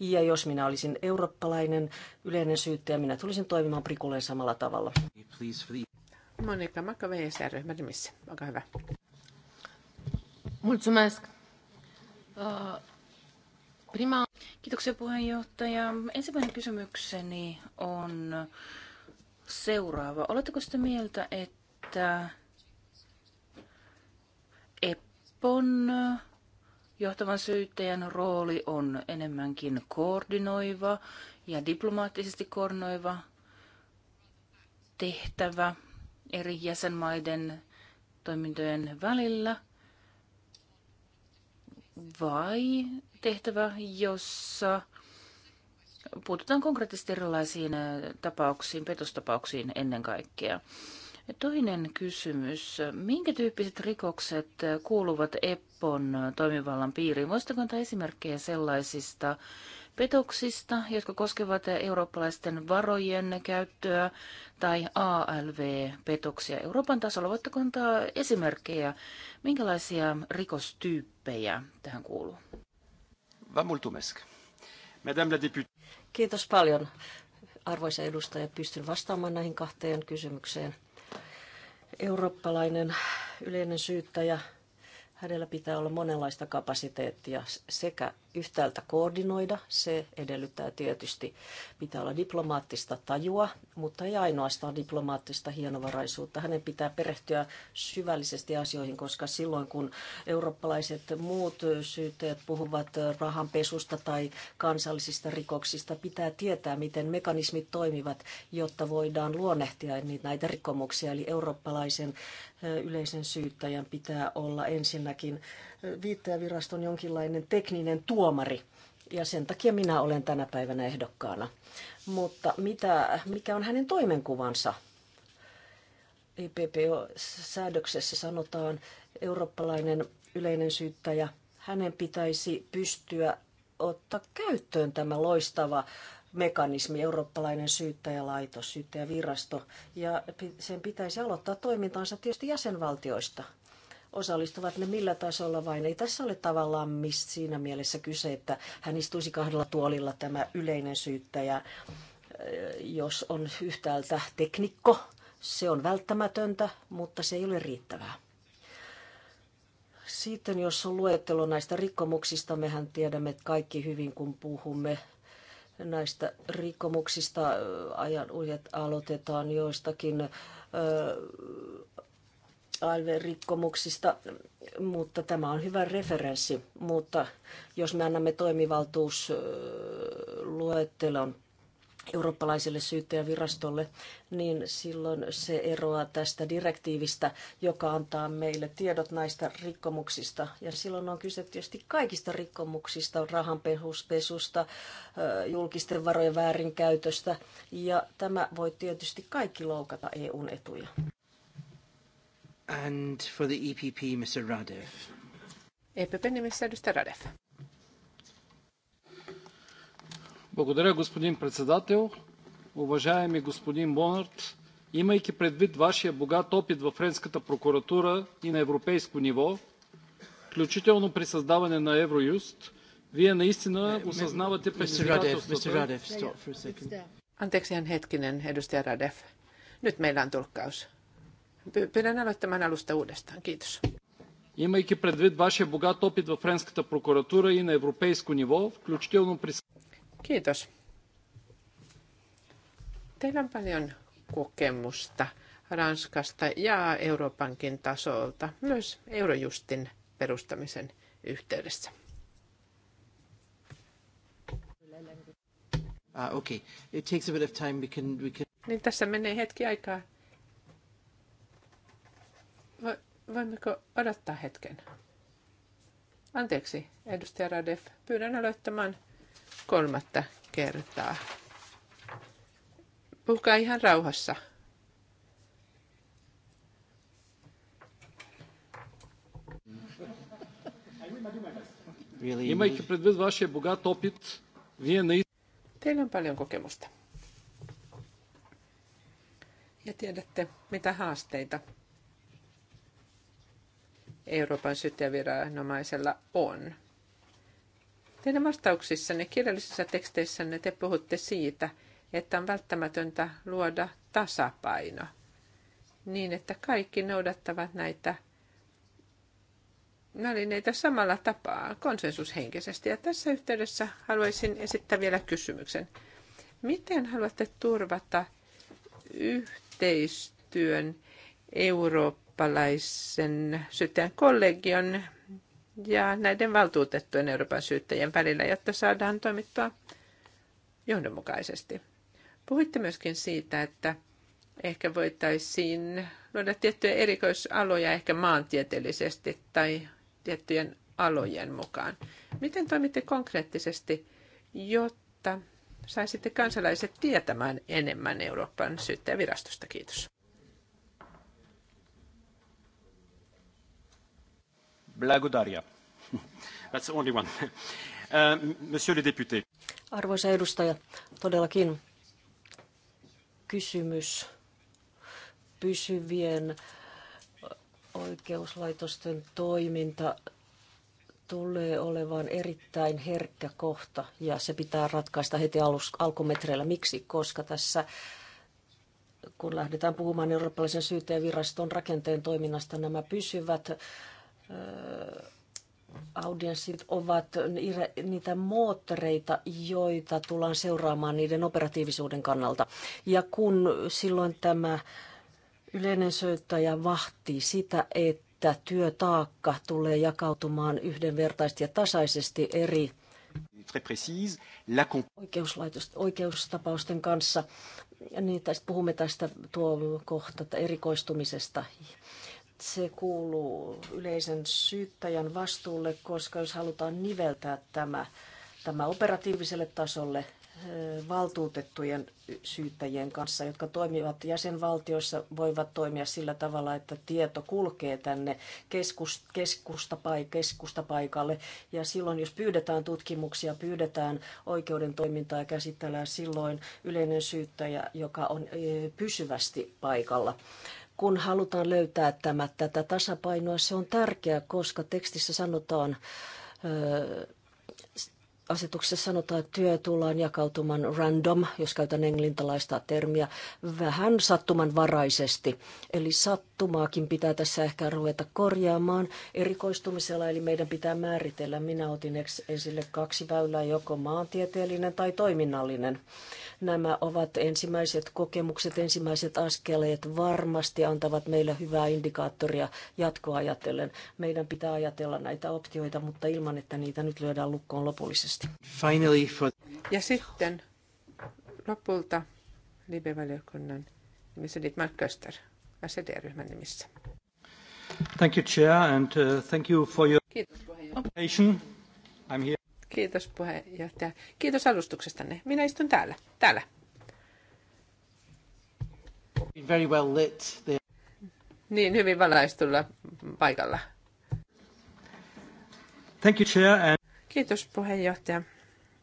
Ja jos minä olisin eurooppalainen yleinen syyttäjä, minä tulisin toimimaan prikulleen samalla tavalla. Monika Makka, vsr ryhmä missä? Olkaa hyvä. Mulțumesc. Äh, prima. Kiitoksia puheenjohtaja. Ensimmäinen kysymykseni on seuraava. Oletteko sitä mieltä, että EPPON johtavan syyttäjän rooli on enemmänkin koordinoiva ja diplomaattisesti koordinoiva tehtävä eri jäsenmaiden toimintojen välillä – vai tehtävä, jossa puututaan konkreettisesti erilaisiin äh, tapauksiin, petostapauksiin ennen kaikkea. Toinen kysymys. Minkä tyyppiset rikokset kuuluvat EPPON toimivallan piiriin? Voisitko antaa esimerkkejä sellaisista petoksista, jotka koskevat eurooppalaisten varojen käyttöä tai ALV-petoksia Euroopan tasolla. Voitteko antaa esimerkkejä, minkälaisia rikostyyppejä tähän kuuluu? Kiitos paljon, arvoisa edustaja. Pystyn vastaamaan näihin kahteen kysymykseen. Eurooppalainen yleinen syyttäjä hänellä pitää olla monenlaista kapasiteettia sekä yhtäältä koordinoida. Se edellyttää tietysti, pitää olla diplomaattista tajua, mutta ei ainoastaan diplomaattista hienovaraisuutta. Hänen pitää perehtyä syvällisesti asioihin, koska silloin kun eurooppalaiset muut syytteet puhuvat rahanpesusta tai kansallisista rikoksista, pitää tietää, miten mekanismit toimivat, jotta voidaan luonnehtia näitä rikkomuksia. Eli eurooppalaisen yleisen syyttäjän pitää olla ensinnäkin viittäjäviraston jonkinlainen tekninen tuomari. Ja sen takia minä olen tänä päivänä ehdokkaana. Mutta mitä, mikä on hänen toimenkuvansa? IPPO-säädöksessä e sanotaan eurooppalainen yleinen syyttäjä. Hänen pitäisi pystyä ottaa käyttöön tämä loistava mekanismi, eurooppalainen syyttäjälaitos, syyttäjävirasto, ja sen pitäisi aloittaa toimintaansa tietysti jäsenvaltioista – osallistuvat ne millä tasolla vain. Ei tässä ole tavallaan mistä siinä mielessä kyse, että hän istuisi kahdella tuolilla tämä yleinen syyttäjä, jos on yhtäältä teknikko, se on välttämätöntä, mutta se ei ole riittävää. Sitten jos on luettelo näistä rikkomuksista, mehän tiedämme että kaikki hyvin, kun puhumme näistä rikkomuksista. Ajan ujet aloitetaan joistakin ALV-rikkomuksista, mutta tämä on hyvä referenssi. Mutta jos me annamme toimivaltuusluettelon eurooppalaiselle syyttäjävirastolle, niin silloin se eroaa tästä direktiivistä, joka antaa meille tiedot näistä rikkomuksista. Ja silloin on kyse tietysti kaikista rikkomuksista, rahanpesusta, julkisten varojen väärinkäytöstä. Ja tämä voi tietysti kaikki loukata EUn etuja. And for the EPP, Mr. Radev. EPP nimissä edustaja Radev. Благодаря, господин председател. Уважаеми господин Бонарт, имайки предвид вашия богат опит в френската прокуратура и на европейско ниво, включително при създаване на Евроюст, вие наистина осъзнавате предизвикателствата. Anteeksi ihan hetkinen, edustaja Radev. Nyt meillä on tulkkaus. Pyydän aloittamaan alusta uudestaan. Kiitos. Имайки предвид вашия богат опит във Френската прокуратура и на европейско ниво, включително при... Kiitos. Teillä on paljon kokemusta Ranskasta ja Euroopankin tasolta, myös Eurojustin perustamisen yhteydessä. Uh, okay. It takes a bit of time. We can, we can... Niin tässä menee hetki aikaa Voimmeko odottaa hetken? Anteeksi, edustaja Radef, Pyydän aloittamaan kolmatta kertaa. Puhukaa ihan rauhassa. Teillä on paljon kokemusta. Ja tiedätte, mitä haasteita Euroopan syyttäjäviranomaisella on. Teidän vastauksissanne, kirjallisissa teksteissänne te puhutte siitä, että on välttämätöntä luoda tasapaino niin, että kaikki noudattavat näitä välineitä samalla tapaa konsensushenkisesti. Ja tässä yhteydessä haluaisin esittää vielä kysymyksen. Miten haluatte turvata yhteistyön Euroopan eurooppalaisen syyttäjän kollegion ja näiden valtuutettujen Euroopan syyttäjien välillä, jotta saadaan toimittua johdonmukaisesti. Puhuitte myöskin siitä, että ehkä voitaisiin luoda tiettyjä erikoisaloja ehkä maantieteellisesti tai tiettyjen alojen mukaan. Miten toimitte konkreettisesti, jotta saisitte kansalaiset tietämään enemmän Euroopan syyttäjävirastosta? Kiitos. Blagodaria. That's the only one. [LAUGHS] Uh, monsieur le député. Arvoisa edustaja, todellakin kysymys pysyvien oikeuslaitosten toiminta tulee olevan erittäin herkkä kohta ja se pitää ratkaista heti alus, alkumetreillä. Miksi? Koska tässä kun lähdetään puhumaan eurooppalaisen syyttäjäviraston rakenteen toiminnasta, nämä pysyvät audienssit ovat niitä moottoreita, joita tullaan seuraamaan niiden operatiivisuuden kannalta. Ja kun silloin tämä yleinen syyttäjä vahtii sitä, että työtaakka tulee jakautumaan yhdenvertaisesti ja tasaisesti eri Oikeuslaitos, oikeustapausten kanssa. Niin tästä, puhumme tästä tuo kohta erikoistumisesta se kuuluu yleisen syyttäjän vastuulle, koska jos halutaan niveltää tämä, tämä operatiiviselle tasolle valtuutettujen syyttäjien kanssa, jotka toimivat jäsenvaltioissa, voivat toimia sillä tavalla, että tieto kulkee tänne keskus, keskustapaikalle. Ja silloin, jos pyydetään tutkimuksia, pyydetään oikeuden toimintaa ja käsitellään silloin yleinen syyttäjä, joka on pysyvästi paikalla kun halutaan löytää tämä, tätä tasapainoa. Se on tärkeää, koska tekstissä sanotaan, asetuksessa sanotaan, että työ tullaan jakautumaan random, jos käytän englintalaista termiä, vähän sattumanvaraisesti. Eli sat, sattumaakin pitää tässä ehkä ruveta korjaamaan erikoistumisella, eli meidän pitää määritellä. Minä otin esille kaksi väylää, joko maantieteellinen tai toiminnallinen. Nämä ovat ensimmäiset kokemukset, ensimmäiset askeleet varmasti antavat meille hyvää indikaattoria jatkoa ajatellen. Meidän pitää ajatella näitä optioita, mutta ilman, että niitä nyt lyödään lukkoon lopullisesti. for... Ja sitten lopulta live-valiokunnan nimissä Dietmar Köster. SED-ryhmän nimissä. Thank you, Chair, and uh, thank you for your... Kiitos puheenjohtaja. I'm here. Kiitos puheenjohtaja. Kiitos alustuksestanne. Minä istun täällä. Täällä. Very well lit there. Niin, hyvin valaistulla paikalla. Thank you, Chair. And... Kiitos puheenjohtaja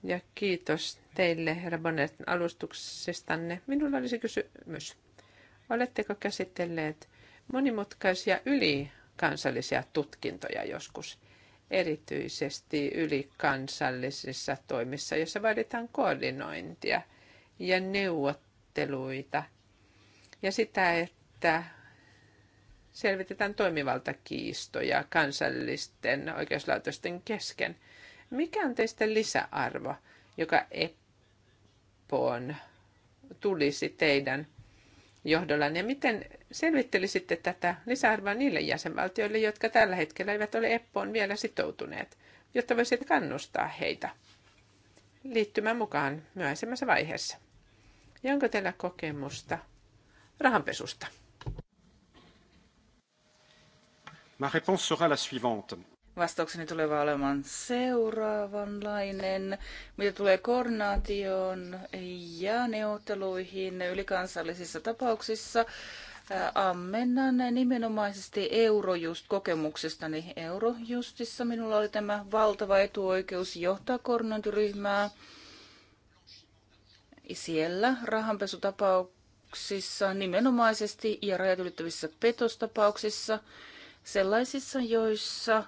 ja kiitos teille herra Bonnet alustuksestanne. Minulla olisi kysymys. Oletteko käsitelleet monimutkaisia ylikansallisia tutkintoja joskus, erityisesti ylikansallisissa toimissa, joissa vaaditaan koordinointia ja neuvotteluita ja sitä, että selvitetään toimivaltakiistoja kansallisten oikeuslaitosten kesken. Mikä on teistä lisäarvo, joka EPPOon tulisi teidän johdolla. Ja miten selvittelisitte tätä lisäarvoa niille jäsenvaltioille, jotka tällä hetkellä eivät ole EPPOon vielä sitoutuneet, jotta voisit kannustaa heitä liittymään mukaan myöhäisemmässä vaiheessa? Ja onko teillä kokemusta rahanpesusta? Ma réponse sera la suivante. Vastaukseni tulee olemaan seuraavanlainen. Mitä tulee koordinaatioon ja neuvotteluihin ylikansallisissa tapauksissa, ammennan nimenomaisesti Eurojust-kokemuksestani. Eurojustissa minulla oli tämä valtava etuoikeus johtaa koordinaatiryhmää. Siellä rahanpesutapauksissa nimenomaisesti ja rajat ylittävissä petostapauksissa, sellaisissa, joissa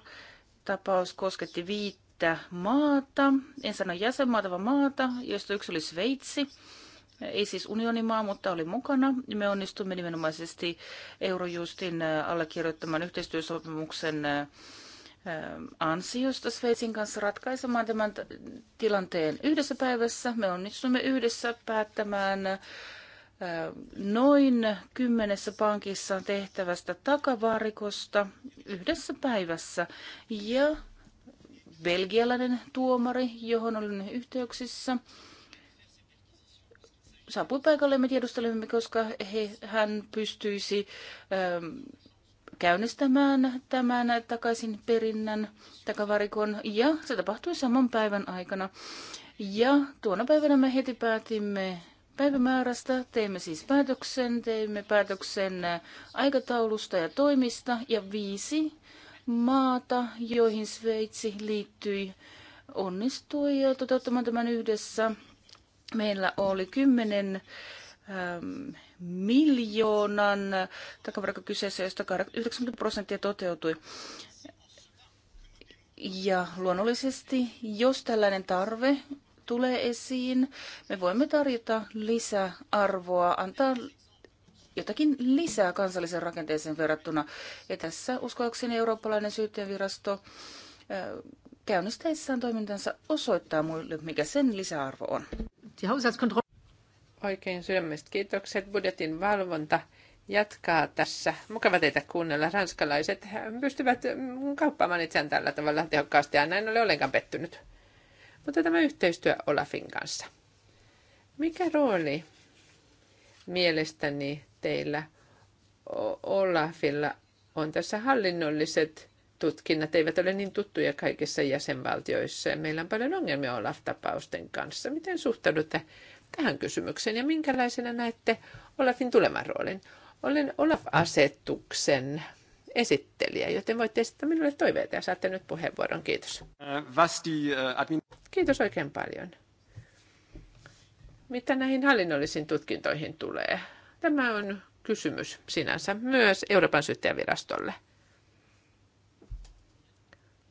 tapaus kosketti viittä maata, en sano jäsenmaata, vaan maata, joista yksi oli Sveitsi. Ei siis unionimaa, mutta oli mukana. Me onnistumme nimenomaisesti Eurojustin äh, allekirjoittaman yhteistyösopimuksen äh, äh, ansiosta Sveitsin kanssa ratkaisemaan tämän tilanteen yhdessä päivässä. Me onnistumme yhdessä päättämään noin kymmenessä pankissa tehtävästä takavarikosta yhdessä päivässä. Ja belgialainen tuomari, johon olin yhteyksissä, saapui paikalle. Me tiedustelimme, koska he, hän pystyisi ö, käynnistämään tämän takaisin perinnän takavarikon ja se tapahtui saman päivän aikana. Ja tuona päivänä me heti päätimme päivämäärästä, teemme siis päätöksen, teemme päätöksen aikataulusta ja toimista ja viisi maata, joihin Sveitsi liittyi, onnistui toteuttamaan tämän yhdessä. Meillä oli kymmenen ähm, miljoonan takavarakka kyseessä, josta 90 prosenttia toteutui. Ja luonnollisesti, jos tällainen tarve tulee esiin, me voimme tarjota lisäarvoa, antaa jotakin lisää kansallisen rakenteeseen verrattuna. Ja tässä uskoakseni eurooppalainen syyttäjävirasto käynnistäessään toimintansa osoittaa muille, mikä sen lisäarvo on. Oikein sydämestä kiitokset. Budjetin valvonta jatkaa tässä. Mukava teitä kuunnella. Ranskalaiset pystyvät kauppaamaan itseään tällä tavalla tehokkaasti ja näin ole ollenkaan pettynyt. Mutta tämä yhteistyö Olafin kanssa. Mikä rooli mielestäni teillä Olafilla on tässä hallinnolliset tutkinnat eivät ole niin tuttuja kaikissa jäsenvaltioissa ja meillä on paljon ongelmia Olaf-tapausten kanssa. Miten suhtaudutte tähän kysymykseen ja minkälaisena näette Olafin tulevan roolin? Olen Olaf-asetuksen esittelijä, joten voitte esittää minulle toiveita ja saatte nyt puheenvuoron. Kiitos. Äh, äh, Kiitos oikein paljon. Mitä näihin hallinnollisiin tutkintoihin tulee? Tämä on kysymys sinänsä myös Euroopan syyttäjävirastolle,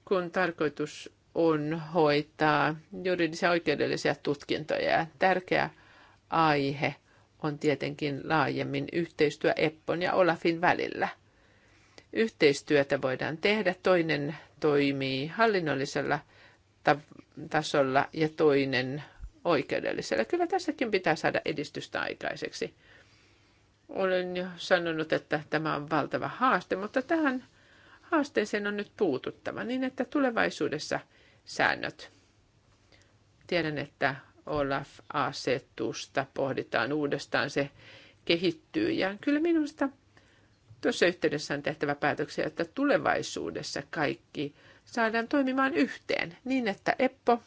kun tarkoitus on hoitaa juridisia oikeudellisia tutkintoja. Tärkeä aihe on tietenkin laajemmin yhteistyö Eppon ja Olafin välillä – yhteistyötä voidaan tehdä. Toinen toimii hallinnollisella tasolla ja toinen oikeudellisella. Kyllä tässäkin pitää saada edistystä aikaiseksi. Olen jo sanonut, että tämä on valtava haaste, mutta tähän haasteeseen on nyt puututtava niin, että tulevaisuudessa säännöt. Tiedän, että Olaf-asetusta pohditaan uudestaan, se kehittyy ja kyllä minusta – Tuossa yhteydessä on tehtävä päätöksiä, että tulevaisuudessa kaikki saadaan toimimaan yhteen niin, että Eppo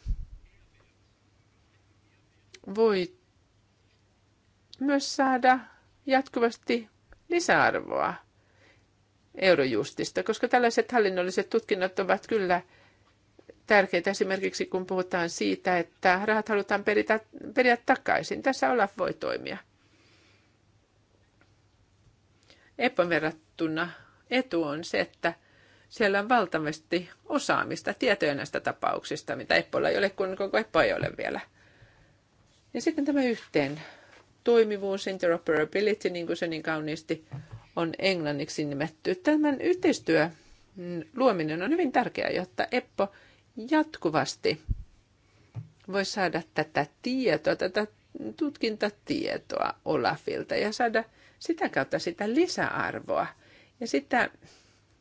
voi myös saada jatkuvasti lisäarvoa eurojustista, koska tällaiset hallinnolliset tutkinnot ovat kyllä tärkeitä esimerkiksi, kun puhutaan siitä, että rahat halutaan periä takaisin. Tässä Olaf voi toimia. Epon verrattuna etu on se, että siellä on valtavasti osaamista, tietoja näistä tapauksista, mitä Eppolla ei ole, kun koko Eppo ei ole vielä. Ja sitten tämä yhteen toimivuus, interoperability, niin kuin se niin kauniisti on englanniksi nimetty. Tämän yhteistyö mm, luominen on hyvin tärkeää, jotta Eppo jatkuvasti voi saada tätä tietoa, tätä tutkintatietoa Olafilta ja saada sitä kautta sitä lisäarvoa ja sitä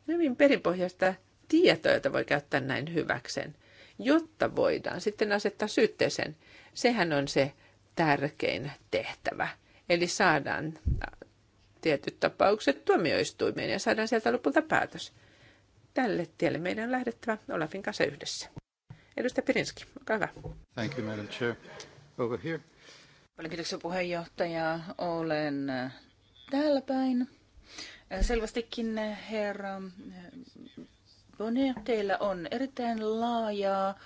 hyvin perinpohjaista tietoa, jota voi käyttää näin hyväkseen, jotta voidaan sitten asettaa syytteeseen. Sehän on se tärkein tehtävä. Eli saadaan äh, tietyt tapaukset tuomioistuimeen ja saadaan sieltä lopulta päätös. Tälle tielle meidän on lähdettävä Olafin kanssa yhdessä. Edustaja Pirinski, olkaa hyvä. Thank you, Madam Chair. Over here. Paljon kiitoksia puheenjohtaja. Olen täällä päin. Äh, selvästikin äh, herra äh, Bonner, teillä on erittäin laajaa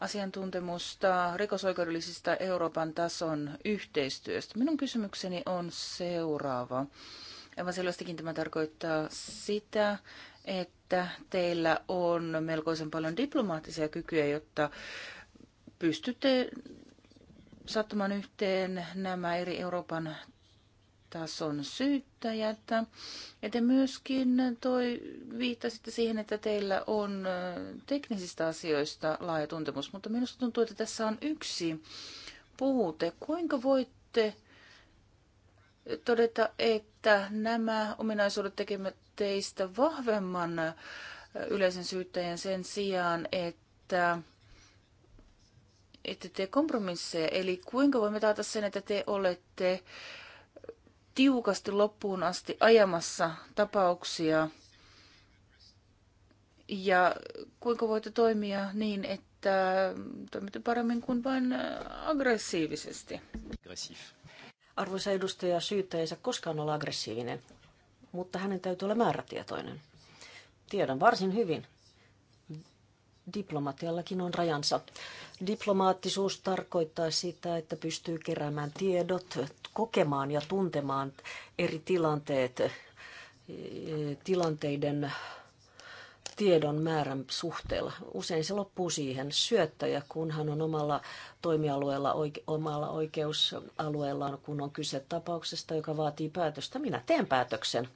asiantuntemusta rikosoikeudellisista Euroopan tason yhteistyöstä. Minun kysymykseni on seuraava. Aivan selvästikin tämä tarkoittaa sitä, että teillä on melkoisen paljon diplomaattisia kykyjä, jotta pystytte sattumaan yhteen nämä eri Euroopan tason syyttäjät. Ja te myöskin toi, viittasitte siihen, että teillä on teknisistä asioista laaja tuntemus, mutta minusta tuntuu, että tässä on yksi puute. Kuinka voitte todeta, että nämä ominaisuudet tekevät teistä vahvemman yleisen syyttäjän sen sijaan, että että te kompromisseja. Eli kuinka voimme taata sen, että te olette tiukasti loppuun asti ajamassa tapauksia ja kuinka voitte toimia niin, että toimitte paremmin kuin vain aggressiivisesti? Aggressiiv. Arvoisa edustaja, syyttäjä ei saa koskaan olla aggressiivinen, mutta hänen täytyy olla määrätietoinen. Tiedän varsin hyvin. Diplomatiallakin on rajansa. Diplomaattisuus tarkoittaa sitä, että pystyy keräämään tiedot, kokemaan ja tuntemaan eri tilanteet, tilanteiden tiedon määrän suhteella. Usein se loppuu siihen syöttäjä, kun hän on omalla toimialueella, oike, omalla oikeusalueellaan, kun on kyse tapauksesta, joka vaatii päätöstä. Minä teen päätöksen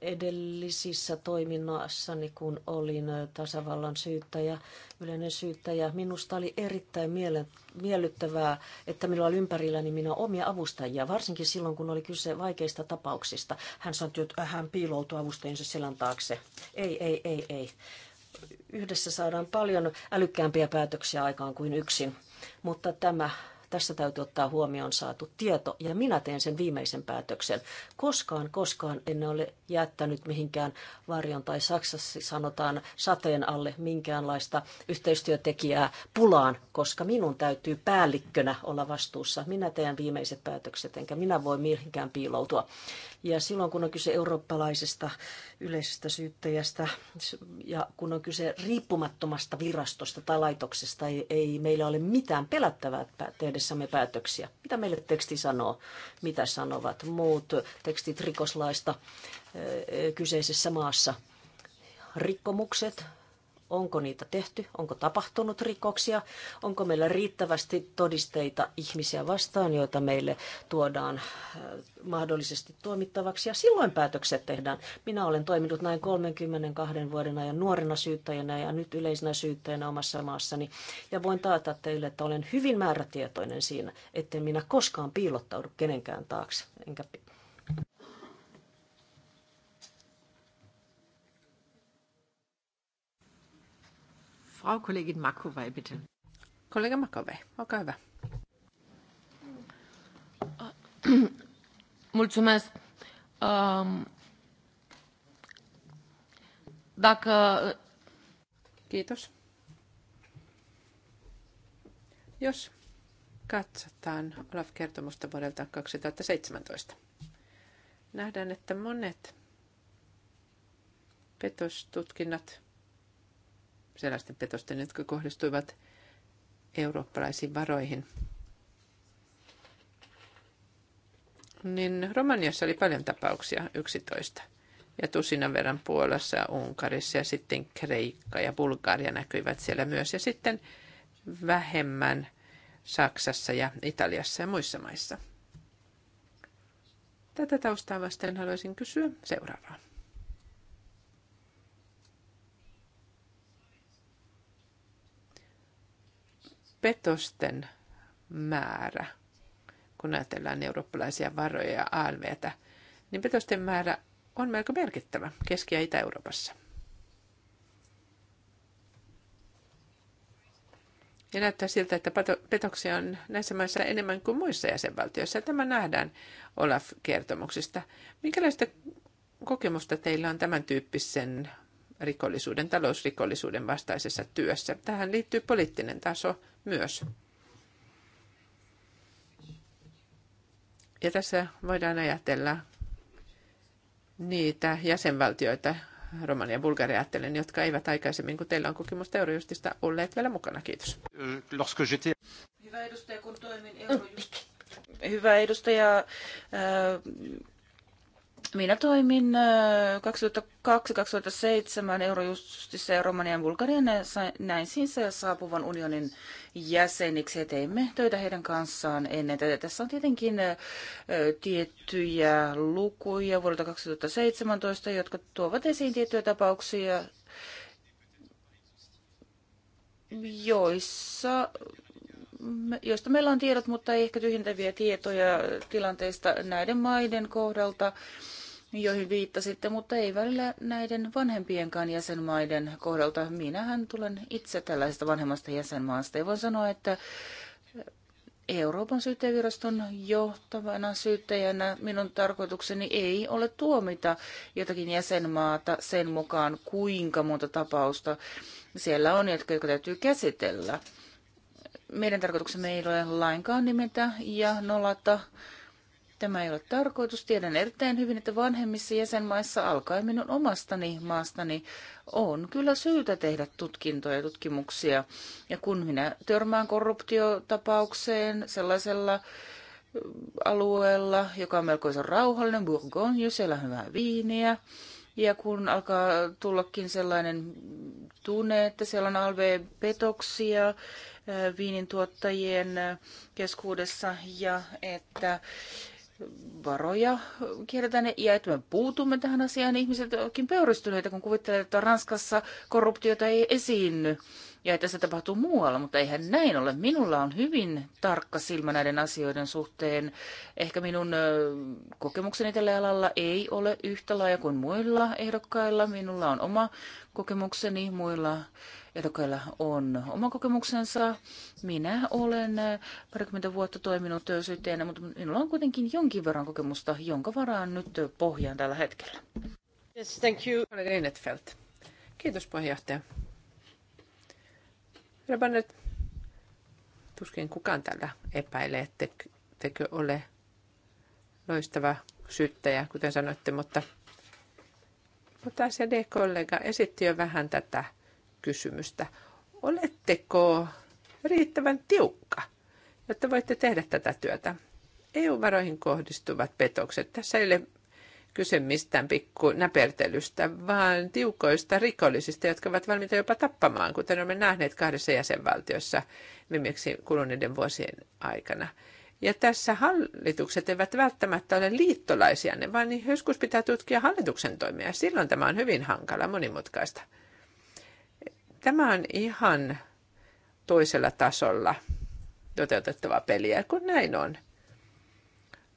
edellisissä toiminnoissa, kun olin tasavallan syyttäjä, yleinen syyttäjä. Minusta oli erittäin miele- miellyttävää, että minulla oli ympärilläni minä omia avustajia, varsinkin silloin, kun oli kyse vaikeista tapauksista. Hän sanoi, että hän piiloutui avustajansa selän taakse. Ei, ei, ei, ei. Yhdessä saadaan paljon älykkäämpiä päätöksiä aikaan kuin yksin, mutta tämä tässä täytyy ottaa huomioon saatu tieto ja minä teen sen viimeisen päätöksen. Koskaan, koskaan en ole jättänyt mihinkään varjon tai Saksassa sanotaan sateen alle minkäänlaista yhteistyötekijää pulaan, koska minun täytyy päällikkönä olla vastuussa. Minä teen viimeiset päätökset enkä minä voi mihinkään piiloutua. Ja silloin kun on kyse eurooppalaisesta yleisestä syyttäjästä ja kun on kyse riippumattomasta virastosta tai laitoksesta, ei, ei meillä ole mitään pelättävää tehdessämme päätöksiä. Mitä meille teksti sanoo? Mitä sanovat muut tekstit rikoslaista kyseisessä maassa? Rikkomukset, Onko niitä tehty? Onko tapahtunut rikoksia? Onko meillä riittävästi todisteita ihmisiä vastaan, joita meille tuodaan äh, mahdollisesti tuomittavaksi? Ja silloin päätökset tehdään. Minä olen toiminut näin 32 vuoden ajan nuorena syyttäjänä ja nyt yleisenä syyttäjänä omassa maassani. Ja voin taata teille, että olen hyvin määrätietoinen siinä, etten minä koskaan piilottaudu kenenkään taakse, enkä Frau Kollegin Makovai, bitte. Kollega Makovai, olkaa hyvä. [CLEARS THROAT] Mulțumesc. Um, dacă... Kiitos. Jos katsotaan Olaf-kertomusta vuodelta 2017, nähdään, että monet petostutkinnat sellaisten petosten, jotka kohdistuivat eurooppalaisiin varoihin. Niin Romaniassa oli paljon tapauksia, 11. Ja tusinan verran Puolassa, Unkarissa ja sitten Kreikka ja Bulgaria näkyivät siellä myös. Ja sitten vähemmän Saksassa ja Italiassa ja muissa maissa. Tätä taustaa vasten haluaisin kysyä seuraavaa. petosten määrä, kun ajatellaan eurooppalaisia varoja ja ALVtä, niin petosten määrä on melko merkittävä Keski- ja Itä-Euroopassa. Ja näyttää siltä, että petoksia on näissä maissa enemmän kuin muissa jäsenvaltioissa. Tämä nähdään Olaf-kertomuksista. Minkälaista kokemusta teillä on tämän tyyppisen rikollisuuden, talousrikollisuuden vastaisessa työssä? Tähän liittyy poliittinen taso, myös. Ja tässä voidaan ajatella niitä jäsenvaltioita, Romania ja Bulgaria ajattelen, jotka eivät aikaisemmin, kun teillä on kokemusta Eurojustista, olleet vielä mukana. Kiitos. Hyvä edustaja, kun toimin Eurojust... Hyvä edustaja, minä toimin 2002-2007 Eurojustissa ja Romanian Bulgarian näin siis saapuvan unionin jäseniksi ja teimme töitä heidän kanssaan ennen tätä. Tässä on tietenkin tiettyjä lukuja vuodelta 2017, jotka tuovat esiin tiettyjä tapauksia, joissa joista meillä on tiedot, mutta ei ehkä tyhjentäviä tietoja tilanteista näiden maiden kohdalta. Niin joihin viittasitte, mutta ei välillä näiden vanhempienkaan jäsenmaiden kohdalta. Minähän tulen itse tällaisesta vanhemmasta jäsenmaasta ja voin sanoa, että Euroopan syyttäjäviraston johtavana syyttäjänä minun tarkoitukseni ei ole tuomita jotakin jäsenmaata sen mukaan, kuinka monta tapausta siellä on, jotka, jotka täytyy käsitellä. Meidän tarkoituksemme ei ole lainkaan nimetä ja nolata Tämä ei ole tarkoitus. Tiedän erittäin hyvin, että vanhemmissa jäsenmaissa alkaen minun omastani maastani on kyllä syytä tehdä tutkintoja ja tutkimuksia. Ja kun minä törmään korruptiotapaukseen sellaisella alueella, joka on melkoisen rauhallinen, Bourgogne, siellä on hyvää viiniä, ja kun alkaa tullakin sellainen tunne, että siellä on alve petoksia viinin tuottajien keskuudessa ja että varoja kierretään ja että me puutumme tähän asiaan. Ihmiset ovatkin pöyristyneitä, kun kuvittelee, että Ranskassa korruptiota ei esiinny ja että se tapahtuu muualla, mutta eihän näin ole. Minulla on hyvin tarkka silmä näiden asioiden suhteen. Ehkä minun kokemukseni tällä alalla ei ole yhtä laaja kuin muilla ehdokkailla. Minulla on oma kokemukseni, muilla ehdokkailla on oma kokemuksensa. Minä olen parikymmentä vuotta toiminut syyttäjänä, mutta minulla on kuitenkin jonkin verran kokemusta, jonka varaan nyt pohjaan tällä hetkellä. Yes, thank you. Kiitos puheenjohtaja. Rabanet, tuskin kukaan täällä epäilee, tekö ole loistava syyttäjä, kuten sanoitte, mutta, mutta sd kollega esitti jo vähän tätä kysymystä. Oletteko riittävän tiukka, jotta voitte tehdä tätä työtä? EU-varoihin kohdistuvat petokset. Tässä ei ole kyse mistään pikku näpertelystä, vaan tiukoista rikollisista, jotka ovat valmiita jopa tappamaan, kuten olemme nähneet kahdessa jäsenvaltiossa viimeksi kuluneiden vuosien aikana. Ja tässä hallitukset eivät välttämättä ole ne vaan niin joskus pitää tutkia hallituksen toimia. Silloin tämä on hyvin hankala, monimutkaista. Tämä on ihan toisella tasolla toteutettava peliä, kun näin on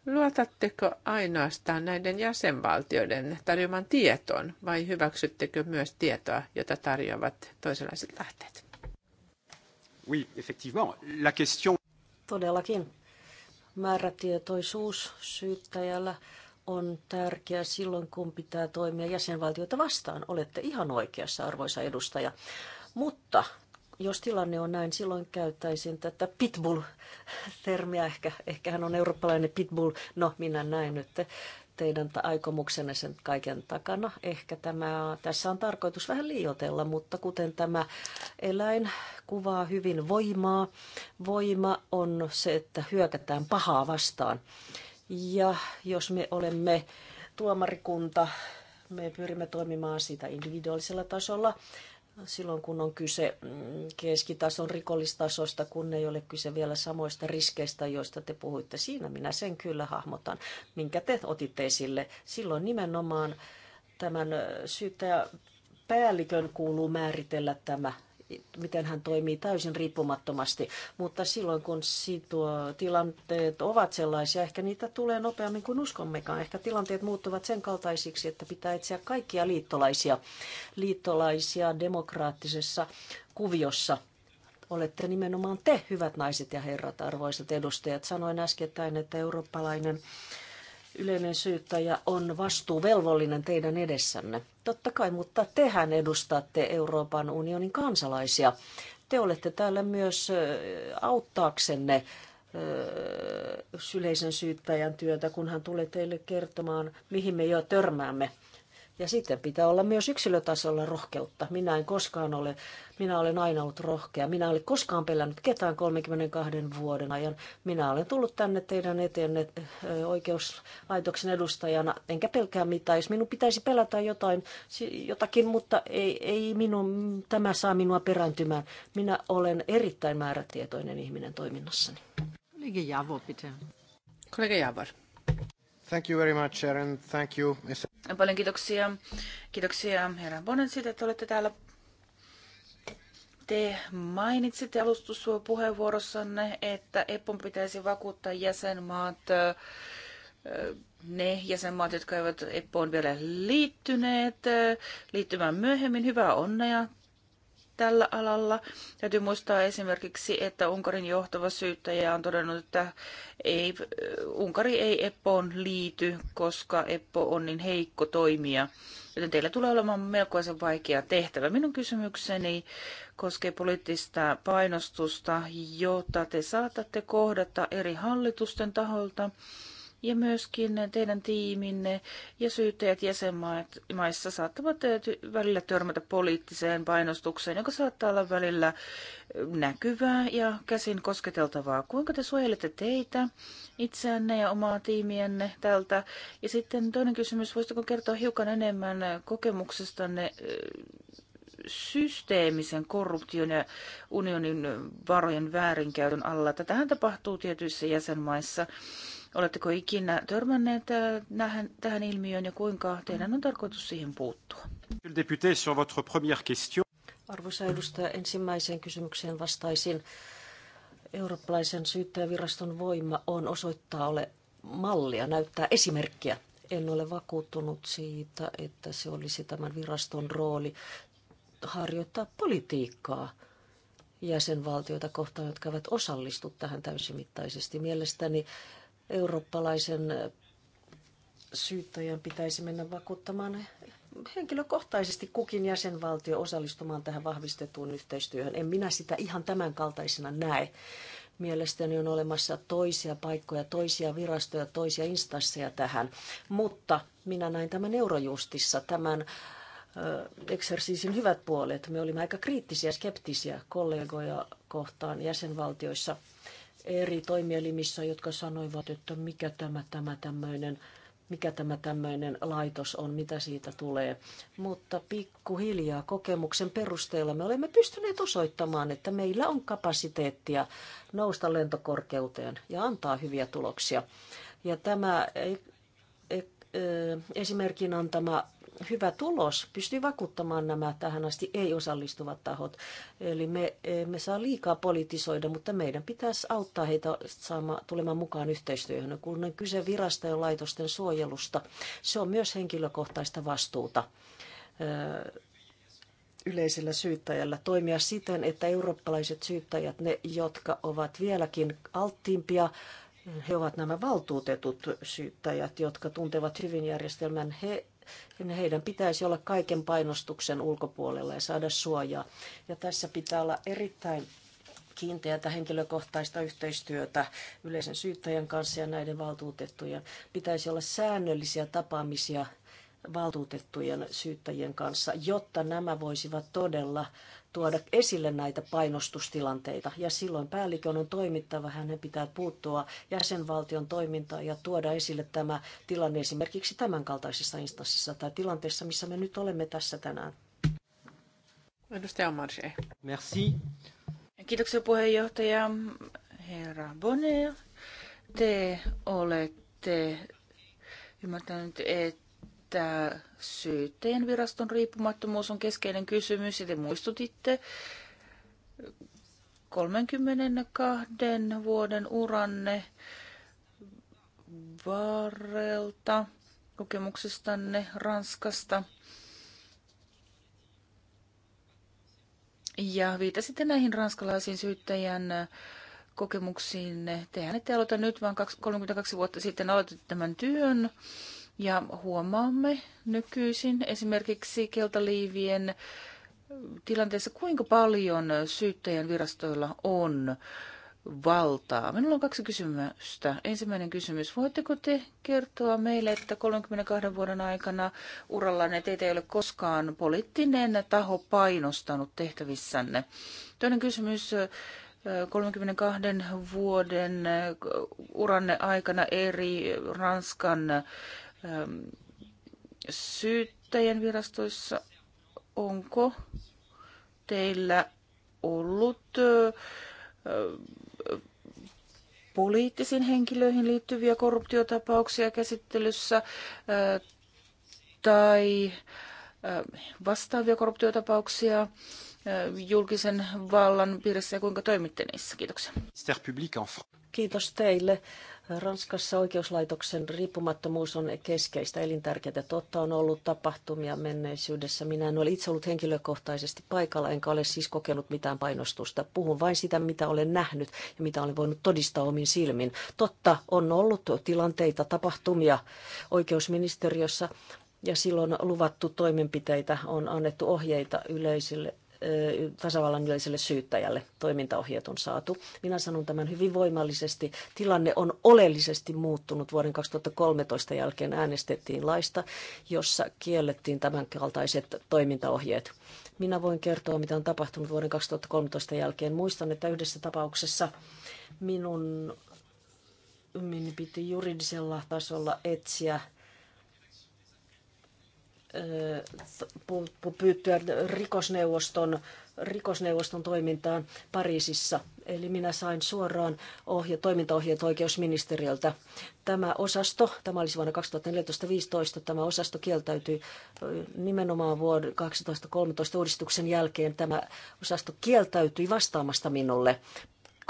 Luotatteko ainoastaan näiden jäsenvaltioiden tarjoaman tietoon vai hyväksyttekö myös tietoa, jota tarjoavat toisenlaiset lähteet? Oui, effectivement. La question... Todellakin. Määrätietoisuus syyttäjällä on tärkeä silloin, kun pitää toimia jäsenvaltioita vastaan. Olette ihan oikeassa, arvoisa edustaja. Mutta jos tilanne on näin, silloin käyttäisin tätä pitbull-termiä. Ehkä, ehkä hän on eurooppalainen pitbull. No, minä näin nyt teidän aikomuksenne sen kaiken takana. Ehkä tämä, tässä on tarkoitus vähän liioitella, mutta kuten tämä eläin kuvaa hyvin voimaa, voima on se, että hyökätään pahaa vastaan. Ja jos me olemme tuomarikunta, me pyrimme toimimaan sitä individuaalisella tasolla, silloin, kun on kyse mm, keskitason rikollistasosta, kun ei ole kyse vielä samoista riskeistä, joista te puhuitte. Siinä minä sen kyllä hahmotan, minkä te otitte esille. Silloin nimenomaan tämän syyttäjä päällikön kuuluu määritellä tämä miten hän toimii täysin riippumattomasti. Mutta silloin kun situa, tilanteet ovat sellaisia, ehkä niitä tulee nopeammin kuin uskommekaan. Ehkä tilanteet muuttuvat sen kaltaisiksi, että pitää etsiä kaikkia liittolaisia, liittolaisia demokraattisessa kuviossa. Olette nimenomaan te, hyvät naiset ja herrat, arvoisat edustajat. Sanoin äskettäin, että eurooppalainen yleinen syyttäjä on vastuuvelvollinen teidän edessänne. Totta kai, mutta tehän edustatte Euroopan unionin kansalaisia. Te olette täällä myös auttaaksenne yleisen syyttäjän työtä, kun hän tulee teille kertomaan, mihin me jo törmäämme ja sitten pitää olla myös yksilötasolla rohkeutta. Minä en koskaan ole, minä olen aina ollut rohkea. Minä olen koskaan pelännyt ketään 32 vuoden ajan. Minä olen tullut tänne teidän eteen oikeuslaitoksen edustajana, enkä pelkää mitään. Jos minun pitäisi pelätä jotain, jotakin, mutta ei, ei minun, tämä saa minua perääntymään. Minä olen erittäin määrätietoinen ihminen toiminnassani. Kollega Javor, pitää. Kollega Javor. Thank you very much, Sharon. Thank you, Mr. Paljon kiitoksia. Kiitoksia herra Bonen siitä, että olette täällä. Te mainitsitte alustuspuheenvuorossanne, että EPPON pitäisi vakuuttaa jäsenmaat, ne jäsenmaat, jotka eivät EPPOon vielä liittyneet, liittymään myöhemmin. Hyvää onnea tällä alalla. Täytyy muistaa esimerkiksi, että Unkarin johtava syyttäjä on todennut, että ei, Unkari ei EPPOon liity, koska EPPO on niin heikko toimija. Joten teillä tulee olemaan melkoisen vaikea tehtävä. Minun kysymykseni koskee poliittista painostusta, jota te saatatte kohdata eri hallitusten taholta ja myöskin teidän tiiminne ja syyttäjät jäsenmaissa saattavat välillä törmätä poliittiseen painostukseen, joka saattaa olla välillä näkyvää ja käsin kosketeltavaa. Kuinka te suojelette teitä, itseänne ja omaa tiimienne tältä? Ja sitten toinen kysymys, voisitteko kertoa hiukan enemmän kokemuksestanne systeemisen korruption ja unionin varojen väärinkäytön alla. Tätähän tapahtuu tietyissä jäsenmaissa. Oletteko ikinä törmänneet tähän, äh, tähän ilmiöön ja kuinka teidän on tarkoitus siihen puuttua? Arvoisa edustaja, ensimmäiseen kysymykseen vastaisin. Eurooppalaisen syyttäjäviraston voima on osoittaa ole mallia, näyttää esimerkkiä. En ole vakuuttunut siitä, että se olisi tämän viraston rooli harjoittaa politiikkaa jäsenvaltioita kohtaan, jotka eivät osallistu tähän täysimittaisesti. Mielestäni eurooppalaisen syyttäjän pitäisi mennä vakuuttamaan henkilökohtaisesti kukin jäsenvaltio osallistumaan tähän vahvistettuun yhteistyöhön. En minä sitä ihan tämän kaltaisena näe. Mielestäni on olemassa toisia paikkoja, toisia virastoja, toisia instansseja tähän. Mutta minä näin tämän Eurojustissa, tämän eksersiisin hyvät puolet. Me olimme aika kriittisiä, skeptisiä kollegoja kohtaan jäsenvaltioissa – eri toimielimissä, jotka sanoivat, että mikä tämä, tämä tämmöinen mikä tämä tämmöinen laitos on, mitä siitä tulee. Mutta pikkuhiljaa kokemuksen perusteella me olemme pystyneet osoittamaan, että meillä on kapasiteettia nousta lentokorkeuteen ja antaa hyviä tuloksia. Ja tämä e, e, e, esimerkin antama hyvä tulos pystyy vakuuttamaan nämä tähän asti ei-osallistuvat tahot. Eli me emme saa liikaa politisoida, mutta meidän pitäisi auttaa heitä saama, tulemaan mukaan yhteistyöhön, kun on kyse virasta ja laitosten suojelusta. Se on myös henkilökohtaista vastuuta yleisellä syyttäjällä toimia siten, että eurooppalaiset syyttäjät, ne jotka ovat vieläkin alttiimpia, he ovat nämä valtuutetut syyttäjät, jotka tuntevat hyvin järjestelmän. He heidän pitäisi olla kaiken painostuksen ulkopuolella ja saada suojaa. Ja tässä pitää olla erittäin kiinteätä henkilökohtaista yhteistyötä yleisen syyttäjän kanssa ja näiden valtuutettujen. Pitäisi olla säännöllisiä tapaamisia valtuutettujen syyttäjien kanssa, jotta nämä voisivat todella tuoda esille näitä painostustilanteita. Ja silloin päällikön on toimittava, hänen pitää puuttua jäsenvaltion toimintaan ja tuoda esille tämä tilanne esimerkiksi tämänkaltaisessa instanssissa tai tilanteessa, missä me nyt olemme tässä tänään. Edustaja Marche. Merci. Kiitoksia puheenjohtaja herra Bonner. Te olette ymmärtänyt, että että syytteen viraston riippumattomuus on keskeinen kysymys ja te muistutitte 32 vuoden uranne varrelta kokemuksestanne Ranskasta. Ja viitasitte näihin ranskalaisiin syyttäjän kokemuksiin. Tehän ette aloita nyt, vaan 32 vuotta sitten aloititte tämän työn. Ja huomaamme nykyisin esimerkiksi keltaliivien tilanteessa, kuinka paljon syyttäjän virastoilla on valtaa. Minulla on kaksi kysymystä. Ensimmäinen kysymys. Voitteko te kertoa meille, että 32 vuoden aikana urallanne teitä ei ole koskaan poliittinen taho painostanut tehtävissänne? Toinen kysymys. 32 vuoden uranne aikana eri Ranskan Ähm, syyttäjän virastoissa, onko teillä ollut poliittisiin henkilöihin liittyviä korruptiotapauksia käsittelyssä tai vastaavia korruptiotapauksia julkisen vallan piirissä ja kuinka toimitte niissä? Kiitoksia. Kiitos teille. Ranskassa oikeuslaitoksen riippumattomuus on keskeistä elintärkeää. Totta on ollut tapahtumia menneisyydessä. Minä en ole itse ollut henkilökohtaisesti paikalla, enkä ole siis kokenut mitään painostusta. Puhun vain sitä, mitä olen nähnyt ja mitä olen voinut todistaa omin silmin. Totta on ollut tilanteita, tapahtumia oikeusministeriössä, ja silloin luvattu toimenpiteitä, on annettu ohjeita yleisille tasavallan yleiselle syyttäjälle. Toimintaohjeet on saatu. Minä sanon tämän hyvin voimallisesti. Tilanne on oleellisesti muuttunut vuoden 2013 jälkeen äänestettiin laista, jossa kiellettiin tämän kaltaiset toimintaohjeet. Minä voin kertoa, mitä on tapahtunut vuoden 2013 jälkeen. Muistan, että yhdessä tapauksessa minun, minun piti juridisella tasolla etsiä Äh, pyyttyä rikosneuvoston, rikosneuvoston toimintaan Pariisissa. Eli minä sain suoraan ohje, toimintaohjeet oikeusministeriöltä. Tämä osasto, tämä olisi vuonna 2014-2015, tämä osasto kieltäytyi äh, nimenomaan vuoden 2013 uudistuksen jälkeen. Tämä osasto kieltäytyi vastaamasta minulle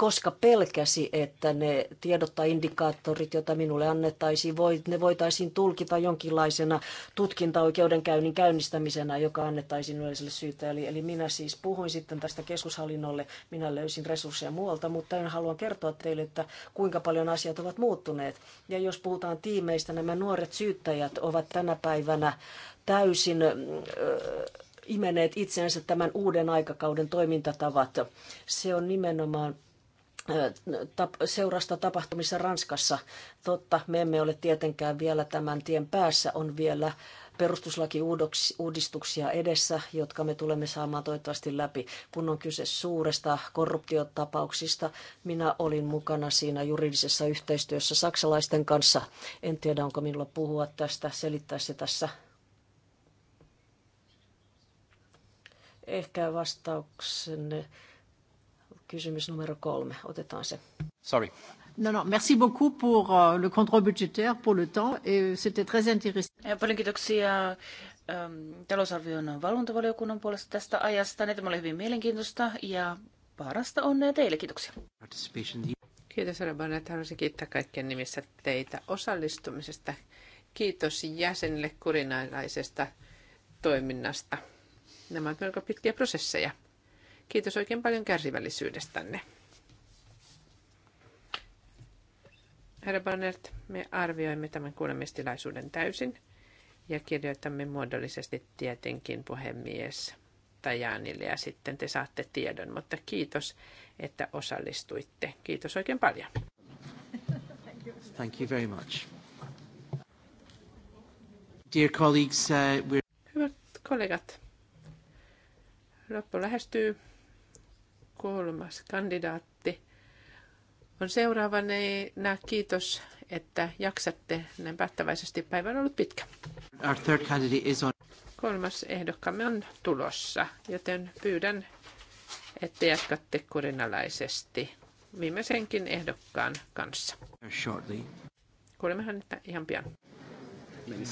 koska pelkäsi, että ne tiedot tai indikaattorit, joita minulle annettaisiin, voi, ne voitaisiin tulkita jonkinlaisena tutkintaoikeudenkäynnin käynnistämisenä, joka annettaisiin yleiselle syytä. Eli minä siis puhuin sitten tästä keskushallinnolle, minä löysin resursseja muualta, mutta en halua kertoa teille, että kuinka paljon asiat ovat muuttuneet. Ja jos puhutaan tiimeistä, nämä nuoret syyttäjät ovat tänä päivänä täysin... Öö, imeneet itseensä tämän uuden aikakauden toimintatavat. Se on nimenomaan seurasta tapahtumissa Ranskassa. Totta, me emme ole tietenkään vielä tämän tien päässä, on vielä perustuslakiuudistuksia edessä, jotka me tulemme saamaan toivottavasti läpi, kun on kyse suuresta korruptiotapauksista. Minä olin mukana siinä juridisessa yhteistyössä saksalaisten kanssa. En tiedä, onko minulla puhua tästä, selittää se tässä. Ehkä vastauksenne kysymys numero kolme. Otetaan se. Sorry. No, no, merci beaucoup pour uh, le contrôle budgétaire, pour le temps, et c'était très intéressant. Paljon kiitoksia um, talousarvion valvontavaliokunnan puolesta tästä ajasta. Tämä oli hyvin mielenkiintoista ja parasta onnea teille. Kiitoksia. Kiitos Rabana, että haluaisin kiittää kaikkien nimissä teitä osallistumisesta. Kiitos jäsenille kurinalaisesta toiminnasta. Nämä ovat melko pitkiä prosesseja. Kiitos oikein paljon kärsivällisyydestänne. Herra Bannert, me arvioimme tämän kuulemistilaisuuden täysin ja kirjoitamme muodollisesti tietenkin puhemies Tajanille ja sitten te saatte tiedon, mutta kiitos, että osallistuitte. Kiitos oikein paljon. Thank you very much. Dear colleagues, uh, we're... Hyvät kollegat, loppu lähestyy kolmas kandidaatti on seuraavana. Kiitos, että jaksatte näin päättäväisesti. Päivä on ollut pitkä. Our third candidate is on. Kolmas ehdokkaamme on tulossa, joten pyydän, että jatkatte kurinalaisesti viimeisenkin ehdokkaan kanssa. Shortly. Kuulemme hänet ihan pian. Many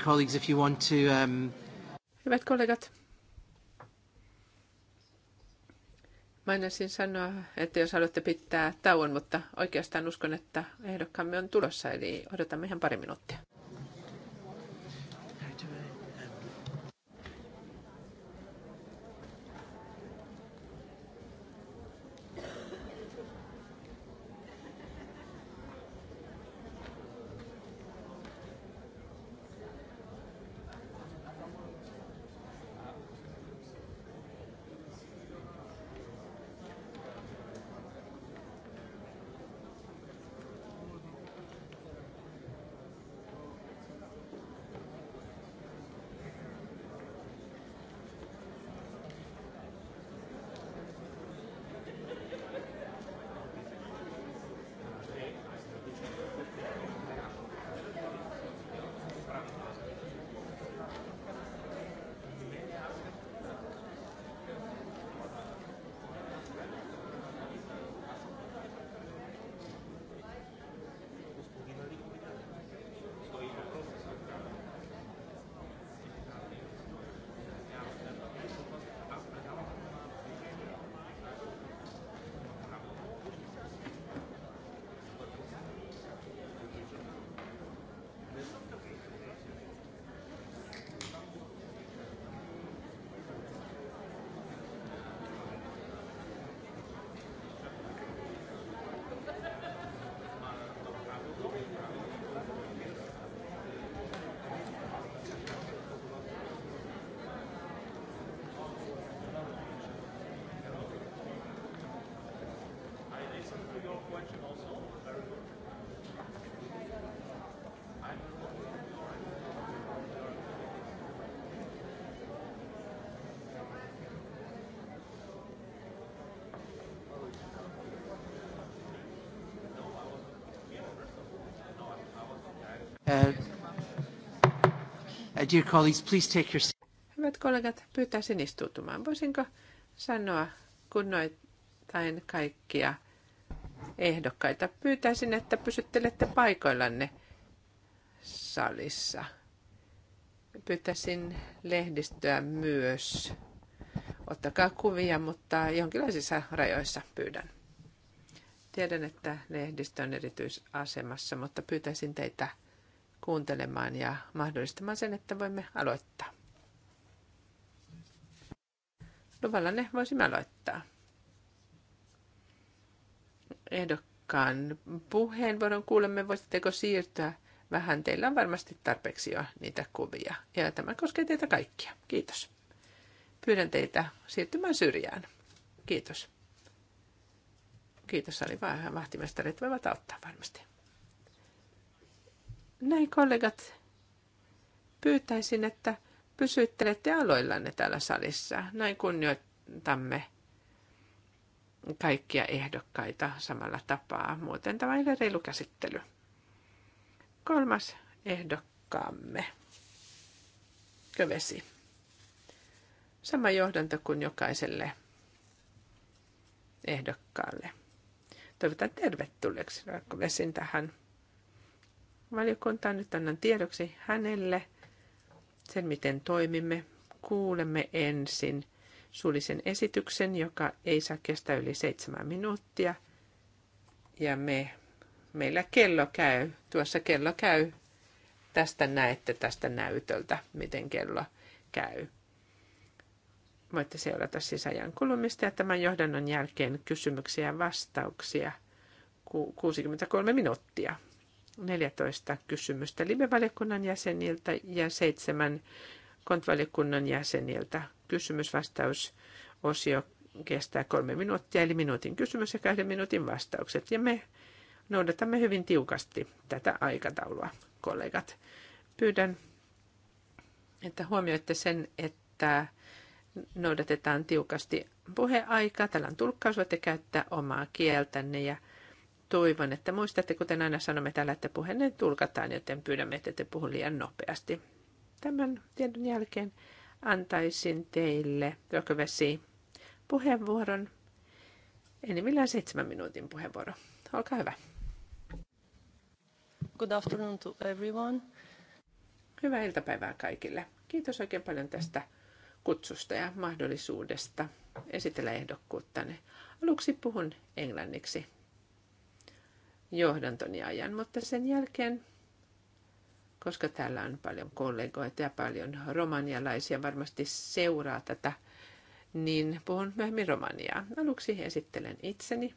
colleagues, if you want to... Um... Hyvät kollegat, mainasin sanoa, että jos haluatte pitää tauon, mutta oikeastaan uskon, että ehdokkaamme on tulossa, eli odotamme ihan pari minuuttia. dear colleagues, please take your... Hyvät kollegat, pyytäisin istuutumaan. Voisinko sanoa kunnoittain kaikkia ehdokkaita? Pyytäisin, että pysyttelette paikoillanne salissa. Pyytäisin lehdistöä myös. Ottakaa kuvia, mutta jonkinlaisissa rajoissa pyydän. Tiedän, että lehdistö on erityisasemassa, mutta pyytäisin teitä kuuntelemaan ja mahdollistamaan sen, että voimme aloittaa. Luvalla ne voisimme aloittaa. Ehdokkaan puheenvuoron kuulemme, voisitteko siirtyä vähän. Teillä on varmasti tarpeeksi jo niitä kuvia. Ja tämä koskee teitä kaikkia. Kiitos. Pyydän teitä siirtymään syrjään. Kiitos. Kiitos, oli vaan vahtimestarit voivat auttaa varmasti. Näin kollegat, pyytäisin, että pysyttelette aloillanne täällä salissa. Näin kunnioitamme kaikkia ehdokkaita samalla tapaa. Muuten tämä ei ole reilu käsittely. Kolmas ehdokkaamme. Kövesi. Sama johdanto kuin jokaiselle ehdokkaalle. Toivotan tervetulleeksi vesin tähän valiokunta Nyt annan tiedoksi hänelle sen, miten toimimme. Kuulemme ensin suullisen esityksen, joka ei saa kestää yli seitsemän minuuttia. Ja me, meillä kello käy, tuossa kello käy. Tästä näette tästä näytöltä, miten kello käy. Voitte seurata sisäjän kulumista ja tämän johdannon jälkeen kysymyksiä ja vastauksia 63 minuuttia. 14 kysymystä live-valiokunnan jäseniltä ja seitsemän kontvaliokunnan jäseniltä. Kysymysvastausosio kestää kolme minuuttia, eli minuutin kysymys ja kahden minuutin vastaukset. Ja me noudatamme hyvin tiukasti tätä aikataulua, kollegat. Pyydän, että huomioitte sen, että noudatetaan tiukasti puheaikaa. Täällä on tulkkaus, voitte käyttää omaa kieltänne ja toivon, että muistatte, kuten aina sanomme täällä, että puheenne tulkataan, joten pyydämme, että te puhu liian nopeasti. Tämän tiedon jälkeen antaisin teille Rokövesi puheenvuoron, enimmillään seitsemän minuutin puheenvuoro. Olkaa hyvä. Good afternoon to everyone. Hyvää iltapäivää kaikille. Kiitos oikein paljon tästä kutsusta ja mahdollisuudesta esitellä ehdokkuuttani. Aluksi puhun englanniksi johdantoni ajan, mutta sen jälkeen, koska täällä on paljon kollegoita ja paljon romanialaisia varmasti seuraa tätä, niin puhun myöhemmin romaniaa. Aluksi esittelen itseni.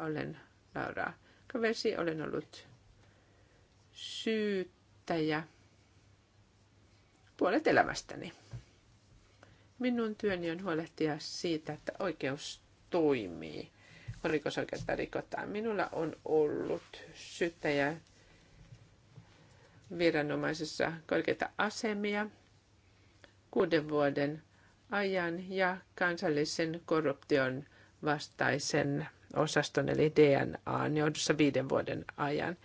Olen Laura Kaversi, olen ollut syyttäjä puolet elämästäni. Minun työni on huolehtia siitä, että oikeus toimii rikosoikeutta rikotaan. Minulla on ollut syyttäjä viranomaisessa korkeita asemia kuuden vuoden ajan ja kansallisen korruption vastaisen osaston eli DNA johdossa viiden vuoden ajan.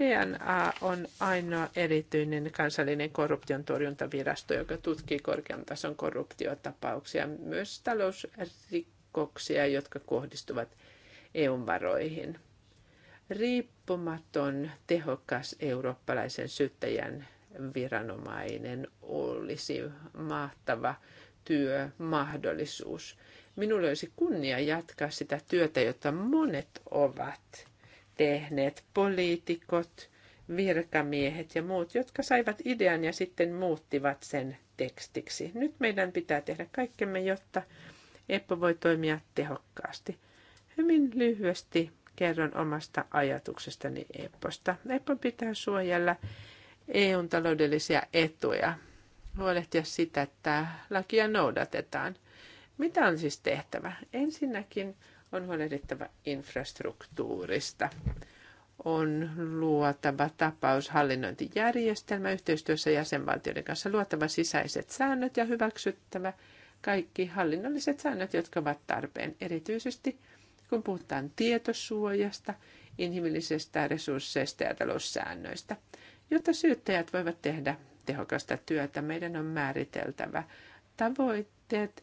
DNA on ainoa erityinen kansallinen korruption torjuntavirasto, joka tutkii korkean tason korruptiotapauksia, myös talousrikoksia, jotka kohdistuvat EUn varoihin. Riippumaton, tehokas eurooppalaisen syyttäjän viranomainen olisi mahtava työmahdollisuus. Minulla olisi kunnia jatkaa sitä työtä, jota monet ovat tehneet, poliitikot, virkamiehet ja muut, jotka saivat idean ja sitten muuttivat sen tekstiksi. Nyt meidän pitää tehdä kaikkemme, jotta Eppo voi toimia tehokkaasti. Hyvin lyhyesti kerron omasta ajatuksestani EPPOsta. EPPO pitää suojella EUn taloudellisia etuja, huolehtia sitä, että lakia noudatetaan. Mitä on siis tehtävä? Ensinnäkin on huolehdittava infrastruktuurista. On luotava tapaushallinnointijärjestelmä yhteistyössä jäsenvaltioiden kanssa, luotava sisäiset säännöt ja hyväksyttävä kaikki hallinnolliset säännöt, jotka ovat tarpeen, erityisesti – kun puhutaan tietosuojasta, inhimillisestä resursseista ja taloussäännöistä. Jotta syyttäjät voivat tehdä tehokasta työtä, meidän on määriteltävä tavoitteet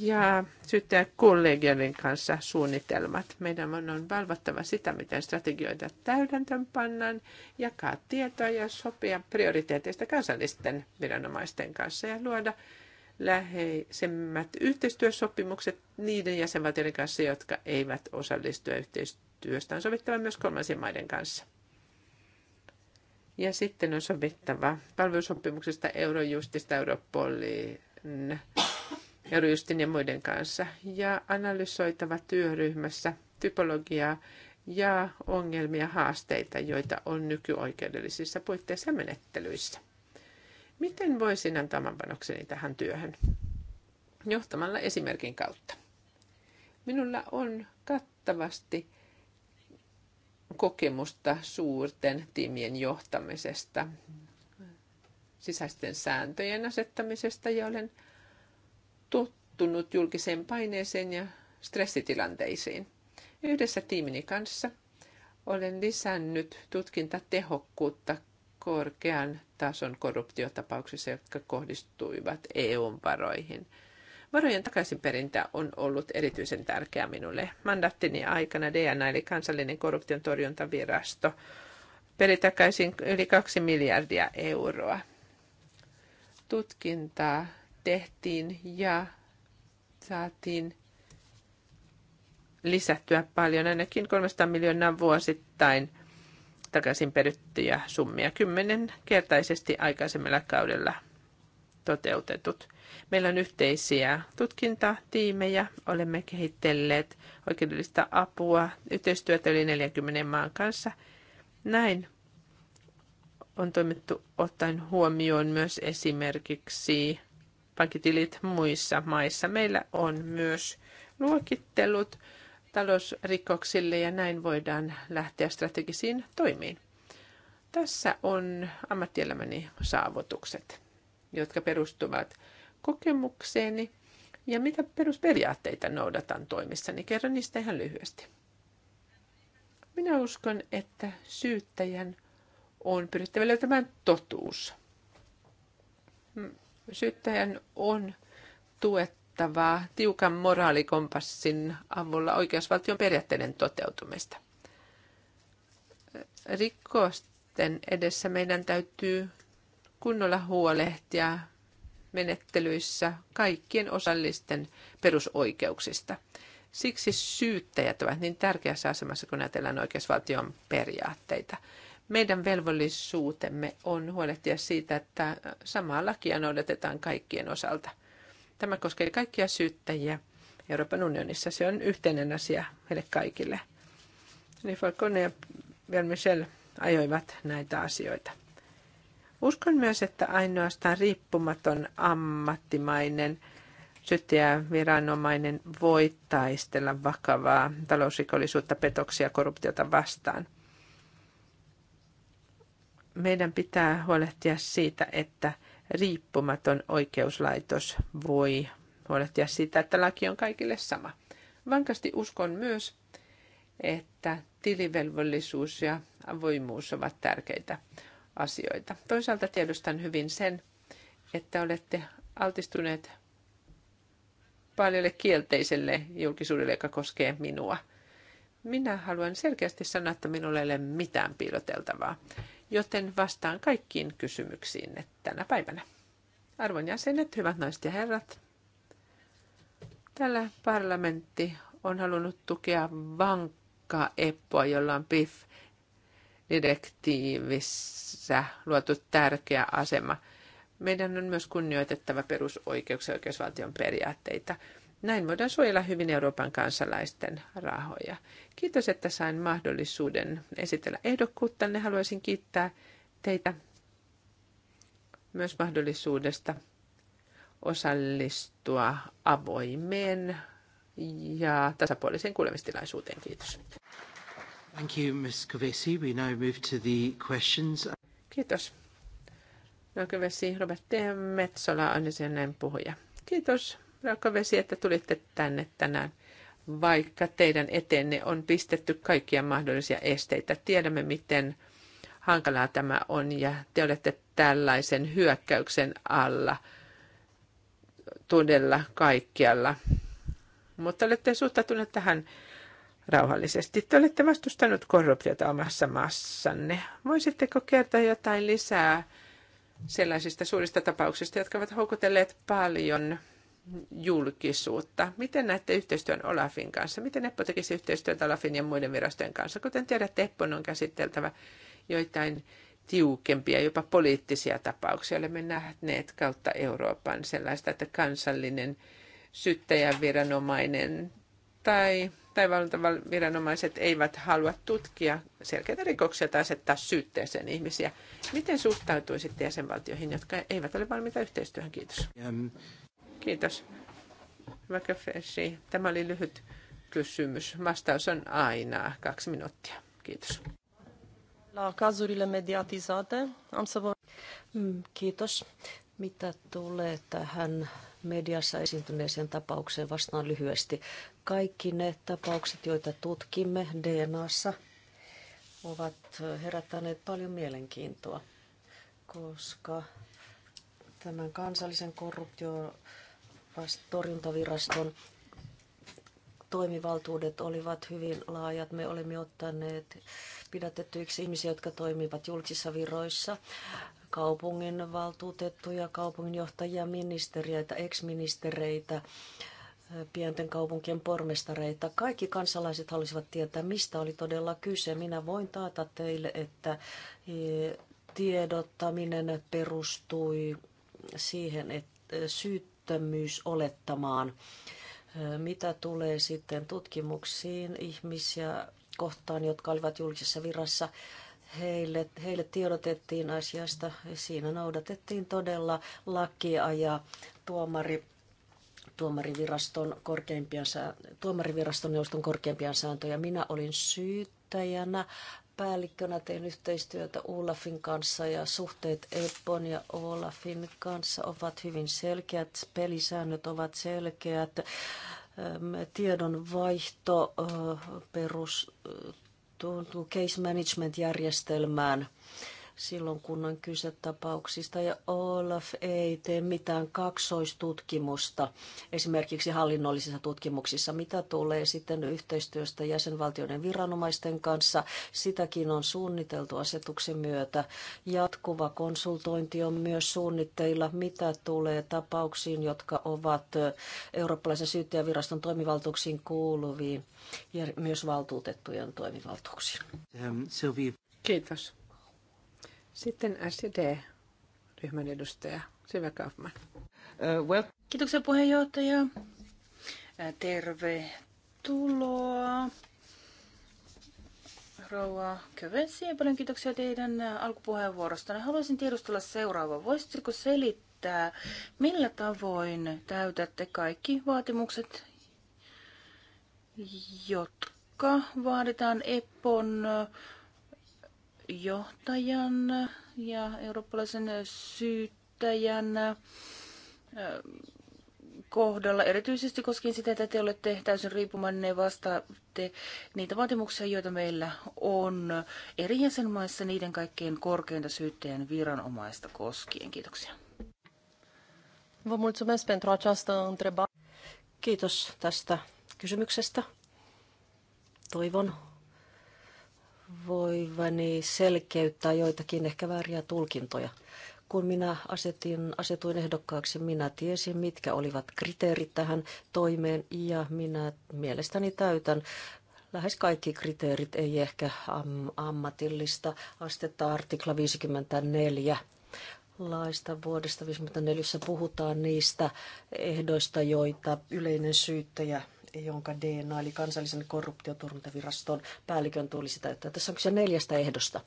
ja syyttäjäkollegioiden kanssa suunnitelmat. Meidän on valvottava sitä, miten strategioita täydentöön pannaan, jakaa tietoa ja sopia prioriteeteista kansallisten viranomaisten kanssa ja luoda läheisemmät yhteistyösopimukset niiden jäsenvaltioiden kanssa, jotka eivät osallistu yhteistyöstä. On sovittava myös kolmansien maiden kanssa. Ja sitten on sovittava palvelusopimuksesta Eurojustista, Europolin, Eurojustin ja muiden kanssa. Ja analysoitava työryhmässä typologiaa ja ongelmia, haasteita, joita on nykyoikeudellisissa puitteissa menettelyissä. Miten voisin antaa oman panokseni tähän työhön? Johtamalla esimerkin kautta. Minulla on kattavasti kokemusta suurten tiimien johtamisesta, sisäisten sääntöjen asettamisesta ja olen tottunut julkiseen paineeseen ja stressitilanteisiin. Yhdessä tiimini kanssa olen lisännyt tutkintatehokkuutta korkean tason korruptiotapauksissa, jotka kohdistuivat EUn varoihin. Varojen takaisinperintä on ollut erityisen tärkeää minulle. Mandattini aikana DNA eli kansallinen korruption torjuntavirasto peri takaisin yli 2 miljardia euroa. Tutkintaa tehtiin ja saatiin lisättyä paljon, ainakin 300 miljoonaa vuosittain – takaisin peryttyjä summia kymmenen kertaisesti aikaisemmilla kaudella toteutetut. Meillä on yhteisiä tutkintatiimejä, olemme kehitelleet oikeudellista apua, yhteistyötä yli 40 maan kanssa. Näin on toimittu ottaen huomioon myös esimerkiksi pankkitilit muissa maissa. Meillä on myös luokittelut, talousrikoksille ja näin voidaan lähteä strategisiin toimiin. Tässä on ammattielämäni saavutukset, jotka perustuvat kokemukseeni ja mitä perusperiaatteita noudatan toimissani. Kerron niistä ihan lyhyesti. Minä uskon, että syyttäjän on pyrittävä löytämään totuus. Mm, syyttäjän on tuettava vaalittavaa tiukan moraalikompassin avulla oikeusvaltion periaatteiden toteutumista. Rikosten edessä meidän täytyy kunnolla huolehtia menettelyissä kaikkien osallisten perusoikeuksista. Siksi syyttäjät ovat niin tärkeässä asemassa, kun ajatellaan oikeusvaltion periaatteita. Meidän velvollisuutemme on huolehtia siitä, että samaa lakia noudatetaan kaikkien osalta – Tämä koskee kaikkia syyttäjiä Euroopan unionissa. Se on yhteinen asia meille kaikille. Niin Falcone ja Pierre Michel ajoivat näitä asioita. Uskon myös, että ainoastaan riippumaton ammattimainen viranomainen voi taistella vakavaa talousrikollisuutta, petoksia ja korruptiota vastaan. Meidän pitää huolehtia siitä, että riippumaton oikeuslaitos voi huolehtia siitä, että laki on kaikille sama. Vankasti uskon myös, että tilivelvollisuus ja avoimuus ovat tärkeitä asioita. Toisaalta tiedostan hyvin sen, että olette altistuneet paljolle kielteiselle julkisuudelle, joka koskee minua. Minä haluan selkeästi sanoa, että minulle ei ole mitään piiloteltavaa joten vastaan kaikkiin kysymyksiin tänä päivänä. Arvon jäsenet, hyvät naiset ja herrat, tällä parlamentti on halunnut tukea vankkaa eppoa, jolla on PIF direktiivissä luotu tärkeä asema. Meidän on myös kunnioitettava perusoikeuksia ja oikeusvaltion periaatteita. Näin voidaan suojella hyvin Euroopan kansalaisten rahoja. Kiitos, että sain mahdollisuuden esitellä ehdokkuuttanne. Haluaisin kiittää teitä myös mahdollisuudesta osallistua avoimeen ja tasapuoliseen kuulemistilaisuuteen. Kiitos. Thank you, Ms. Kovesi. We now move to the questions. Kiitos. No Kovesi, Robert Metsola on sen puhuja. Kiitos Raukavesi, että tulitte tänne tänään. Vaikka teidän eteenne on pistetty kaikkia mahdollisia esteitä, tiedämme miten hankalaa tämä on ja te olette tällaisen hyökkäyksen alla todella kaikkialla. Mutta olette suhtautuneet tähän rauhallisesti. Te olette vastustanut korruptiota omassa maassanne. Voisitteko kertoa jotain lisää sellaisista suurista tapauksista, jotka ovat houkutelleet paljon julkisuutta. Miten näette yhteistyön Olafin kanssa? Miten Eppo tekisi yhteistyötä Olafin ja muiden virastojen kanssa? Kuten tiedätte, Eppon on käsiteltävä joitain tiukempia, jopa poliittisia tapauksia. Olemme nähneet kautta Euroopan sellaista, että kansallinen syyttäjäviranomainen tai, tai viranomaiset eivät halua tutkia selkeitä rikoksia tai asettaa syytteeseen ihmisiä. Miten suhtautuisitte jäsenvaltioihin, jotka eivät ole valmiita yhteistyöhön? Kiitos. Um, Kiitos. Vaikka tämä oli lyhyt kysymys. Vastaus on aina kaksi minuuttia. Kiitos. La cazurile mediatizate. Mm, kiitos. Mitä tulee tähän mediassa esiintyneeseen tapaukseen, vastaan lyhyesti. Kaikki ne tapaukset, joita tutkimme DNAssa, ovat herättäneet paljon mielenkiintoa, koska tämän kansallisen korruption torjuntaviraston toimivaltuudet olivat hyvin laajat. Me olemme ottaneet pidätettyiksi ihmisiä, jotka toimivat julkisissa viroissa, kaupungin valtuutettuja, kaupunginjohtajia, ministeriöitä, eksministereitä, pienten kaupunkien pormestareita. Kaikki kansalaiset halusivat tietää, mistä oli todella kyse. Minä voin taata teille, että e, tiedottaminen perustui siihen, että syyt olettamaan, Mitä tulee sitten tutkimuksiin ihmisiä kohtaan, jotka olivat julkisessa virassa, heille, heille tiedotettiin asiasta. Siinä noudatettiin todella lakia ja tuomari tuomariviraston, korkeimpia, tuomariviraston neuvoston korkeimpia sääntöjä. Minä olin syyttäjänä päällikkönä teen yhteistyötä Olafin kanssa ja suhteet Eppon ja Olafin kanssa ovat hyvin selkeät, pelisäännöt ovat selkeät, ehm, tiedonvaihto eh, perustuu case management järjestelmään – silloin, kun on kyse tapauksista. Ja Olaf ei tee mitään kaksoistutkimusta, esimerkiksi hallinnollisissa tutkimuksissa, mitä tulee sitten yhteistyöstä jäsenvaltioiden viranomaisten kanssa. Sitäkin on suunniteltu asetuksen myötä. Jatkuva konsultointi on myös suunnitteilla, mitä tulee tapauksiin, jotka ovat eurooppalaisen syyttäjäviraston toimivaltuuksiin kuuluviin ja myös valtuutettujen toimivaltuuksiin. Um, Kiitos. Sitten SED-ryhmän edustaja Silvia Kaufman. Uh, well. Kiitoksia puheenjohtaja. Tervetuloa. Rouva Kövensi, paljon kiitoksia teidän alkupuheenvuorosta. Haluaisin tiedustella seuraavaa. Voisitko selittää, millä tavoin täytätte kaikki vaatimukset, jotka vaaditaan EPPON johtajan ja eurooppalaisen syyttäjän kohdalla, erityisesti koskien sitä, että te olette täysin riippumainen ja vastaatte niitä vaatimuksia, joita meillä on eri jäsenmaissa niiden kaikkein korkeinta syyttäjän viranomaista koskien. Kiitoksia. Kiitos tästä kysymyksestä. Toivon, voivani selkeyttää joitakin ehkä vääriä tulkintoja. Kun minä asetin, asetuin ehdokkaaksi, minä tiesin, mitkä olivat kriteerit tähän toimeen ja minä mielestäni täytän lähes kaikki kriteerit, ei ehkä am, ammatillista astetta artikla 54 laista vuodesta 54, puhutaan niistä ehdoista, joita yleinen syyttäjä jonka DNA eli kansallisen korruptiotorjuntaviraston päällikön tulisi täyttää. Tässä on kyse neljästä ehdosta.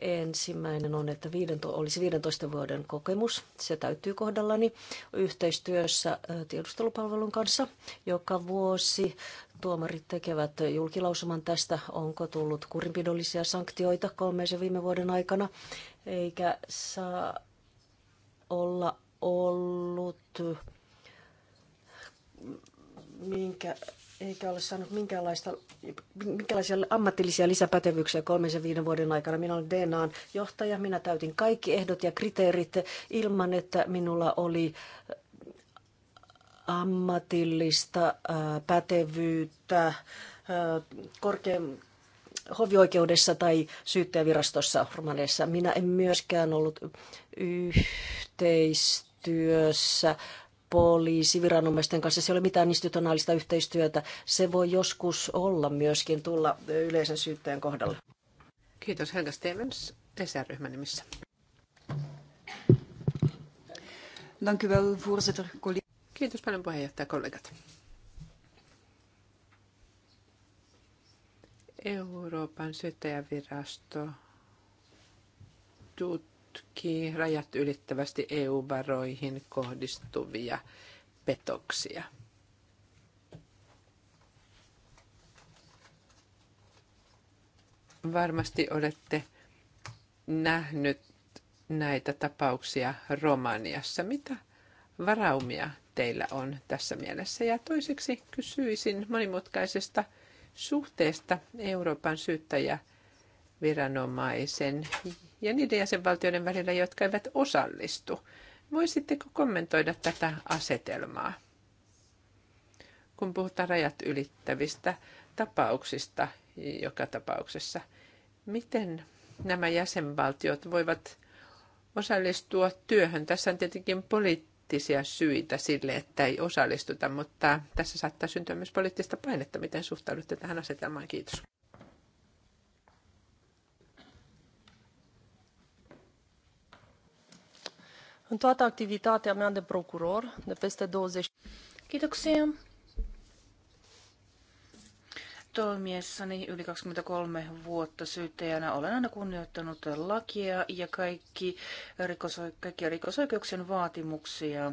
Ensimmäinen on, että 15, olisi 15 vuoden kokemus. Se täytyy kohdallani yhteistyössä tiedustelupalvelun kanssa. Joka vuosi tuomarit tekevät julkilausuman tästä, onko tullut kurinpidollisia sanktioita kolmeisen viime vuoden aikana, eikä saa olla ollut minkä, eikä ole saanut minkäänlaista, minkälaisia ammatillisia lisäpätevyyksiä kolmen viiden vuoden aikana. Minä olen DNAn johtaja, minä täytin kaikki ehdot ja kriteerit ilman, että minulla oli ammatillista pätevyyttä korkean hovioikeudessa tai syyttäjävirastossa Romaneessa. Minä en myöskään ollut yhteistyössä poliisiviranomaisten kanssa. Se ei ole mitään institutionaalista yhteistyötä. Se voi joskus olla myöskin tulla yleisen syytteen kohdalla. Kiitos Helga Stevens, SR-ryhmän nimissä. Kiitos paljon puheenjohtaja kollegat. Euroopan syyttäjävirasto tutkii rajat ylittävästi EU-varoihin kohdistuvia petoksia. Varmasti olette nähnyt näitä tapauksia Romaniassa. Mitä varaumia teillä on tässä mielessä? Ja toiseksi kysyisin monimutkaisesta suhteesta Euroopan syyttäjä viranomaisen ja niiden jäsenvaltioiden välillä, jotka eivät osallistu. Voisitteko kommentoida tätä asetelmaa, kun puhutaan rajat ylittävistä tapauksista joka tapauksessa? Miten nämä jäsenvaltiot voivat osallistua työhön? Tässä on tietenkin poliittisia syitä sille, että ei osallistuta, mutta tässä saattaa syntyä myös poliittista painetta. Miten suhtaudutte tähän asetelmaan? Kiitos. În toată activitatea mea de procuror, de peste 20... Kiitoksia. Toimiessani yli 23 vuotta syyttäjänä olen aina kunnioittanut lakia ja kaikki rikosoi, kaikkia rikosoikeuksien vaatimuksia.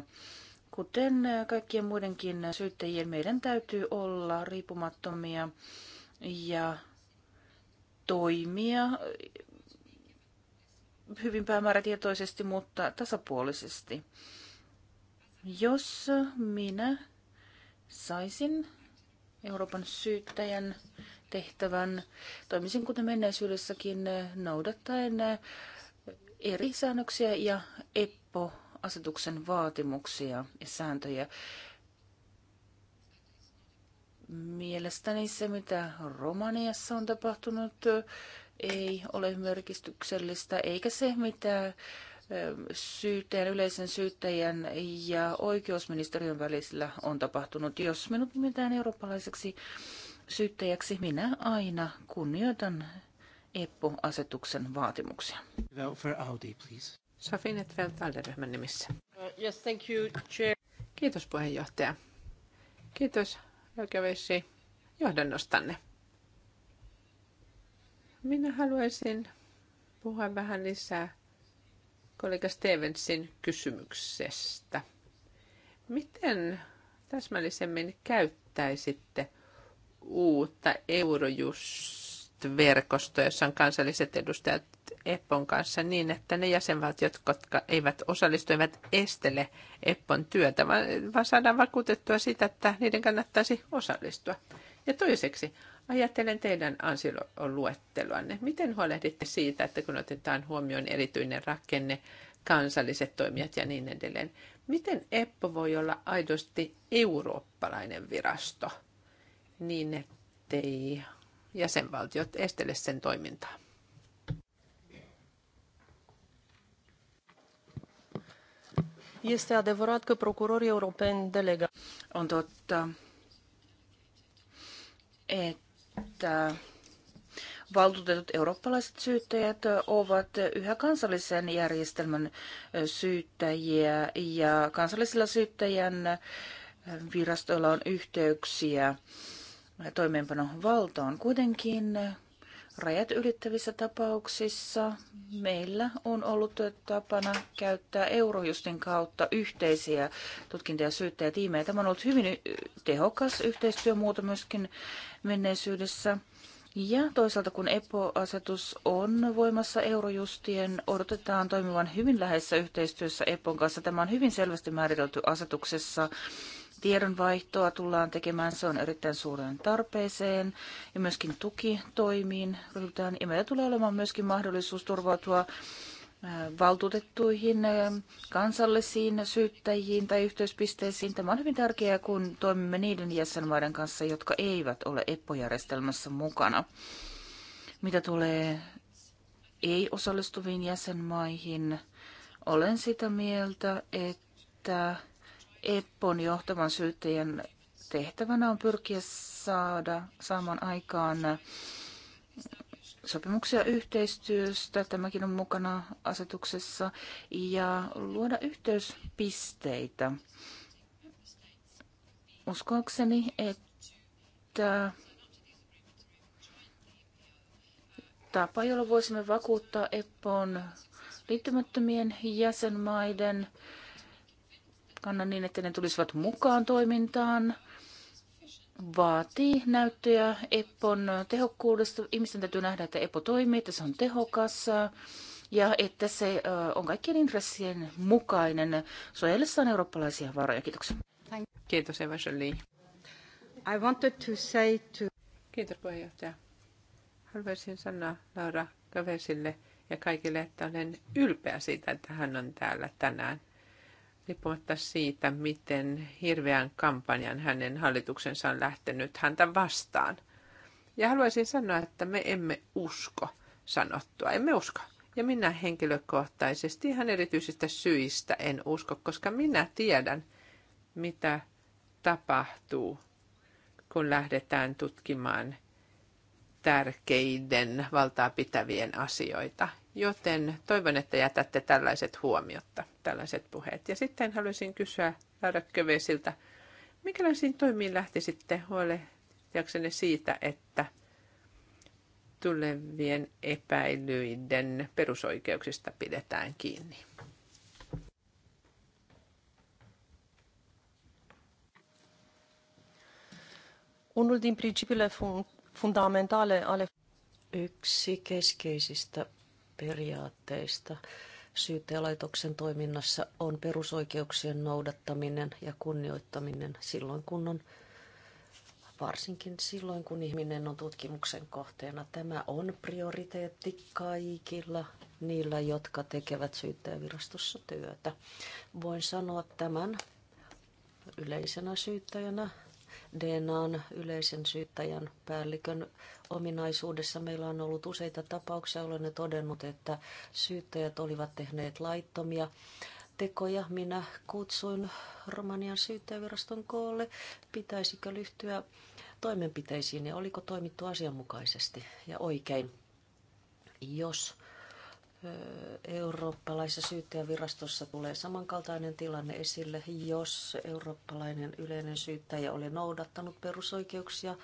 Kuten kaikkien muidenkin syyttäjien, meidän täytyy olla riippumattomia ja toimia hyvin päämäärätietoisesti, mutta tasapuolisesti. Jos minä saisin Euroopan syyttäjän tehtävän, toimisin kuten menneisyydessäkin noudattaen eri säännöksiä ja EPPO-asetuksen vaatimuksia ja sääntöjä. Mielestäni se, mitä Romaniassa on tapahtunut, ei ole merkityksellistä, eikä se mitään syyttäjän, yleisen syyttäjän ja oikeusministeriön välisillä on tapahtunut. Jos minut nimetään eurooppalaiseksi syyttäjäksi, minä aina kunnioitan EPPO-asetuksen vaatimuksia. For Audi, please. Safin etfeld Alderyhmän nimissä. Uh, yes, thank you, chair. Kiitos puheenjohtaja. Kiitos Jokevesi johdannostanne. Minä haluaisin puhua vähän lisää kollega Stevensin kysymyksestä. Miten täsmällisemmin käyttäisitte uutta Eurojust-verkostoa, jossa on kansalliset edustajat EPPON kanssa niin, että ne jäsenvaltiot, jotka eivät osallistu, eivät estele EPPON työtä, vaan, vaan saadaan vakuutettua sitä, että niiden kannattaisi osallistua. Ja toiseksi, Ajattelen teidän ansioluetteluanne. Miten huolehditte siitä, että kun otetaan huomioon erityinen rakenne, kansalliset toimijat ja niin edelleen, miten EPPO voi olla aidosti eurooppalainen virasto niin, ettei jäsenvaltiot estele sen toimintaa? Este adevărat că procurorii europeni delegați. On totta, että että valtuutetut eurooppalaiset syyttäjät ovat yhä kansallisen järjestelmän syyttäjiä ja kansallisilla syyttäjän virastoilla on yhteyksiä toimeenpanon valtaan. Kuitenkin rajat ylittävissä tapauksissa meillä on ollut tapana käyttää Eurojustin kautta yhteisiä tutkinta- ja syyttäjätiimejä. Tämä on ollut hyvin tehokas yhteistyömuoto myöskin menneisyydessä. Ja toisaalta kun EPO-asetus on voimassa eurojustien, odotetaan toimivan hyvin läheisessä yhteistyössä EPOn kanssa. Tämä on hyvin selvästi määritelty asetuksessa tiedonvaihtoa tullaan tekemään. Se on erittäin suureen tarpeeseen ja myöskin tukitoimiin ryhdytään. Ja meillä tulee olemaan myöskin mahdollisuus turvautua valtuutettuihin, kansallisiin syyttäjiin tai yhteyspisteisiin. Tämä on hyvin tärkeää, kun toimimme niiden jäsenmaiden kanssa, jotka eivät ole EPPO-järjestelmässä mukana. Mitä tulee ei-osallistuviin jäsenmaihin, olen sitä mieltä, että Eppon johtavan syyttäjän tehtävänä on pyrkiä saada saamaan aikaan sopimuksia yhteistyöstä, tämäkin on mukana asetuksessa, ja luoda yhteyspisteitä. Uskoakseni, että tapa, jolla voisimme vakuuttaa EPPOn liittymättömien jäsenmaiden kannan niin, että ne tulisivat mukaan toimintaan, vaatii näyttöjä Epon tehokkuudesta. Ihmisten täytyy nähdä, että Epo toimii, että se on tehokas ja että se on kaikkien intressien mukainen suojellessaan eurooppalaisia varoja. Kiitoksia. Kiitos Eva Jolie. I wanted to say to... Kiitos puheenjohtaja. Haluaisin sanoa Laura Kavesille ja kaikille, että olen ylpeä siitä, että hän on täällä tänään riippumatta siitä, miten hirveän kampanjan hänen hallituksensa on lähtenyt häntä vastaan. Ja haluaisin sanoa, että me emme usko sanottua, emme usko. Ja minä henkilökohtaisesti ihan erityisistä syistä en usko, koska minä tiedän, mitä tapahtuu, kun lähdetään tutkimaan tärkeiden valtaa pitävien asioita. Joten toivon, että jätätte tällaiset huomiota, tällaiset puheet. Ja sitten haluaisin kysyä Laura Kövesiltä, minkälaisiin toimiin lähtisitte huolehtiaksenne siitä, että tulevien epäilyiden perusoikeuksista pidetään kiinni? Yksi keskeisistä periaatteista syyttäjälaitoksen toiminnassa on perusoikeuksien noudattaminen ja kunnioittaminen silloin, kun on varsinkin silloin, kun ihminen on tutkimuksen kohteena. Tämä on prioriteetti kaikilla niillä, jotka tekevät syyttäjävirastossa työtä. Voin sanoa tämän yleisenä syyttäjänä DNAn yleisen syyttäjän päällikön ominaisuudessa meillä on ollut useita tapauksia. ne todennut, että syyttäjät olivat tehneet laittomia tekoja. Minä kutsuin Romanian syyttäjäviraston koolle, pitäisikö lyhtyä toimenpiteisiin ja oliko toimittu asianmukaisesti ja oikein. Jos eurooppalaisessa syyttäjävirastossa tulee samankaltainen tilanne esille, jos eurooppalainen yleinen syyttäjä oli noudattanut perusoikeuksia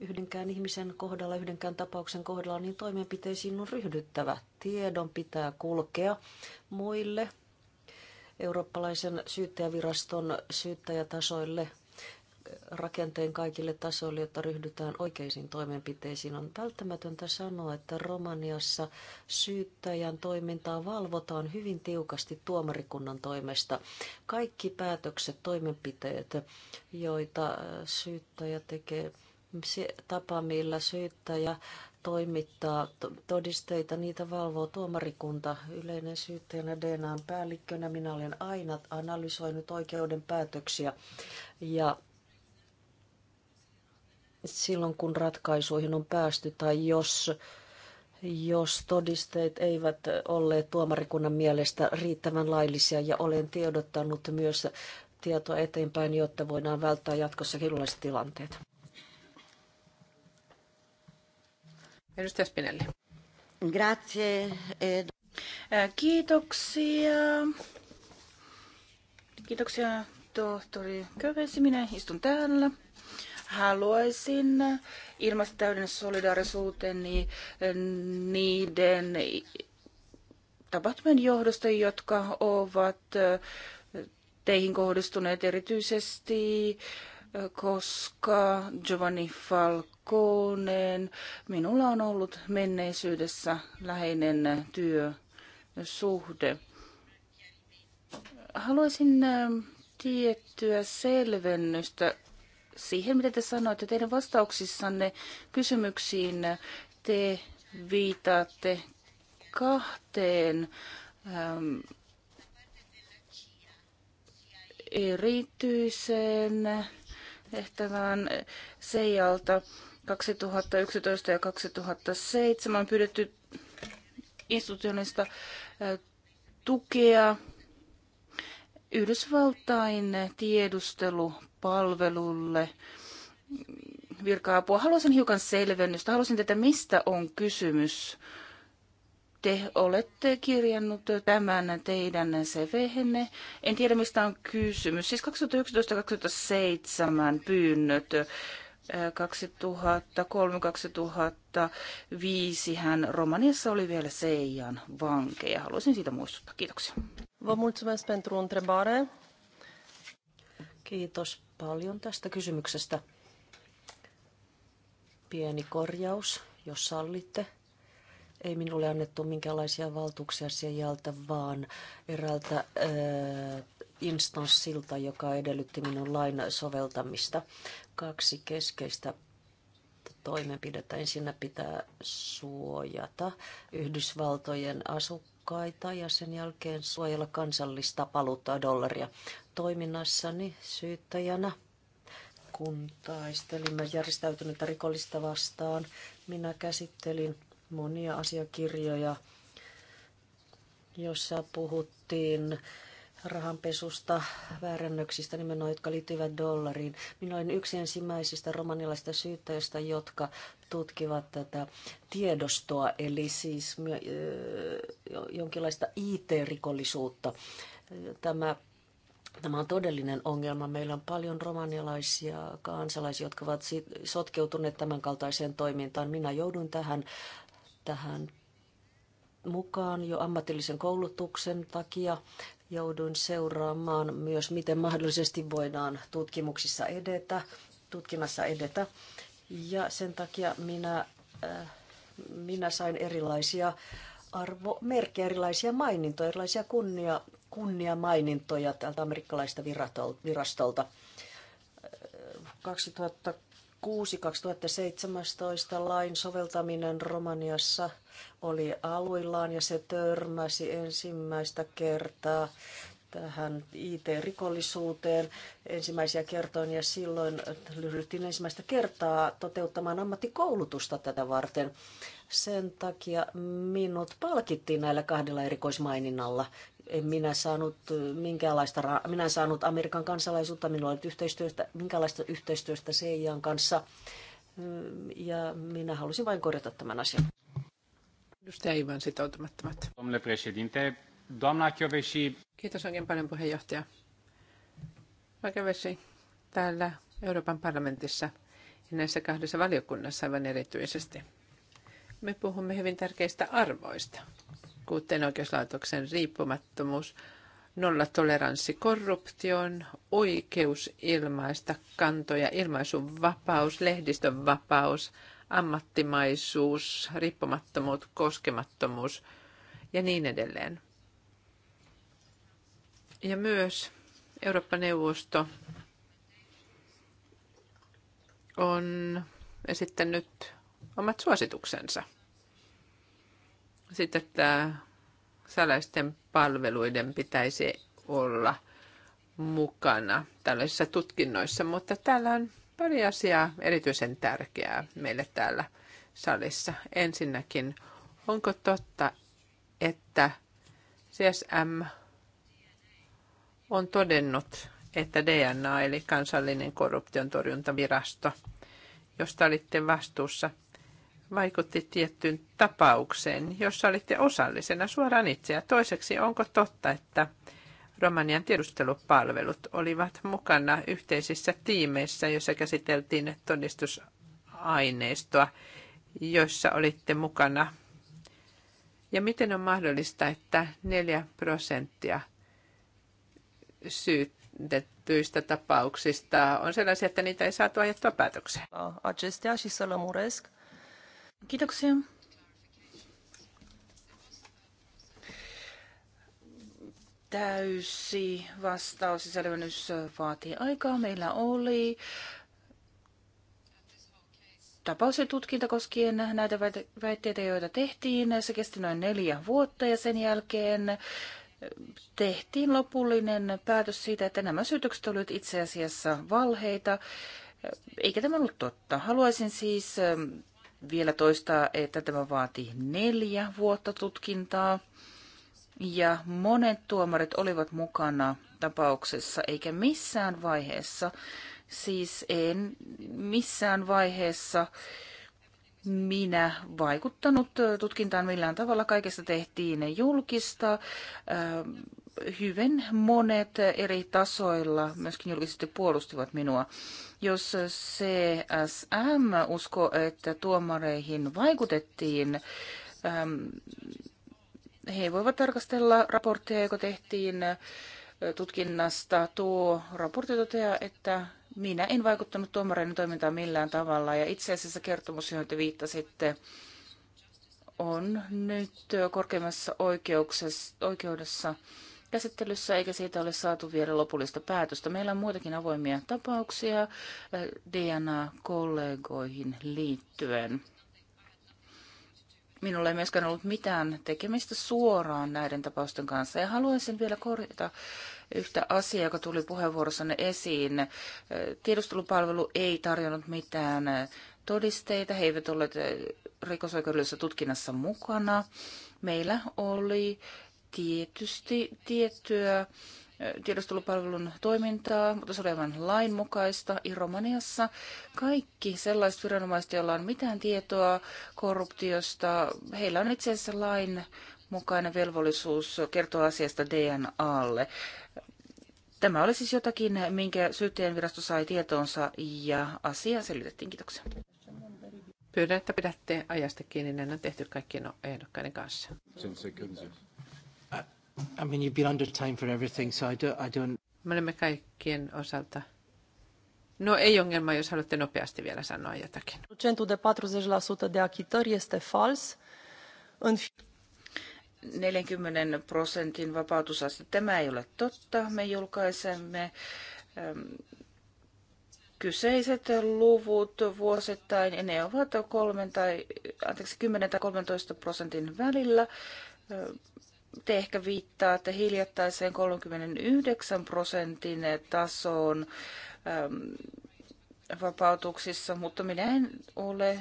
yhdenkään ihmisen kohdalla, yhdenkään tapauksen kohdalla, niin toimenpiteisiin on ryhdyttävä. Tiedon pitää kulkea muille eurooppalaisen syyttäjäviraston syyttäjätasoille – rakenteen kaikille tasoille, jotta ryhdytään oikeisiin toimenpiteisiin. On välttämätöntä sanoa, että Romaniassa syyttäjän toimintaa valvotaan hyvin tiukasti tuomarikunnan toimesta. Kaikki päätökset, toimenpiteet, joita syyttäjä tekee, se tapa, millä syyttäjä toimittaa todisteita, niitä valvoo tuomarikunta. Yleinen syyttäjänä dna päällikkönä minä olen aina analysoinut oikeuden päätöksiä ja silloin, kun ratkaisuihin on päästy tai jos jos todisteet eivät olleet tuomarikunnan mielestä riittävän laillisia ja olen tiedottanut myös tietoa eteenpäin, jotta voidaan välttää jatkossa erilaiset tilanteet. Edustaja Spinelli. Grazie. Kiitoksia. Kiitoksia tohtori Kövesi. Minä istun täällä. Haluaisin ilmaista täyden solidaarisuuteen eh, niiden tapahtumien johdosta, jotka ovat eh, teihin kohdistuneet erityisesti, eh, koska Giovanni Falconeen minulla on ollut menneisyydessä läheinen työsuhde. Haluaisin tiettyä selvennystä siihen, mitä te sanoitte teidän vastauksissanne kysymyksiin, te viitaatte kahteen ähm, erityiseen tehtävään Seijalta 2011 ja 2007 pyydetty institutionista äh, tukea Yhdysvaltain tiedustelupalvelulle virka-apua. Haluaisin hiukan selvennystä. Haluaisin tätä, mistä on kysymys. Te olette kirjannut tämän teidän cv En tiedä, mistä on kysymys. Siis 2011-2007 pyynnöt. 2003-2005 äh, hän Romaniassa oli vielä Seijan vankeja. Haluaisin siitä muistuttaa. Kiitoksia. Vă mulțumesc pentru întrebare. Kiitos paljon tästä kysymyksestä. Pieni korjaus, jos sallitte. Ei minulle annettu minkäänlaisia valtuuksia sieltä, vaan eräältä äh, instanssilta, joka edellytti minun lain soveltamista. Kaksi keskeistä toimenpidettä. Ensinnä pitää suojata Yhdysvaltojen asukkaita asukkaita ja sen jälkeen suojella kansallista paluuttaa dollaria. Toiminnassani syyttäjänä, kun taistelimme järjestäytynyttä rikollista vastaan, minä käsittelin monia asiakirjoja, jossa puhuttiin rahanpesusta, väärännöksistä nimenomaan, jotka liittyvät dollariin. Minä olin yksi ensimmäisistä romanilaisista syyttäjistä, jotka tutkivat tätä tiedostoa, eli siis jonkinlaista IT-rikollisuutta. Tämä Tämä on todellinen ongelma. Meillä on paljon romanialaisia kansalaisia, jotka ovat sotkeutuneet tämänkaltaiseen toimintaan. Minä joudun tähän, tähän mukaan jo ammatillisen koulutuksen takia jouduin seuraamaan myös, miten mahdollisesti voidaan tutkimuksissa edetä, tutkimassa edetä. Ja sen takia minä, äh, minä sain erilaisia arvomerkkejä, erilaisia mainintoja, erilaisia kunnia, kunniamainintoja täältä amerikkalaista virastolta. 2006-2017 äh, lain soveltaminen Romaniassa oli aluillaan ja se törmäsi ensimmäistä kertaa tähän IT-rikollisuuteen ensimmäisiä kertoja ja silloin ryhdyttiin ensimmäistä kertaa toteuttamaan ammattikoulutusta tätä varten. Sen takia minut palkittiin näillä kahdella erikoismaininnalla. En minä saanut minkäänlaista, minä en saanut Amerikan kansalaisuutta, minulla oli yhteistyöstä, minkäänlaista yhteistyöstä CIAn kanssa. Ja minä halusin vain korjata tämän asian. Edustaja Ivan sitoutumattomat. Domnule președinte, Kiitos oikein paljon puheenjohtaja. Kövesi, täällä Euroopan parlamentissa ja näissä kahdessa valiokunnassa aivan erityisesti. Me puhumme hyvin tärkeistä arvoista, kuten oikeuslaitoksen riippumattomuus, nollatoleranssi korruption, oikeus ilmaista kantoja, ilmaisun vapaus, lehdistön vapaus, ammattimaisuus, riippumattomuus, koskemattomuus ja niin edelleen. Ja myös Eurooppa-neuvosto on esittänyt omat suosituksensa. Sitten, että salaisten palveluiden pitäisi olla mukana tällaisissa tutkinnoissa, mutta täällä on pari asiaa erityisen tärkeää meille täällä salissa. Ensinnäkin, onko totta, että CSM on todennut, että DNA eli kansallinen korruption torjuntavirasto, josta olitte vastuussa, vaikutti tiettyyn tapaukseen, jossa olitte osallisena suoraan Ja Toiseksi, onko totta, että Romanian tiedustelupalvelut olivat mukana yhteisissä tiimeissä, joissa käsiteltiin todistusaineistoa, joissa olitte mukana. Ja miten on mahdollista, että 4 prosenttia – syytettyistä tapauksista on sellaisia, että niitä ei saatu ajettua päätökseen. Acestea și să lămuresc. Kiitoksia. Täysi vastaus ja selvennys vaatii aikaa. Meillä oli tapaus ja tutkinta koskien näitä väitteitä, joita tehtiin. Se kesti noin neljä vuotta ja sen jälkeen tehtiin lopullinen päätös siitä, että nämä syytökset olivat itse asiassa valheita, eikä tämä ollut totta. Haluaisin siis ähm, vielä toistaa, että tämä vaati neljä vuotta tutkintaa ja monet tuomarit olivat mukana tapauksessa, eikä missään vaiheessa, siis en missään vaiheessa äh, minä vaikuttanut tutkintaan millään tavalla. Kaikesta tehtiin julkista. Hyvin monet eri tasoilla myöskin julkisesti puolustivat minua. Jos CSM usko, että tuomareihin vaikutettiin, he voivat tarkastella raportteja, joka tehtiin tutkinnasta. Tuo raportti toteaa, että minä en vaikuttanut tuomareiden toimintaan millään tavalla ja itse asiassa kertomus, johon te viittasitte, on nyt korkeimmassa oikeudessa käsittelyssä, eikä siitä ole saatu vielä lopullista päätöstä. Meillä on muitakin avoimia tapauksia äh, DNA-kollegoihin liittyen. Minulla ei myöskään ollut mitään tekemistä suoraan näiden tapausten kanssa. Ja haluaisin vielä korjata yhtä asiaa, joka tuli puheenvuorossanne esiin. Tiedustelupalvelu ei tarjonnut mitään todisteita, he eivät olleet rikosoikeudellisessa tutkinnassa mukana. Meillä oli tietysti tiettyä tiedustelupalvelun toimintaa, mutta se oli aivan lainmukaista. Romaniassa kaikki sellaiset viranomaiset, joilla on mitään tietoa korruptiosta, heillä on itse asiassa lain mukainen velvollisuus kertoa asiasta DNAlle. Tämä oli siis jotakin, minkä syyttäjänvirasto sai tietoonsa ja asia selitettiin. Kiitoksia. Pyydän, että pidätte ajasta kiinni. Näin on tehty kaikkien ehdokkaiden kanssa. Sen I mean, you've been under time for everything, so I don't, I don't... Me olemme kaikkien osalta. No ei ongelma, jos haluatte nopeasti vielä sanoa jotakin. Procentul de 40% de achitări este fals. În... 40 prosentin vapautusaste. Tämä ei ole totta. Me julkaisemme ähm, kyseiset luvut vuosittain. Ja ne ovat 3 tai, anteeksi, 10 tai 13 prosentin välillä. Ähm, te ehkä viittaatte hiljattaiseen 39 prosentin tasoon äm, vapautuksissa, mutta minä en ole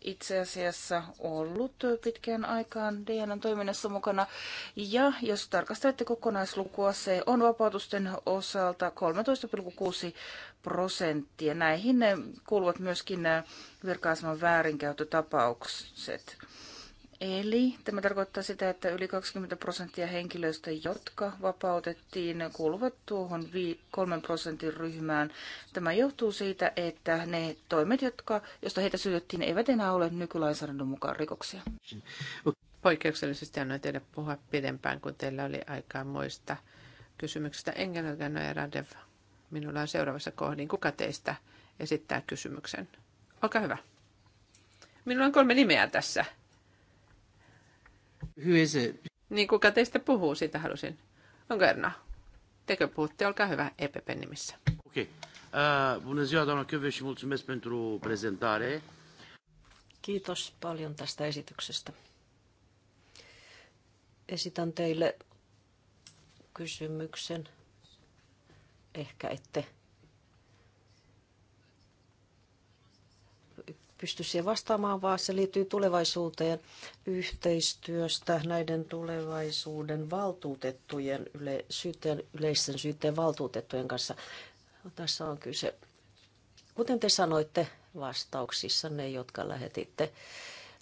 itse asiassa ollut pitkään aikaan DNAn toiminnassa mukana. Ja jos tarkastelette kokonaislukua, se on vapautusten osalta 13,6 prosenttia. Näihin kuuluvat myöskin äh, virka-aseman väärinkäyttötapaukset. Eli tämä tarkoittaa sitä, että yli 20 prosenttia henkilöistä, jotka vapautettiin, kuuluvat tuohon 3 prosentin ryhmään. Tämä johtuu siitä, että ne toimet, jotka, josta heitä syytettiin, eivät enää ole nykylainsäädännön mukaan rikoksia. Poikkeuksellisesti annoin teille puhua pidempään, kun teillä oli aikaa muista kysymyksistä. Engelögano ja Radev, minulla on seuraavassa kohdin. Kuka teistä esittää kysymyksen? Olkaa hyvä. Minulla on kolme nimeä tässä. Who is it? Niin kuka teistä puhuu, siitä halusin. Onko Erna? Tekö puhutte, olkaa hyvä, EPP nimissä. Okei. Okay. Uh, bună ziua, doamna și mulțumesc pentru prezentare. Kiitos paljon tästä esityksestä. Esitän teille kysymyksen. Ehkä ette pysty siihen vastaamaan, vaan se liittyy tulevaisuuteen yhteistyöstä näiden tulevaisuuden valtuutettujen, yle, syyteen, yleisten syytteen valtuutettujen kanssa. Tässä on kyse, kuten te sanoitte ne, jotka lähetitte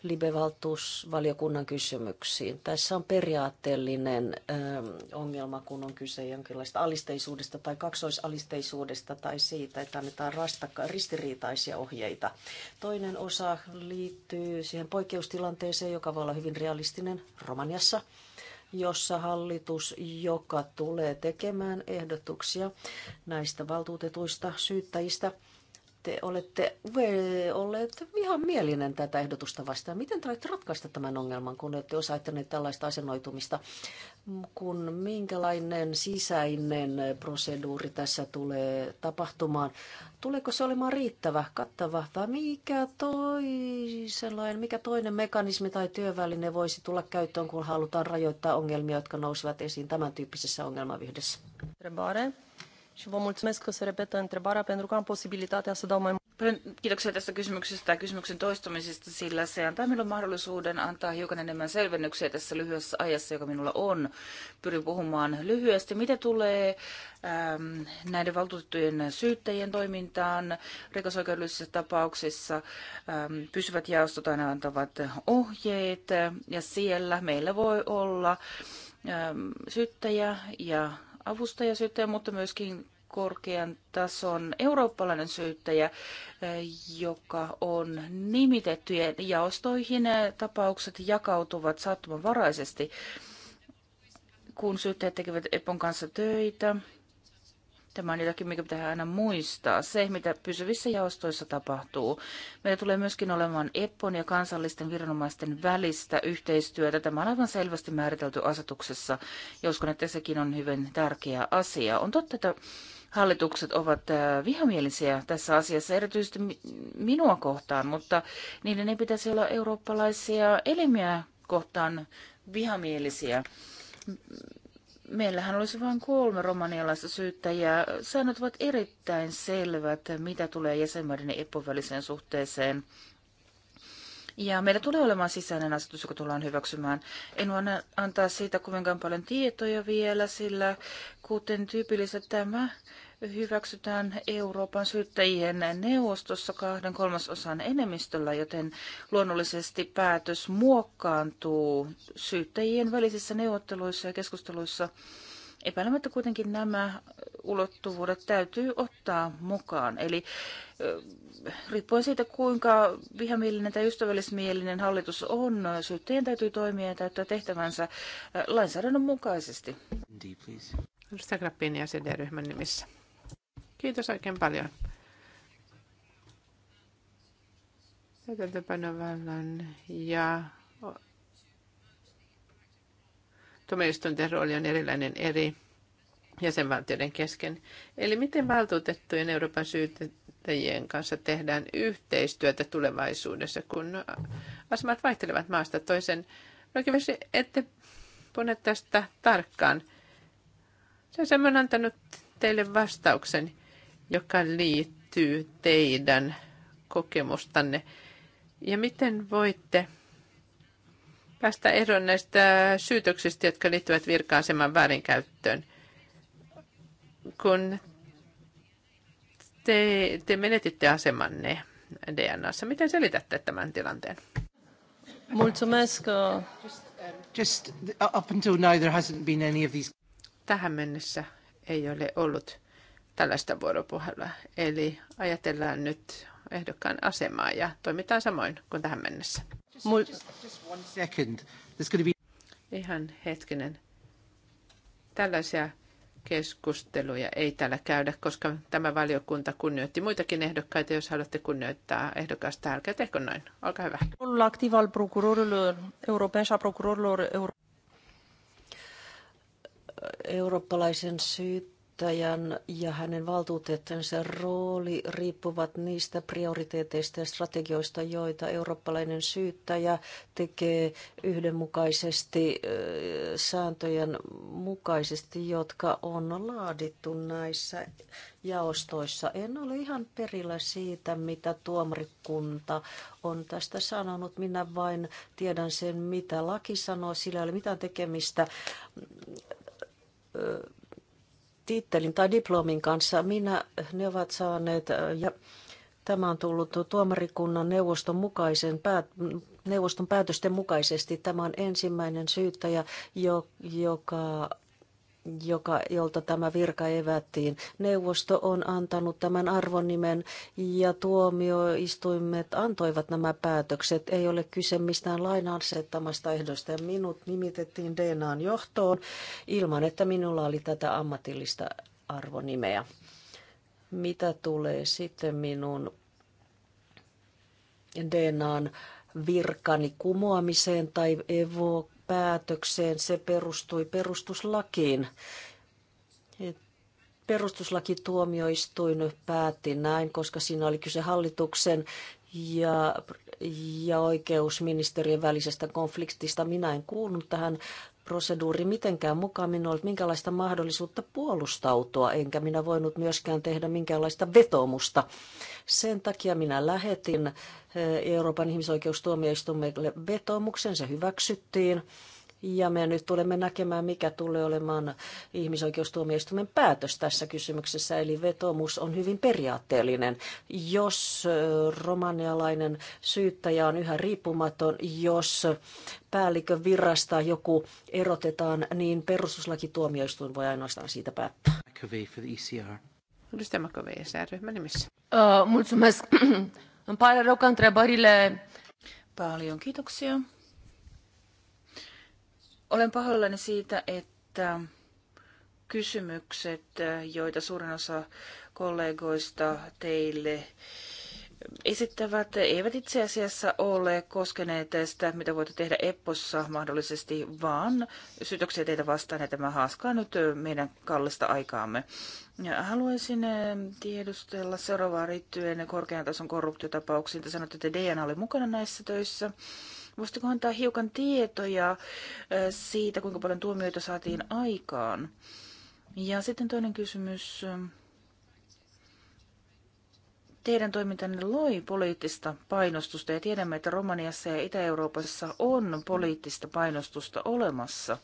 libevaltuusvaliokunnan kysymyksiin. Tässä on periaatteellinen ähm, ongelma, kun on kyse jonkinlaista alisteisuudesta tai kaksoisalisteisuudesta tai siitä, että annetaan rastakka- ristiriitaisia ohjeita. Toinen osa liittyy siihen poikkeustilanteeseen, joka voi olla hyvin realistinen Romaniassa jossa hallitus, joka tulee tekemään ehdotuksia näistä valtuutetuista syyttäjistä – te olette olleet ihan mielinen tätä ehdotusta vastaan. Miten te olette ratkaista tämän ongelman, kun olette osaittaneet tällaista asennoitumista? Kun minkälainen sisäinen proseduuri tässä tulee tapahtumaan? Tuleeko se olemaan riittävä, kattava vai mikä, toisenlainen, mikä toinen mekanismi tai työväline voisi tulla käyttöön, kun halutaan rajoittaa ongelmia, jotka nousevat esiin tämän tyyppisessä ongelmavyhdessä? Rebare. Și vă mulțumesc că se repetă întrebarea pentru că am posibilitatea să dau mai Kiitoksia tästä kysymyksestä ja kysymyksen toistumisesta, sillä se antaa minulle mahdollisuuden antaa hiukan enemmän selvennyksiä tässä lyhyessä ajassa, joka minulla on. Pyrin puhumaan lyhyesti, mitä tulee ähm, näiden valtuutettujen syyttäjien toimintaan rikosoikeudellisissa tapauksissa. Ähm, pysyvät jaostot aina antavat ohjeet ja siellä meillä voi olla ähm, syyttäjä ja avustajasyyttäjä, mutta myöskin korkean tason eurooppalainen syyttäjä, eh, joka on nimitetty ja jaostoihin eh, tapaukset jakautuvat sattumanvaraisesti, kun syyttäjät tekevät EPON kanssa töitä. Tämä on jotakin, mikä pitää aina muistaa. Se, mitä pysyvissä jaostoissa tapahtuu. Meillä tulee myöskin olemaan EPPON ja kansallisten viranomaisten välistä yhteistyötä. Tämä on aivan selvästi määritelty asetuksessa, ja uskon, että sekin on hyvin tärkeä asia. On totta, että hallitukset ovat äh, vihamielisiä tässä asiassa, erityisesti minua kohtaan, mutta niiden ei pitäisi olla eurooppalaisia elimiä kohtaan vihamielisiä Meillähän olisi vain kolme romanialaista syyttäjää. Säännöt ovat erittäin selvät, mitä tulee jäsenmaiden epoväliseen suhteeseen. Ja meillä tulee olemaan sisäinen asetus, joka tullaan hyväksymään. En voi antaa siitä kovinkaan paljon tietoja vielä, sillä kuten tyypillistä tämä hyväksytään Euroopan syyttäjien neuvostossa kahden kolmasosan enemmistöllä, joten luonnollisesti päätös muokkaantuu syyttäjien välisissä neuvotteluissa ja keskusteluissa. Epäilemättä kuitenkin nämä ulottuvuudet täytyy ottaa mukaan. Eli riippuen siitä, kuinka vihamielinen tai ystävällismielinen hallitus on, syyttäjien täytyy toimia ja täyttää tehtävänsä lainsäädännön mukaisesti. Edustaja Grappini ja ryhmän nimissä. Kiitos oikein paljon. Täytäntöpanovallan ja tuomioistuinten rooli on erilainen eri jäsenvaltioiden kesken. Eli miten valtuutettujen Euroopan syyttäjien kanssa tehdään yhteistyötä tulevaisuudessa, kun asemat vaihtelevat maasta toisen? No kyllä ette pune tästä tarkkaan. Se on antanut teille vastauksen joka liittyy teidän kokemustanne. Ja miten voitte päästä eroon näistä syytöksistä, jotka liittyvät virka-aseman väärinkäyttöön? Kun te, te menetitte asemanne DNAssa, miten selitätte tämän tilanteen? Uh, uh, Tähän mennessä ei ole ollut tällaista vuoropuhelua. Eli ajatellaan nyt ehdokkaan asemaa ja toimitaan samoin kuin tähän mennessä. Ihan hetkinen. Tällaisia keskusteluja ei täällä käydä, koska tämä valiokunta kunnioitti muitakin ehdokkaita. Jos haluatte kunnioittaa ehdokasta, älkää tehkö noin. Olkaa hyvä. eurooppalaisen syyt johtajan ja hänen valtuutettensa rooli riippuvat niistä prioriteeteista ja strategioista, joita eurooppalainen syyttäjä tekee yhdenmukaisesti sääntöjen mukaisesti, jotka on laadittu näissä jaostoissa. En ole ihan perillä siitä, mitä tuomarikunta on tästä sanonut. Minä vain tiedän sen, mitä laki sanoo. Sillä ei ole mitään tekemistä tittelin tai diplomin kanssa. Minä, ne ovat saaneet, ja tämä on tullut tuomarikunnan neuvoston, mukaisen päät, neuvoston päätösten mukaisesti. Tämä on ensimmäinen syyttäjä, joka joka, jolta tämä virka evättiin. Neuvosto on antanut tämän arvonimen ja tuomioistuimet antoivat nämä päätökset. Ei ole kyse mistään lain asettamasta ehdosta. Minut nimitettiin DNAn johtoon ilman, että minulla oli tätä ammatillista arvonimeä. Mitä tulee sitten minun DNAn virkani kumoamiseen tai evokkaamiseen? päätökseen. Se perustui perustuslakiin. Perustuslakituomioistuin päätti näin, koska siinä oli kyse hallituksen ja ja oikeusministeriön välisestä konfliktista. Minä en kuulunut tähän proseduuriin mitenkään mukaan. Minulla ollut minkälaista mahdollisuutta puolustautua, enkä minä voinut myöskään tehdä minkäänlaista vetoomusta. Sen takia minä lähetin eh, Euroopan ihmisoikeustuomioistuimelle vetoomuksen, se hyväksyttiin ja me nyt tulemme näkemään, mikä tulee olemaan ihmisoikeustuomioistuimen päätös tässä kysymyksessä. Eli vetomus on hyvin periaatteellinen. Jos romanialainen syyttäjä on yhä riippumaton, jos päällikön virrasta joku erotetaan, niin perustuslakituomioistuin voi ainoastaan siitä päättää. E Edustaja ECR. E ryhmän nimissä. Mulțumesc. [CLEARS THROAT] Paljon kiitoksia. Olen pahoillani siitä, että kysymykset, joita suurin osa kollegoista teille esittävät, eivät itse asiassa ole koskeneet sitä, mitä voitte tehdä EPPOssa mahdollisesti, vaan syytöksiä teitä vastaan, ja tämä haaskaa nyt meidän kallista aikaamme. Ja haluaisin eh, tiedustella seuraavaa liittyen korkean tason korruptiotapauksiin. Te sanoitte, että DNA oli mukana näissä töissä. Voisitko antaa hiukan tietoja siitä, kuinka paljon tuomioita saatiin aikaan? Ja sitten toinen kysymys. Teidän toimintanne loi poliittista painostusta ja tiedämme, että Romaniassa ja Itä-Euroopassa on poliittista painostusta olemassa.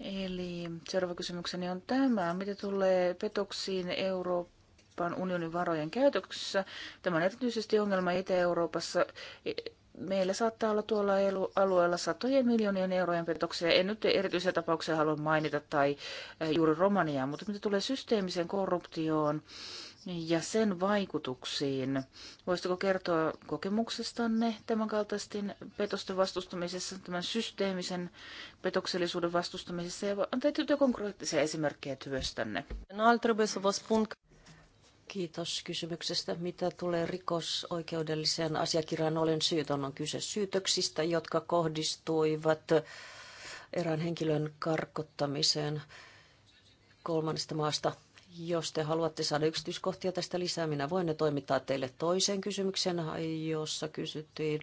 Eli seuraava kysymykseni on tämä. Mitä tulee petoksiin Euroopan unionin varojen käytöksessä? Tämä on erityisesti ongelma Itä-Euroopassa meillä saattaa olla tuolla alueella satojen miljoonien eurojen petoksia. En nyt erityisiä tapauksia halua mainita tai eh, juuri Romaniaa, mutta mitä tulee systeemiseen korruptioon ja sen vaikutuksiin, voisitko kertoa kokemuksestanne tämän kaltaisten petosten vastustamisessa, tämän systeemisen petoksellisuuden vastustamisessa ja antaa konkreettisia esimerkkejä työstänne? No, Kiitos kysymyksestä. Mitä tulee rikosoikeudelliseen asiakirjaan, olen syytön. On kyse syytöksistä, jotka kohdistuivat erään henkilön karkottamiseen kolmannesta maasta. Jos te haluatte saada yksityiskohtia tästä lisää, minä voin ne toimittaa teille toiseen kysymykseen, jossa kysyttiin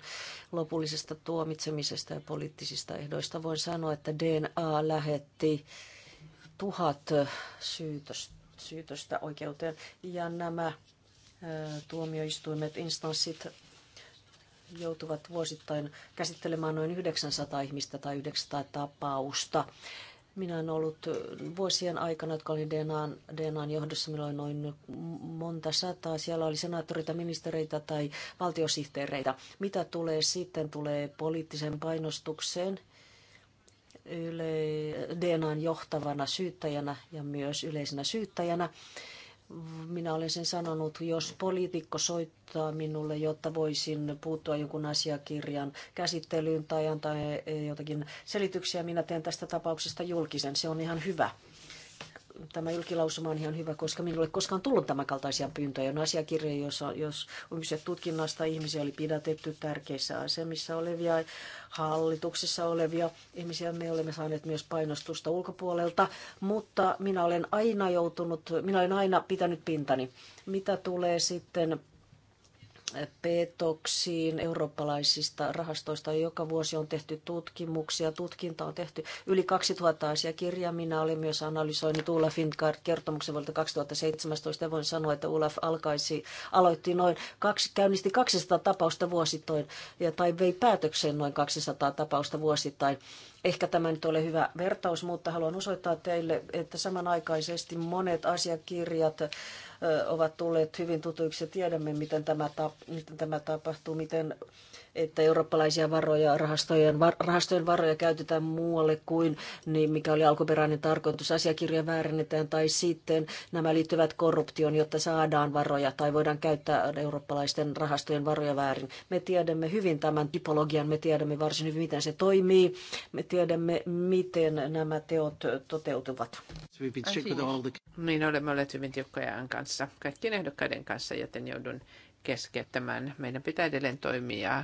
lopullisesta tuomitsemisesta ja poliittisista ehdoista. Voin sanoa, että DNA lähetti tuhat syytöstä syytöstä oikeuteen. Ja nämä tuomioistuimet, instanssit joutuvat vuosittain käsittelemään noin 900 ihmistä tai 900 tapausta. Minä olen ollut vuosien aikana, jotka olin DNAn, DNAn johdossa, minulla oli noin monta sataa. Siellä oli senaattoreita, ministereitä tai valtiosihteereitä. Mitä tulee sitten, tulee poliittiseen painostukseen – yle- DNAn johtavana syyttäjänä ja myös yleisenä syyttäjänä. Minä olen sen sanonut, jos poliitikko soittaa minulle, jotta voisin puuttua jonkun asiakirjan käsittelyyn tai antaa jotakin selityksiä, minä teen tästä tapauksesta julkisen. Se on ihan hyvä tämä julkilausuma on ihan hyvä, koska minulle ei koskaan tullut tämänkaltaisia kaltaisia pyyntöjä. On asiakirja, jos jos on kyse tutkinnasta, ihmisiä oli pidätetty tärkeissä asemissa olevia, hallituksissa olevia ihmisiä. Me olemme saaneet myös painostusta ulkopuolelta, mutta minä olen aina joutunut, minä olen aina pitänyt pintani. Mitä tulee sitten petoksiin eurooppalaisista rahastoista. Joka vuosi on tehty tutkimuksia, tutkinta on tehty yli 2000 asiakirjaa. Minä olen myös analysoinut Olaf Fingard-kertomuksen vuodelta 2017 ja voin sanoa, että Olaf alkaisi, aloitti noin, kaksi, käynnisti 200 tapausta vuosittain ja, tai vei päätökseen noin 200 tapausta vuosittain. Ehkä tämä nyt ole hyvä vertaus, mutta haluan osoittaa teille, että samanaikaisesti monet asiakirjat ovat tulleet hyvin tutuiksi. Tiedämme, miten tämä, tap, miten tämä tapahtuu, miten että eurooppalaisia varoja, rahastojen, rahastojen varoja käytetään muualle kuin niin, mikä oli alkuperäinen tarkoitus. asiakirja väärennetään tai sitten nämä liittyvät korruptioon, jotta saadaan varoja tai voidaan käyttää eurooppalaisten rahastojen varoja väärin. Me tiedämme hyvin tämän typologian, me tiedämme varsin hyvin, miten se toimii. Me tiedämme, miten nämä teot toteutuvat. Niin olemme olleet hyvin tiukkoja kanssa, kaikkien ehdokkaiden kanssa, joten joudun keskeyttämään. Meidän pitää edelleen toimia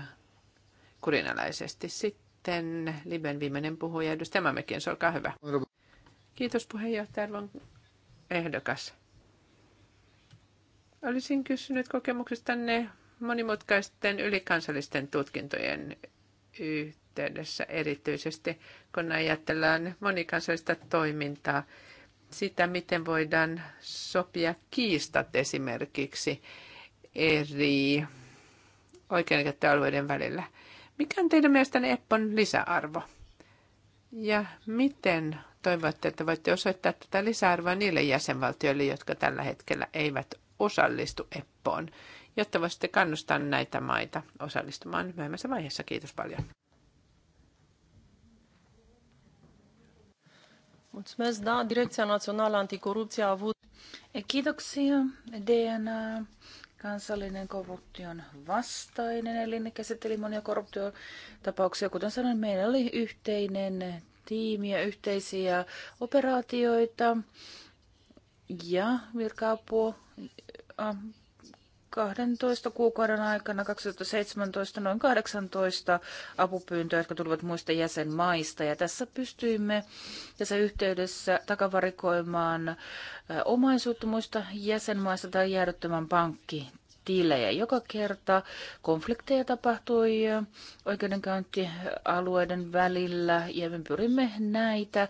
kurinalaisesti. Sitten Liben viimeinen puhuja, edustaja Mämekin, se olkaa hyvä. Kiitos puheenjohtaja, arvon ehdokas. Olisin kysynyt kokemuksestanne monimutkaisten ylikansallisten tutkintojen yhteydessä erityisesti, kun ajatellaan monikansallista toimintaa, sitä, miten voidaan sopia kiistat esimerkiksi eri oikeudenkäyttöalueiden välillä. Mikä on teidän mielestänne Eppon lisäarvo? Ja miten toivotte, että voitte osoittaa tätä lisäarvoa niille jäsenvaltioille, jotka tällä hetkellä eivät osallistu Eppoon, jotta voisitte kannustaa näitä maita osallistumaan myöhemmässä vaiheessa. Kiitos paljon. Mulțumesc, da, Direcția Națională Anticorupție a avut... Kiitoksia, DNA kansallinen korruption vastainen, eli ne käsitteli monia korruptiotapauksia. Kuten sanoin, meillä oli yhteinen tiimi ja yhteisiä operaatioita ja virka 12 kuukauden aikana 2017 noin 18 apupyyntöä, jotka tulivat muista jäsenmaista. Ja tässä pystyimme tässä yhteydessä takavarikoimaan omaisuutta muista jäsenmaista tai jäädyttämään pankki tilejä. Joka kerta konflikteja tapahtui oikeudenkäyntialueiden välillä ja me pyrimme näitä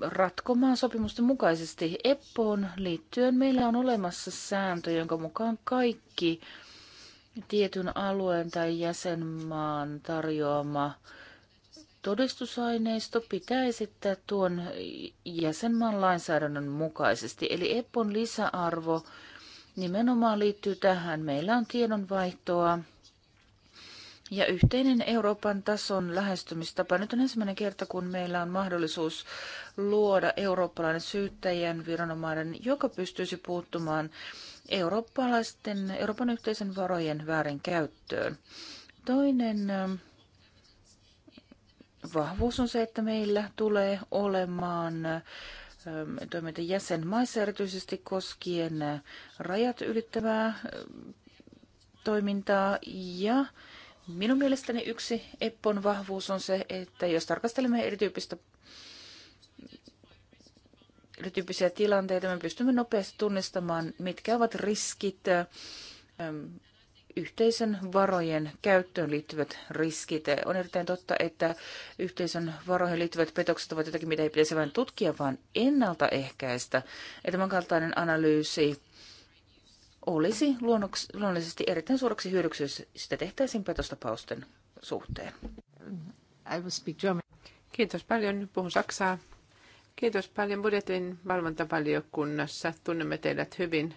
ratkomaan sopimusten mukaisesti. EPPOon liittyen meillä on olemassa sääntö, jonka mukaan kaikki tietyn alueen tai jäsenmaan tarjoama todistusaineisto pitää esittää tuon jäsenmaan lainsäädännön mukaisesti. Eli EPPOn lisäarvo nimenomaan liittyy tähän. Meillä on tiedonvaihtoa ja yhteinen Euroopan tason lähestymistapa. Nyt on ensimmäinen kerta, kun meillä on mahdollisuus luoda eurooppalainen syyttäjän viranomainen, joka pystyisi puuttumaan eurooppalaisten, Euroopan yhteisen varojen väärinkäyttöön. Toinen ähm, vahvuus on se, että meillä tulee olemaan Ähm, toiminta jäsenmaissa erityisesti koskien äh, rajat ylittävää äh, toimintaa ja Minun mielestäni yksi Eppon vahvuus on se, että jos tarkastelemme erityyppistä erityyppisiä tilanteita, me pystymme nopeasti tunnistamaan, mitkä ovat riskit ähm, yhteisön varojen käyttöön liittyvät riskit. On erittäin totta, että yhteisön varoihin liittyvät petokset ovat jotakin, mitä ei pitäisi vain tutkia, vaan ennaltaehkäistä. Ja tämän kaltainen analyysi olisi luonnollisesti erittäin suureksi hyödyksi, jos sitä tehtäisiin petostapausten suhteen. I will speak German. Kiitos paljon. Nyt puhun Saksaa. Kiitos paljon budjetin valvontavaliokunnassa. Tunnemme teidät hyvin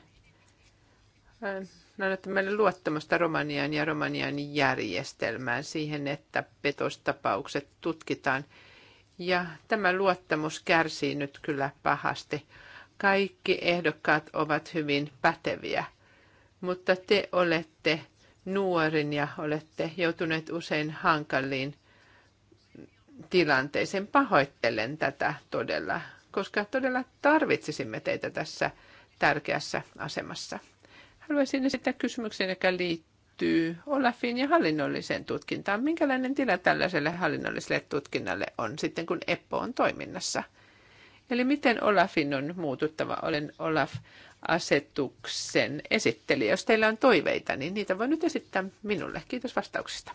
että meille luottamusta Romanian ja Romanian järjestelmään siihen, että petostapaukset tutkitaan. Ja tämä luottamus kärsii nyt kyllä pahasti. Kaikki ehdokkaat ovat hyvin päteviä, mutta te olette nuorin ja olette joutuneet usein hankaliin tilanteeseen. Pahoittelen tätä todella, koska todella tarvitsisimme teitä tässä tärkeässä asemassa. Haluaisin esittää kysymyksen, joka liittyy Olafin ja hallinnolliseen tutkintaan. Minkälainen tila tällaiselle hallinnolliselle tutkinnalle on sitten, kun EPPO on toiminnassa? Eli miten Olafin on muututtava? Olen Olaf-asetuksen esittelijä. Jos teillä on toiveita, niin niitä voi nyt esittää minulle. Kiitos vastauksista.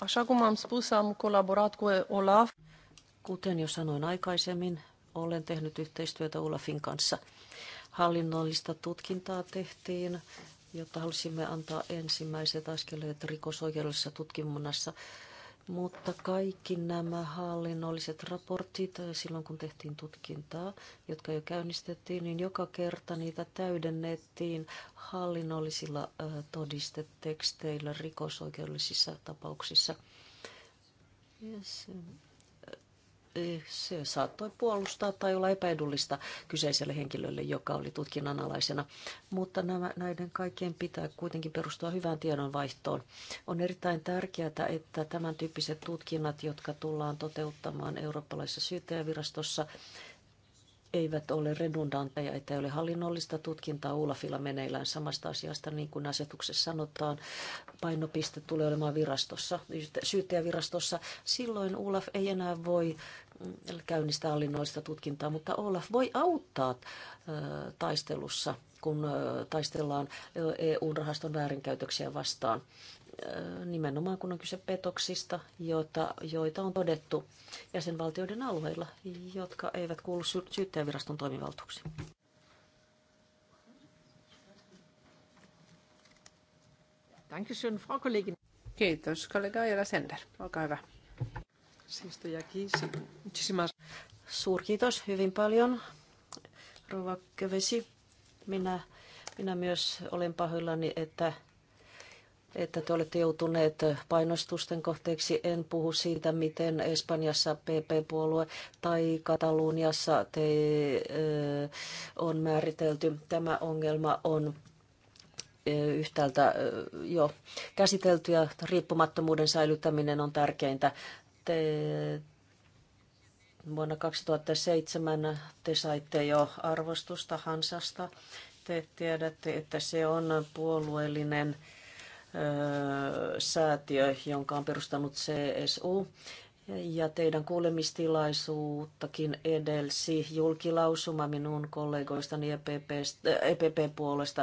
Așa cum am spus, am colaborat cu Olaf. Kuten jo sanoin aikaisemmin, olen tehnyt yhteistyötä Olafin kanssa – hallinnollista tutkintaa tehtiin, jotta halusimme antaa ensimmäiset askeleet rikosoikeudellisessa tutkimunnassa. Mutta kaikki nämä hallinnolliset raportit silloin, kun tehtiin tutkintaa, jotka jo käynnistettiin, niin joka kerta niitä täydennettiin hallinnollisilla todisteteksteillä rikosoikeudellisissa tapauksissa. Yes. Eh, se saattoi puolustaa tai olla epäedullista kyseiselle henkilölle, joka oli tutkinnan alaisena. Mutta nämä, näiden kaikkien pitää kuitenkin perustua hyvään tiedonvaihtoon. On erittäin tärkeää, että tämän tyyppiset tutkinnat, jotka tullaan toteuttamaan eurooppalaisessa syyttäjävirastossa, virastossa, eivät ole redundanteja, että ei ole hallinnollista tutkintaa Ulafilla meneillään samasta asiasta, niin kuin asetuksessa sanotaan. Painopiste tulee olemaan virastossa, syyttäjävirastossa. Silloin Ulaf ei enää voi mm, käynnistää hallinnollista tutkintaa, mutta Olaf voi auttaa taistelussa kun taistellaan EU-rahaston väärinkäytöksiä vastaan nimenomaan kun on kyse petoksista, joita, joita on todettu jäsenvaltioiden alueilla, jotka eivät kuulu sy- syyttäjäviraston toimivaltuuksiin. Dankeschön, Frau Kollegin. Kiitos, kollega Ajala Sender. Olkaa hyvä. Suurkiitos hyvin paljon, Rova Kövesi. Minä, minä myös olen pahoillani, että että te olette joutuneet painostusten kohteeksi. En puhu siitä, miten Espanjassa PP-puolue tai Kataluniassa te, on määritelty. Tämä ongelma on yhtäältä jo käsitelty ja riippumattomuuden säilyttäminen on tärkeintä. Te, vuonna 2007 te saitte jo arvostusta Hansasta. Te tiedätte, että se on puolueellinen äh, säätiö, jonka on perustanut CSU. Ja teidän kuulemistilaisuuttakin edelsi julkilausuma minun kollegoistani EPP-puolesta,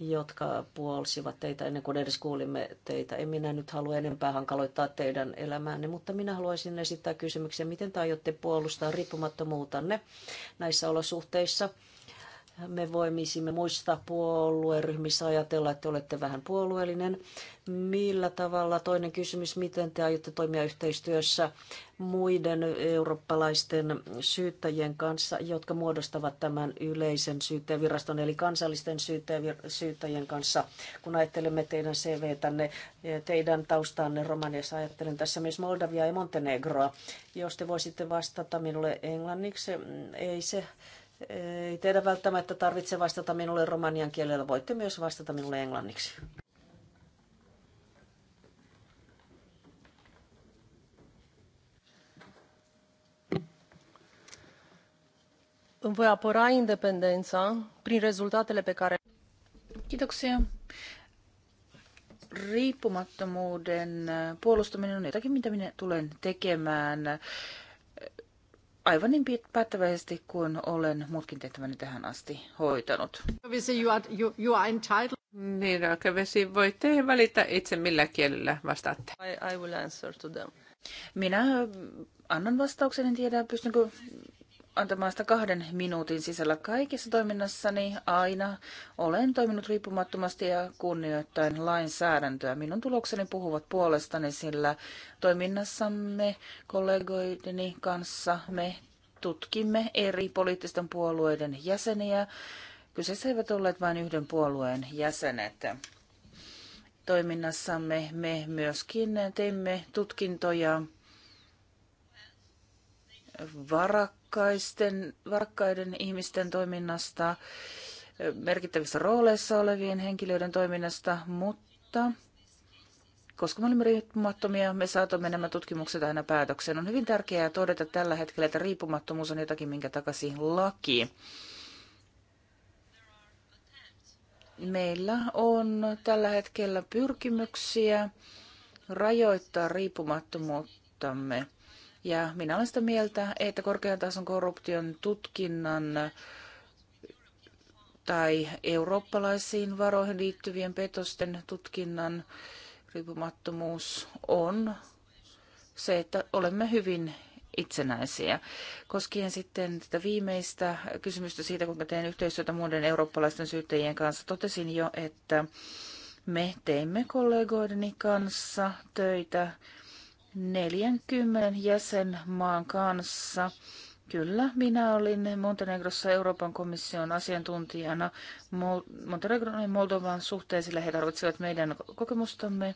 e jotka puolsivat teitä ennen kuin edes kuulimme teitä. En minä nyt halua enempää hankaloittaa teidän elämäänne, mutta minä haluaisin esittää kysymyksen, miten te aiotte puolustaa riippumattomuutanne näissä olosuhteissa – me voimisimme muista puolueryhmissä ajatella, että olette vähän puolueellinen. Millä tavalla, toinen kysymys, miten te aiotte toimia yhteistyössä muiden eurooppalaisten syyttäjien kanssa, jotka muodostavat tämän yleisen syyttäjäviraston, eli kansallisten syyttäjien kanssa, kun ajattelemme teidän CV-tänne, teidän taustanne Romaniassa, ajattelen tässä myös Moldavia ja Montenegroa. Jos te voisitte vastata minulle englanniksi, ei se ei teidän välttämättä tarvitse vastata minulle romanian kielellä, voitte myös vastata minulle englanniksi. Îmi voi apăra independența prin rezultatele pe care... Kiitoksia. Riippumattomuuden puolustaminen on jotakin, mitä minä tulen tekemään aivan niin päättäväisesti kuin olen muutkin tehtäväni tähän asti hoitanut. Niin, Raakavesi, voitte valita itse millä kielellä vastaatte. I, I will answer to them. Minä annan vastauksen, en tiedä pystynkö antamaan sitä kahden minuutin sisällä kaikessa toiminnassani aina. Olen toiminut riippumattomasti ja kunnioittain lainsäädäntöä. Minun tulokseni puhuvat puolestani, sillä toiminnassamme kollegoideni kanssa me tutkimme eri poliittisten puolueiden jäseniä. Kyseessä eivät olleet vain yhden puolueen jäsenet. Toiminnassamme me myöskin teimme tutkintoja varakkaan varakkaisten, varakkaiden ihmisten toiminnasta, merkittävissä rooleissa olevien henkilöiden toiminnasta, mutta koska me olemme riippumattomia, me saatamme nämä tutkimukset aina päätökseen. On hyvin tärkeää todeta tällä hetkellä, että riippumattomuus on jotakin, minkä takaisin laki. Meillä on tällä hetkellä pyrkimyksiä rajoittaa riippumattomuuttamme. Ja minä olen sitä mieltä, että korkean tason korruption tutkinnan tai eurooppalaisiin varoihin liittyvien petosten tutkinnan riippumattomuus on se, että olemme hyvin itsenäisiä. Koskien sitten tätä viimeistä kysymystä siitä, kuinka teen yhteistyötä muiden eurooppalaisten syyttäjien kanssa, totesin jo, että me teemme kollegoideni kanssa töitä 40 jäsenmaan kanssa. Kyllä, minä olin Montenegrossa Euroopan komission asiantuntijana Montenegron ja Moldovan suhteen, sillä he tarvitsevat meidän kokemustamme.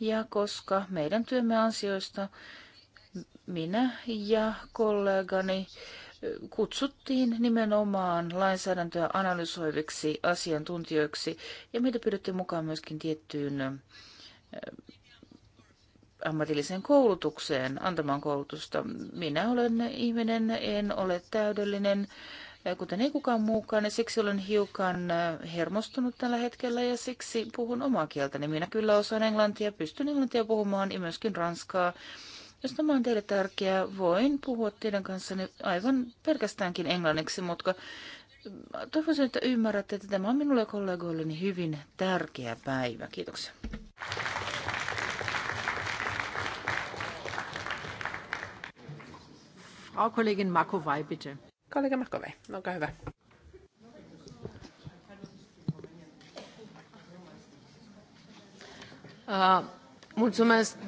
Ja koska meidän työmme ansioista minä ja kollegani eh, kutsuttiin nimenomaan lainsäädäntöä analysoiviksi asiantuntijoiksi ja meitä pyydettiin mukaan myöskin tiettyyn eh, ammatilliseen koulutukseen, antamaan koulutusta. Minä olen ihminen, en ole täydellinen, eh, kuten ei kukaan muukaan, ja siksi olen hiukan eh, hermostunut tällä hetkellä, ja siksi puhun omaa kieltäni. Minä kyllä osaan englantia, pystyn englantia puhumaan, ja myöskin ranskaa. Jos tämä on teille tärkeää, voin puhua teidän kanssanne aivan pelkästäänkin englanniksi, mutta eh, toivoisin, että ymmärrätte, että tämä on minulle ja kollegoilleni hyvin tärkeä päivä. Kiitoksia. Frau Kollegin Makovai, bitte. Kollega Makovai, olkaa hyvä. Uh, mulțumesc.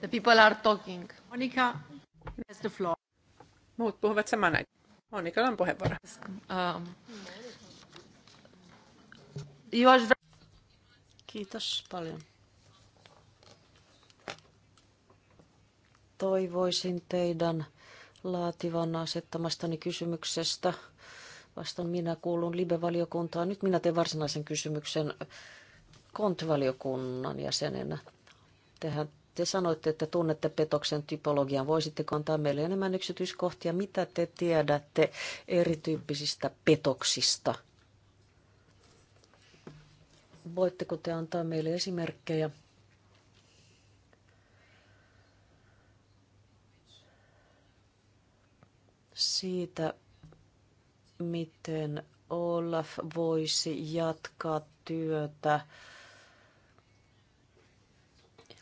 The people are talking. Monica has the floor. Muut puhuvat saman aikaan. Monika on puheenvuoro. Um, Kiitos paljon. toivoisin teidän laativan asettamastani kysymyksestä. Vastaan minä kuulun Libe-valiokuntaan. Nyt minä teen varsinaisen kysymyksen kontvaliokunnan jäsenenä. Tehän te sanoitte, että tunnette petoksen typologian. Voisitteko antaa meille enemmän yksityiskohtia? Mitä te tiedätte erityyppisistä petoksista? Voitteko te antaa meille esimerkkejä? siitä, miten Olaf voisi jatkaa työtä,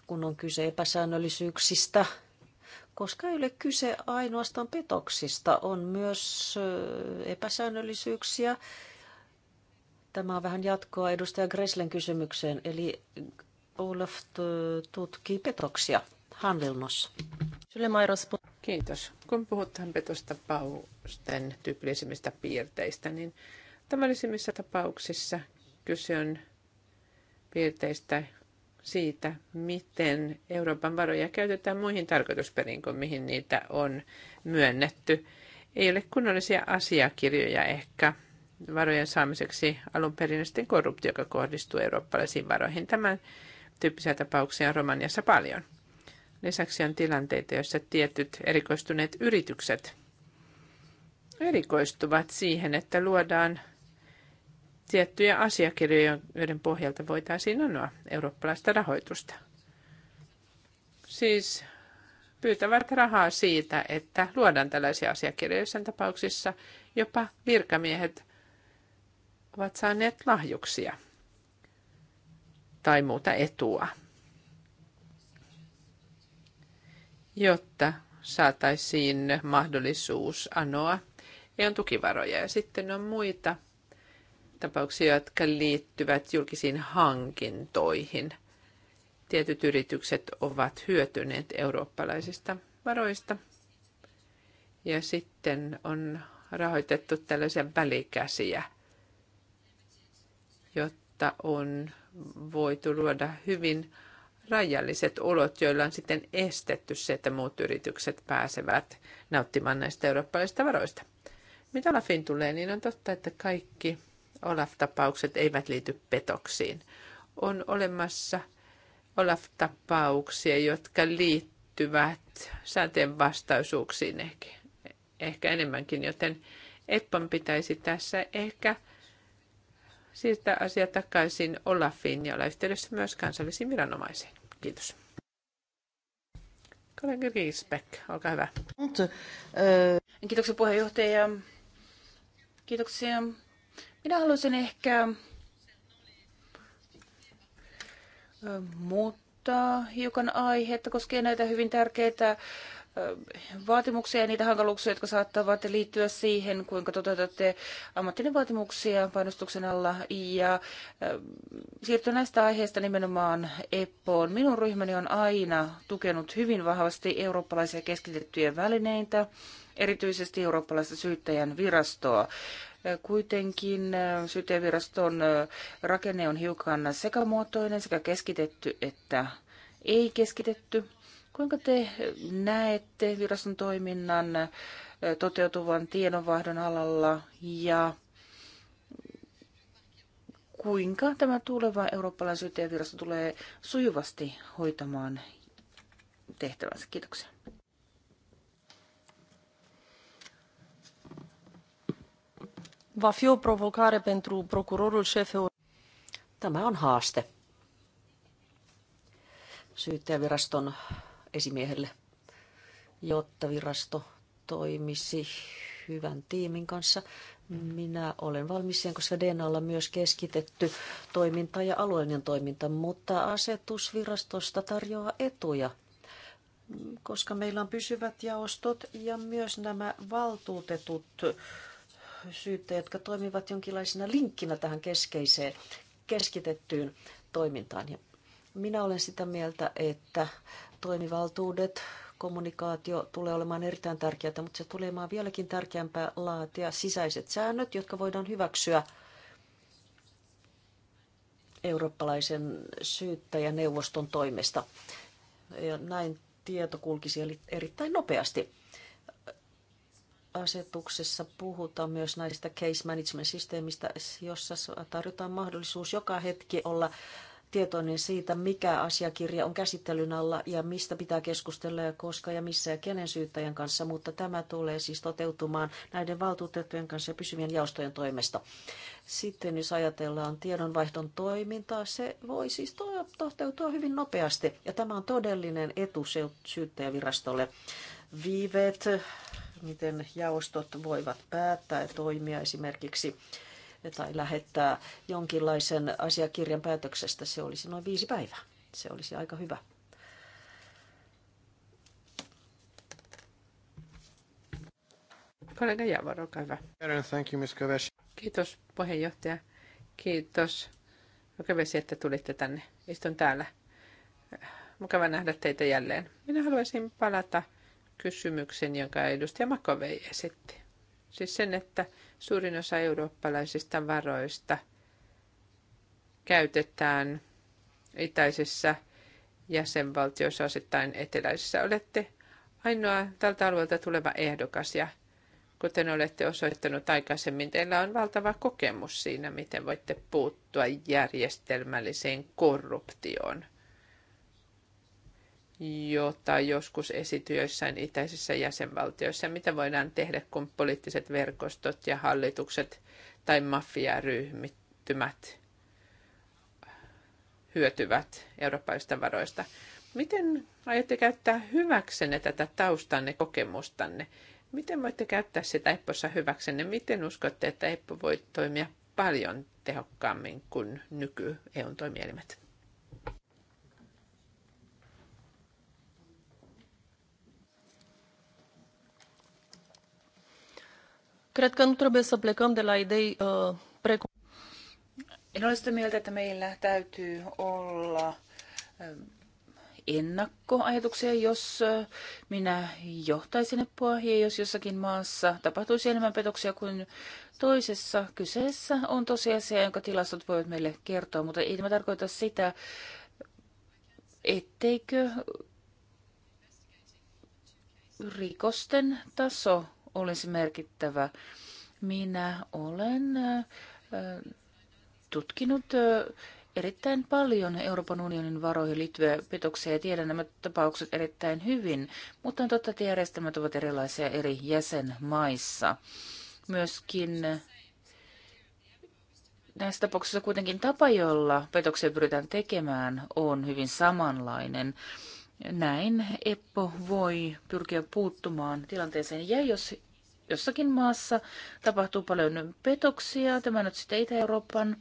kun on kyse epäsäännöllisyyksistä, koska ei ole kyse ainoastaan petoksista, on myös epäsäännöllisyyksiä. Tämä on vähän jatkoa edustaja Greslen kysymykseen, eli Olaf tutkii petoksia Hanvilnossa. Kyllä, Mairos, Kiitos. Kun puhutaan petostapausten tyypillisimmistä piirteistä, niin tavallisimmissa tapauksissa kyse on piirteistä siitä, miten Euroopan varoja käytetään muihin tarkoitusperiin kuin mihin niitä on myönnetty. Ei ole kunnollisia asiakirjoja ehkä varojen saamiseksi alun perin sitten korruptio, joka kohdistuu eurooppalaisiin varoihin. Tämän tyyppisiä tapauksia on Romaniassa paljon. Lisäksi on tilanteita, joissa tietyt erikoistuneet yritykset erikoistuvat siihen, että luodaan tiettyjä asiakirjoja, joiden pohjalta voitaisiin anoa eurooppalaista rahoitusta. Siis pyytävät rahaa siitä, että luodaan tällaisia asiakirjoja. Sen tapauksissa jopa virkamiehet ovat saaneet lahjuksia tai muuta etua jotta saataisiin mahdollisuus anoa EUn tukivaroja. Ja sitten on muita tapauksia, jotka liittyvät julkisiin hankintoihin. Tietyt yritykset ovat hyötyneet eurooppalaisista varoista. Ja sitten on rahoitettu tällaisia välikäsiä, jotta on voitu luoda hyvin rajalliset olot, joilla on sitten estetty se, että muut yritykset pääsevät nauttimaan näistä eurooppalaisista varoista. Mitä Olafin tulee, niin on totta, että kaikki Olaf-tapaukset eivät liity petoksiin. On olemassa Olaf-tapauksia, jotka liittyvät sääntöjen vastaisuuksiin ehkä, ehkä enemmänkin, joten Eppan pitäisi tässä ehkä – siirtää asia takaisin Olafiin ja olla yhteydessä myös kansallisiin viranomaisiin. Kiitos. Kollega Riesbeck, olkaa hyvä. Kiitoksia puheenjohtaja. Kiitoksia. Minä haluaisin ehkä muuttaa hiukan aihetta koskien näitä hyvin tärkeitä vaatimuksia ja niitä hankaluuksia, jotka saattavat liittyä siihen, kuinka toteutatte ammattinen vaatimuksia painostuksen alla ja siirtyä näistä aiheista nimenomaan EPPOon. Minun ryhmäni on aina tukenut hyvin vahvasti eurooppalaisia keskitettyjä välineitä, erityisesti eurooppalaista syyttäjän virastoa. Kuitenkin syyttäjäviraston rakenne on hiukan sekamuotoinen, sekä keskitetty että ei keskitetty. Kuinka te näette viraston toiminnan toteutuvan tiedonvaihdon alalla ja kuinka tämä tuleva eurooppalainen syyttäjävirasto tulee sujuvasti hoitamaan tehtävänsä? Kiitoksia. Va fi o provocare pentru procurorul șef Tämä on haaste. Syyttäjäviraston esimiehelle, jotta virasto toimisi hyvän tiimin kanssa. Minä olen valmis siihen, koska DNAlla on myös keskitetty toiminta ja alueellinen toiminta, mutta asetusvirastosta tarjoaa etuja, koska meillä on pysyvät jaostot ja myös nämä valtuutetut syyttäjät, jotka toimivat jonkinlaisena linkkinä tähän keskeiseen keskitettyyn toimintaan. Ja minä olen sitä mieltä, että toimivaltuudet, kommunikaatio tulee olemaan erittäin tärkeää, mutta se tulee olemaan vieläkin tärkeämpää laatia sisäiset säännöt, jotka voidaan hyväksyä eurooppalaisen syyttäjäneuvoston toimesta. Ja näin tieto kulkisi erittäin nopeasti. Asetuksessa puhutaan myös näistä case management-systeemistä, jossa tarjotaan mahdollisuus joka hetki olla tietoinen siitä, mikä asiakirja on käsittelyn alla ja mistä pitää keskustella ja koska ja missä ja kenen syyttäjän kanssa, mutta tämä tulee siis toteutumaan näiden valtuutettujen kanssa ja pysyvien jaostojen toimesta. Sitten jos ajatellaan tiedonvaihdon toimintaa, se voi siis toteutua hyvin nopeasti ja tämä on todellinen etu syyttäjävirastolle. Viiveet, miten jaostot voivat päättää ja toimia esimerkiksi tai lähettää jonkinlaisen asiakirjan päätöksestä. Se olisi noin viisi päivää. Se olisi aika hyvä. Kollega Javor, olkaa hyvä. Thank you, Ms. Kiitos puheenjohtaja. Kiitos Köves, että tulitte tänne. Istun täällä. Mukava nähdä teitä jälleen. Minä haluaisin palata kysymyksen, jonka edustaja Makovei esitti. Siis sen, että Suurin osa eurooppalaisista varoista käytetään itäisessä jäsenvaltioissa osittain eteläisessä. Olette ainoa tältä alueelta tuleva ehdokas ja kuten olette osoittanut aikaisemmin, teillä on valtava kokemus siinä, miten voitte puuttua järjestelmälliseen korruptioon jota joskus esityy joissain itäisissä jäsenvaltioissa. Mitä voidaan tehdä, kun poliittiset verkostot ja hallitukset tai mafiaryhmittymät hyötyvät eurooppalaisista varoista? Miten aiotte käyttää hyväksenne tätä taustanne, kokemustanne? Miten voitte käyttää sitä Eppossa hyväksenne? Miten uskotte, että Eppo voi toimia paljon tehokkaammin kuin nyky-EUn toimielimet? Cred că nu trebuie să plecăm de la idei uh, precum... En ole sitä mieltä, että meillä täytyy olla ähm, ennakkoajatuksia, jos äh, minä johtaisin neppua ja jos jossakin maassa tapahtuisi enemmän petoksia kuin toisessa. Kyseessä on tosiasia, jonka tilastot voivat meille kertoa, mutta ei tämä tarkoita sitä, etteikö rikosten taso olisi merkittävä. Minä olen äh, tutkinut äh, erittäin paljon Euroopan unionin varoihin liittyviä petoksia ja tiedän nämä tapaukset erittäin hyvin, mutta on totta, että järjestelmät ovat erilaisia eri jäsenmaissa. Myöskin näissä tapauksissa kuitenkin tapa, jolla petoksia pyritään tekemään, on hyvin samanlainen. Näin EPPO voi pyrkiä puuttumaan tilanteeseen. Ja jos jossakin maassa tapahtuu paljon petoksia, tämä nyt sitten Itä-Euroopan,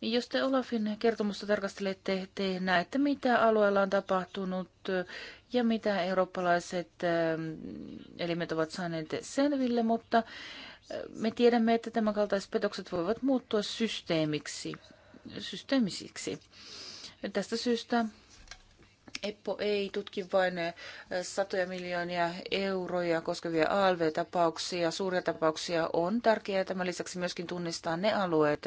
niin jos te Olafin kertomusta tarkastelette, te näette, mitä alueella on tapahtunut ja mitä eurooppalaiset ähm, elimet ovat saaneet selville, mutta äh, me tiedämme, että tämän kaltaiset petokset voivat muuttua systeemiksi, systeemisiksi. Tästä syystä Eppo ei tutki vain eh, satoja miljoonia euroja koskevia ALV-tapauksia. Suuria tapauksia on tärkeää. Tämän lisäksi myöskin tunnistaa ne alueet,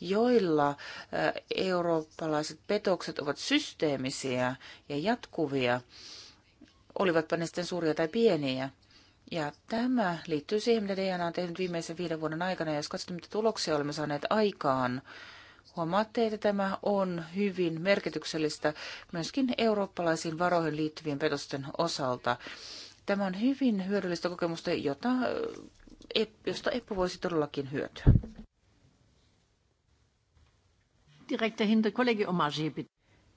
joilla eh, eurooppalaiset petokset ovat systeemisiä ja jatkuvia, olivatpa ne sitten suuria tai pieniä. Ja tämä liittyy siihen, mitä DNA on tehnyt viimeisen viiden vuoden aikana. Ja jos katsotaan, mitä tuloksia olemme saaneet aikaan, Huomaatte, että tämä on hyvin merkityksellistä myöskin eurooppalaisiin varoihin liittyvien petosten osalta. Tämä on hyvin hyödyllistä kokemusta, jota, eh, josta Eppu voisi todellakin hyötyä. Direkt dahinter kollegi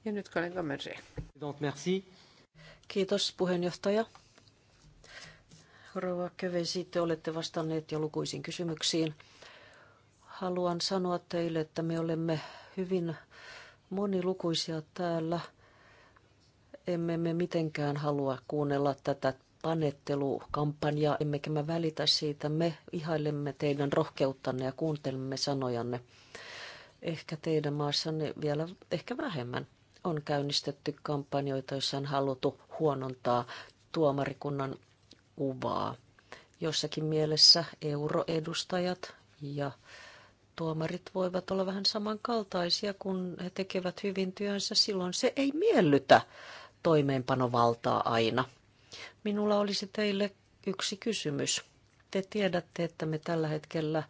Ja nyt kollega Merci. Kiitos puheenjohtaja. Rova Kövesi, te olette vastanneet jo lukuisiin kysymyksiin. Haluan sanoa teille, että me olemme hyvin monilukuisia täällä. Emme me mitenkään halua kuunnella tätä panettelukampanjaa, emmekä me välitä siitä. Me ihailemme teidän rohkeuttanne ja kuuntelemme sanojanne. Ehkä teidän maassanne vielä ehkä vähemmän on käynnistetty kampanjoita, joissa on haluttu huonontaa tuomarikunnan kuvaa. Jossakin mielessä euroedustajat ja tuomarit voivat olla vähän samankaltaisia, kun he tekevät hyvin työnsä, silloin se ei miellytä toimeenpanovaltaa aina. Minulla olisi teille yksi kysymys. Te tiedätte, että me tällä hetkellä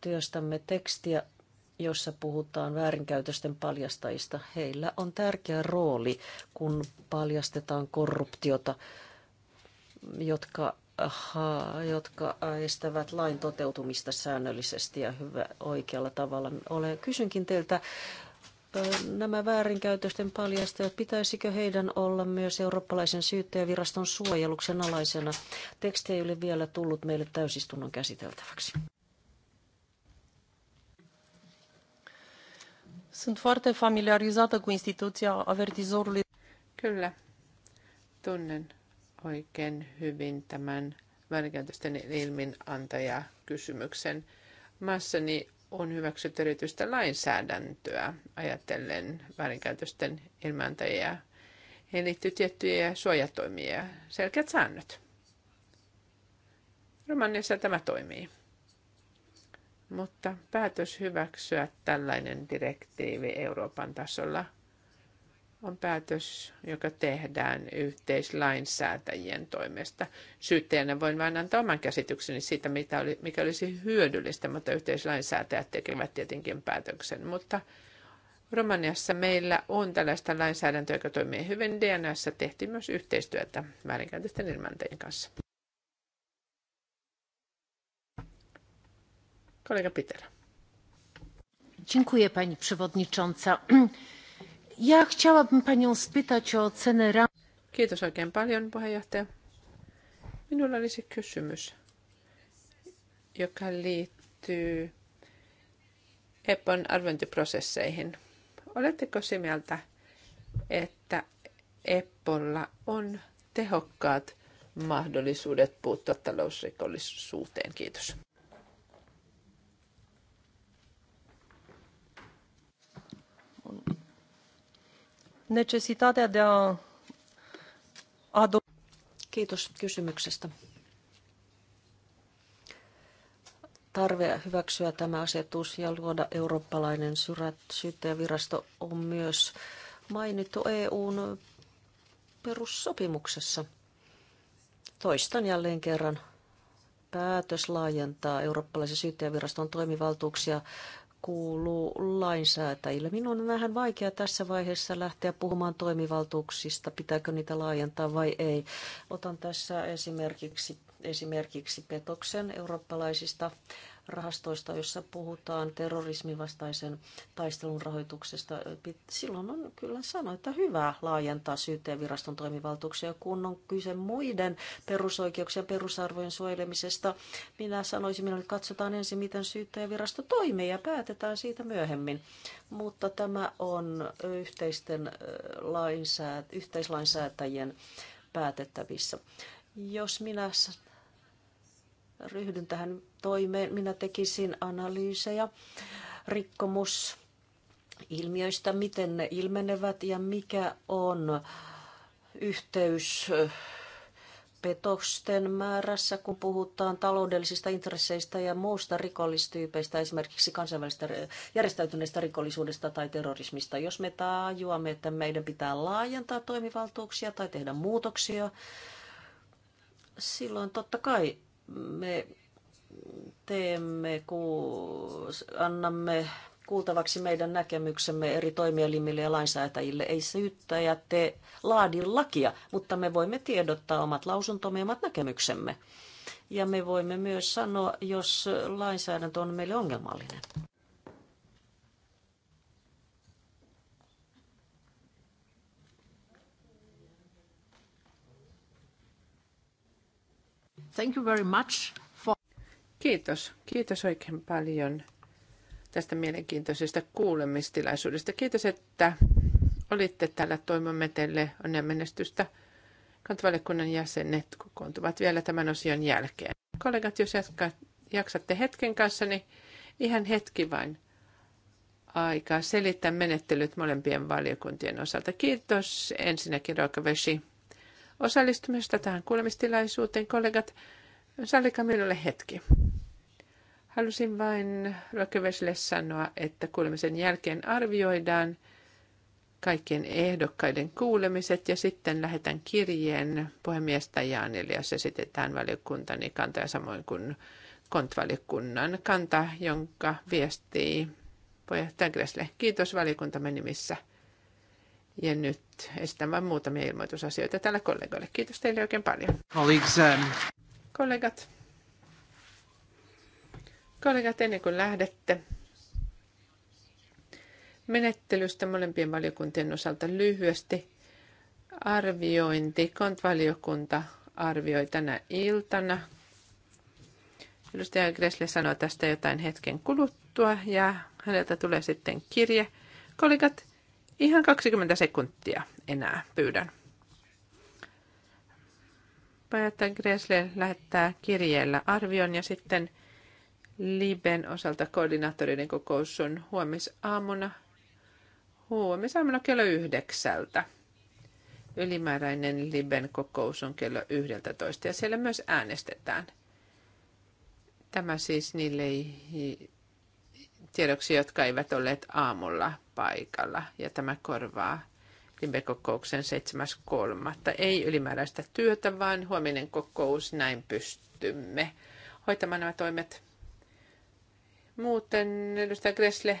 työstämme tekstiä, jossa puhutaan väärinkäytösten paljastajista. Heillä on tärkeä rooli, kun paljastetaan korruptiota, jotka jotka estävät lain toteutumista säännöllisesti ja hyvä, oikealla tavalla. Olen, kysynkin teiltä, nämä väärinkäytösten paljastajat, pitäisikö heidän olla myös eurooppalaisen syyttäjäviraston suojeluksen alaisena? Teksti ei ole vielä tullut meille täysistunnon käsiteltäväksi. Sunt foarte familiarizată cu instituția avertizorului. Kyllä, tunnen oikein hyvin tämän väärinkäytösten ilminantaja kysymyksen. Maassani on hyväksytty erityistä lainsäädäntöä ajatellen väärinkäytösten ilmiantajia. Heihin liittyy tiettyjä suojatoimia ja selkeät säännöt. Romaniassa tämä toimii. Mutta päätös hyväksyä tällainen direktiivi Euroopan tasolla – on päätös, joka tehdään yhteislainsäätäjien toimesta. Syyttäjänä voin vain antaa oman käsitykseni siitä, mitä oli, mikä olisi hyödyllistä, mutta yhteislainsäätäjät tekevät tietenkin päätöksen. Mutta Romaniassa meillä on tällaista lainsäädäntöä, joka toimii hyvin. DNAssa tehtiin myös yhteistyötä väärinkäytösten ilmantajien kanssa. Kollega Pitera. Dziękuję pani przewodnicząca. Ja chciałabym panią spytać o cenę ram... Kiitos oikein paljon, puheenjohtaja. Minulla olisi kysymys, joka liittyy EPPON arviointiprosesseihin. Oletteko se mieltä, että EPPOlla on tehokkaat mahdollisuudet puuttua talousrikollisuuteen? Kiitos. necesitatea de a Kiitos kysymyksestä. Tarve hyväksyä tämä asetus ja luoda eurooppalainen syyttäjävirasto on myös mainittu EUn perussopimuksessa. Toistan jälleen kerran. Päätös laajentaa eurooppalaisen syyttäjäviraston toimivaltuuksia kuuluu lainsäätäjille. Minun on vähän vaikea tässä vaiheessa lähteä puhumaan toimivaltuuksista, pitääkö niitä laajentaa vai ei. Otan tässä esimerkiksi, esimerkiksi petoksen eurooppalaisista rahastoista, jossa puhutaan terrorismivastaisen taistelun rahoituksesta. Silloin on kyllä sanoa, että hyvä laajentaa viraston toimivaltuuksia, kun on kyse muiden perusoikeuksien ja perusarvojen suojelemisesta. Minä sanoisin, että katsotaan ensin, miten virasto toimii ja päätetään siitä myöhemmin. Mutta tämä on yhteisten lainsää, yhteislainsäätäjien päätettävissä. Jos minä ryhdyn tähän toimeen, minä tekisin analyysejä rikkomus ilmiöistä, miten ne ilmenevät ja mikä on yhteys äh, petosten määrässä, kun puhutaan taloudellisista intresseistä ja muusta rikollistyypeistä, esimerkiksi kansainvälistä järjestäytyneestä rikollisuudesta tai terrorismista. Jos me tajuamme, että meidän pitää laajentaa toimivaltuuksia tai tehdä muutoksia, silloin totta kai me teemme, ku annamme kuultavaksi meidän näkemyksemme eri toimielimille ja lainsäätäjille. Ei syyttäjä te laadi lakia, mutta me voimme tiedottaa omat lausuntomme ja omat näkemyksemme. Ja me voimme myös sanoa, jos lainsäädäntö on meille ongelmallinen. Thank you very much for... Kiitos. Kiitos oikein paljon tästä mielenkiintoisesta kuulemistilaisuudesta. Kiitos, että olitte täällä. toimimme teille onnea menestystä. Kantavaliokunnan jäsenet kokoontuvat vielä tämän osion jälkeen. Kollegat, jos jatka, jaksatte hetken kanssa, niin ihan hetki vain aikaa selittää menettelyt molempien valiokuntien osalta. Kiitos ensinnäkin Roika osallistumisesta tähän kuulemistilaisuuteen. Kollegat, sallikaa minulle hetki. Halusin vain Rokevesille sanoa, että kuulemisen jälkeen arvioidaan kaikkien ehdokkaiden kuulemiset ja sitten lähetän kirjeen puhemiestä Jaanille, jos esitetään valiokuntani kanta ja samoin kuin kontvaliokunnan kanta, jonka viestii puheenjohtaja Gressle. Kiitos valiokuntamme nimissä ja nyt esitän vain muutamia ilmoitusasioita tällä kollegoille. Kiitos teille oikein paljon. Um, kollegat, kollegat, ennen kuin lähdette, menettelystä molempien valiokuntien osalta lyhyesti. Arviointi. Kontvaliokunta arvioi tänä iltana. Edustaja Gressle sanoo tästä jotain hetken kuluttua ja häneltä tulee sitten kirje. Kollegat, Ihan 20 sekuntia enää pyydän. Pääjohtaja Gresle lähettää kirjeellä arvion ja sitten Liben osalta koordinaattoreiden kokous on huomisaamuna. Huomisaamuna kello yhdeksältä. Ylimääräinen Liben kokous on kello 11 ja siellä myös äänestetään. Tämä siis niille tiedoksi, jotka eivät olleet aamulla paikalla ja tämä korvaa Limbe-kokouksen 7.3. Ei ylimääräistä työtä, vaan huominen kokous, näin pystymme hoitamaan nämä toimet. Muuten edustaja Gressle,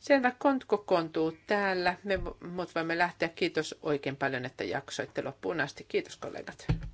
selvä kont kokoontuu täällä, me mutta voimme lähteä. Kiitos oikein paljon, että jaksoitte loppuun asti. Kiitos kollegat.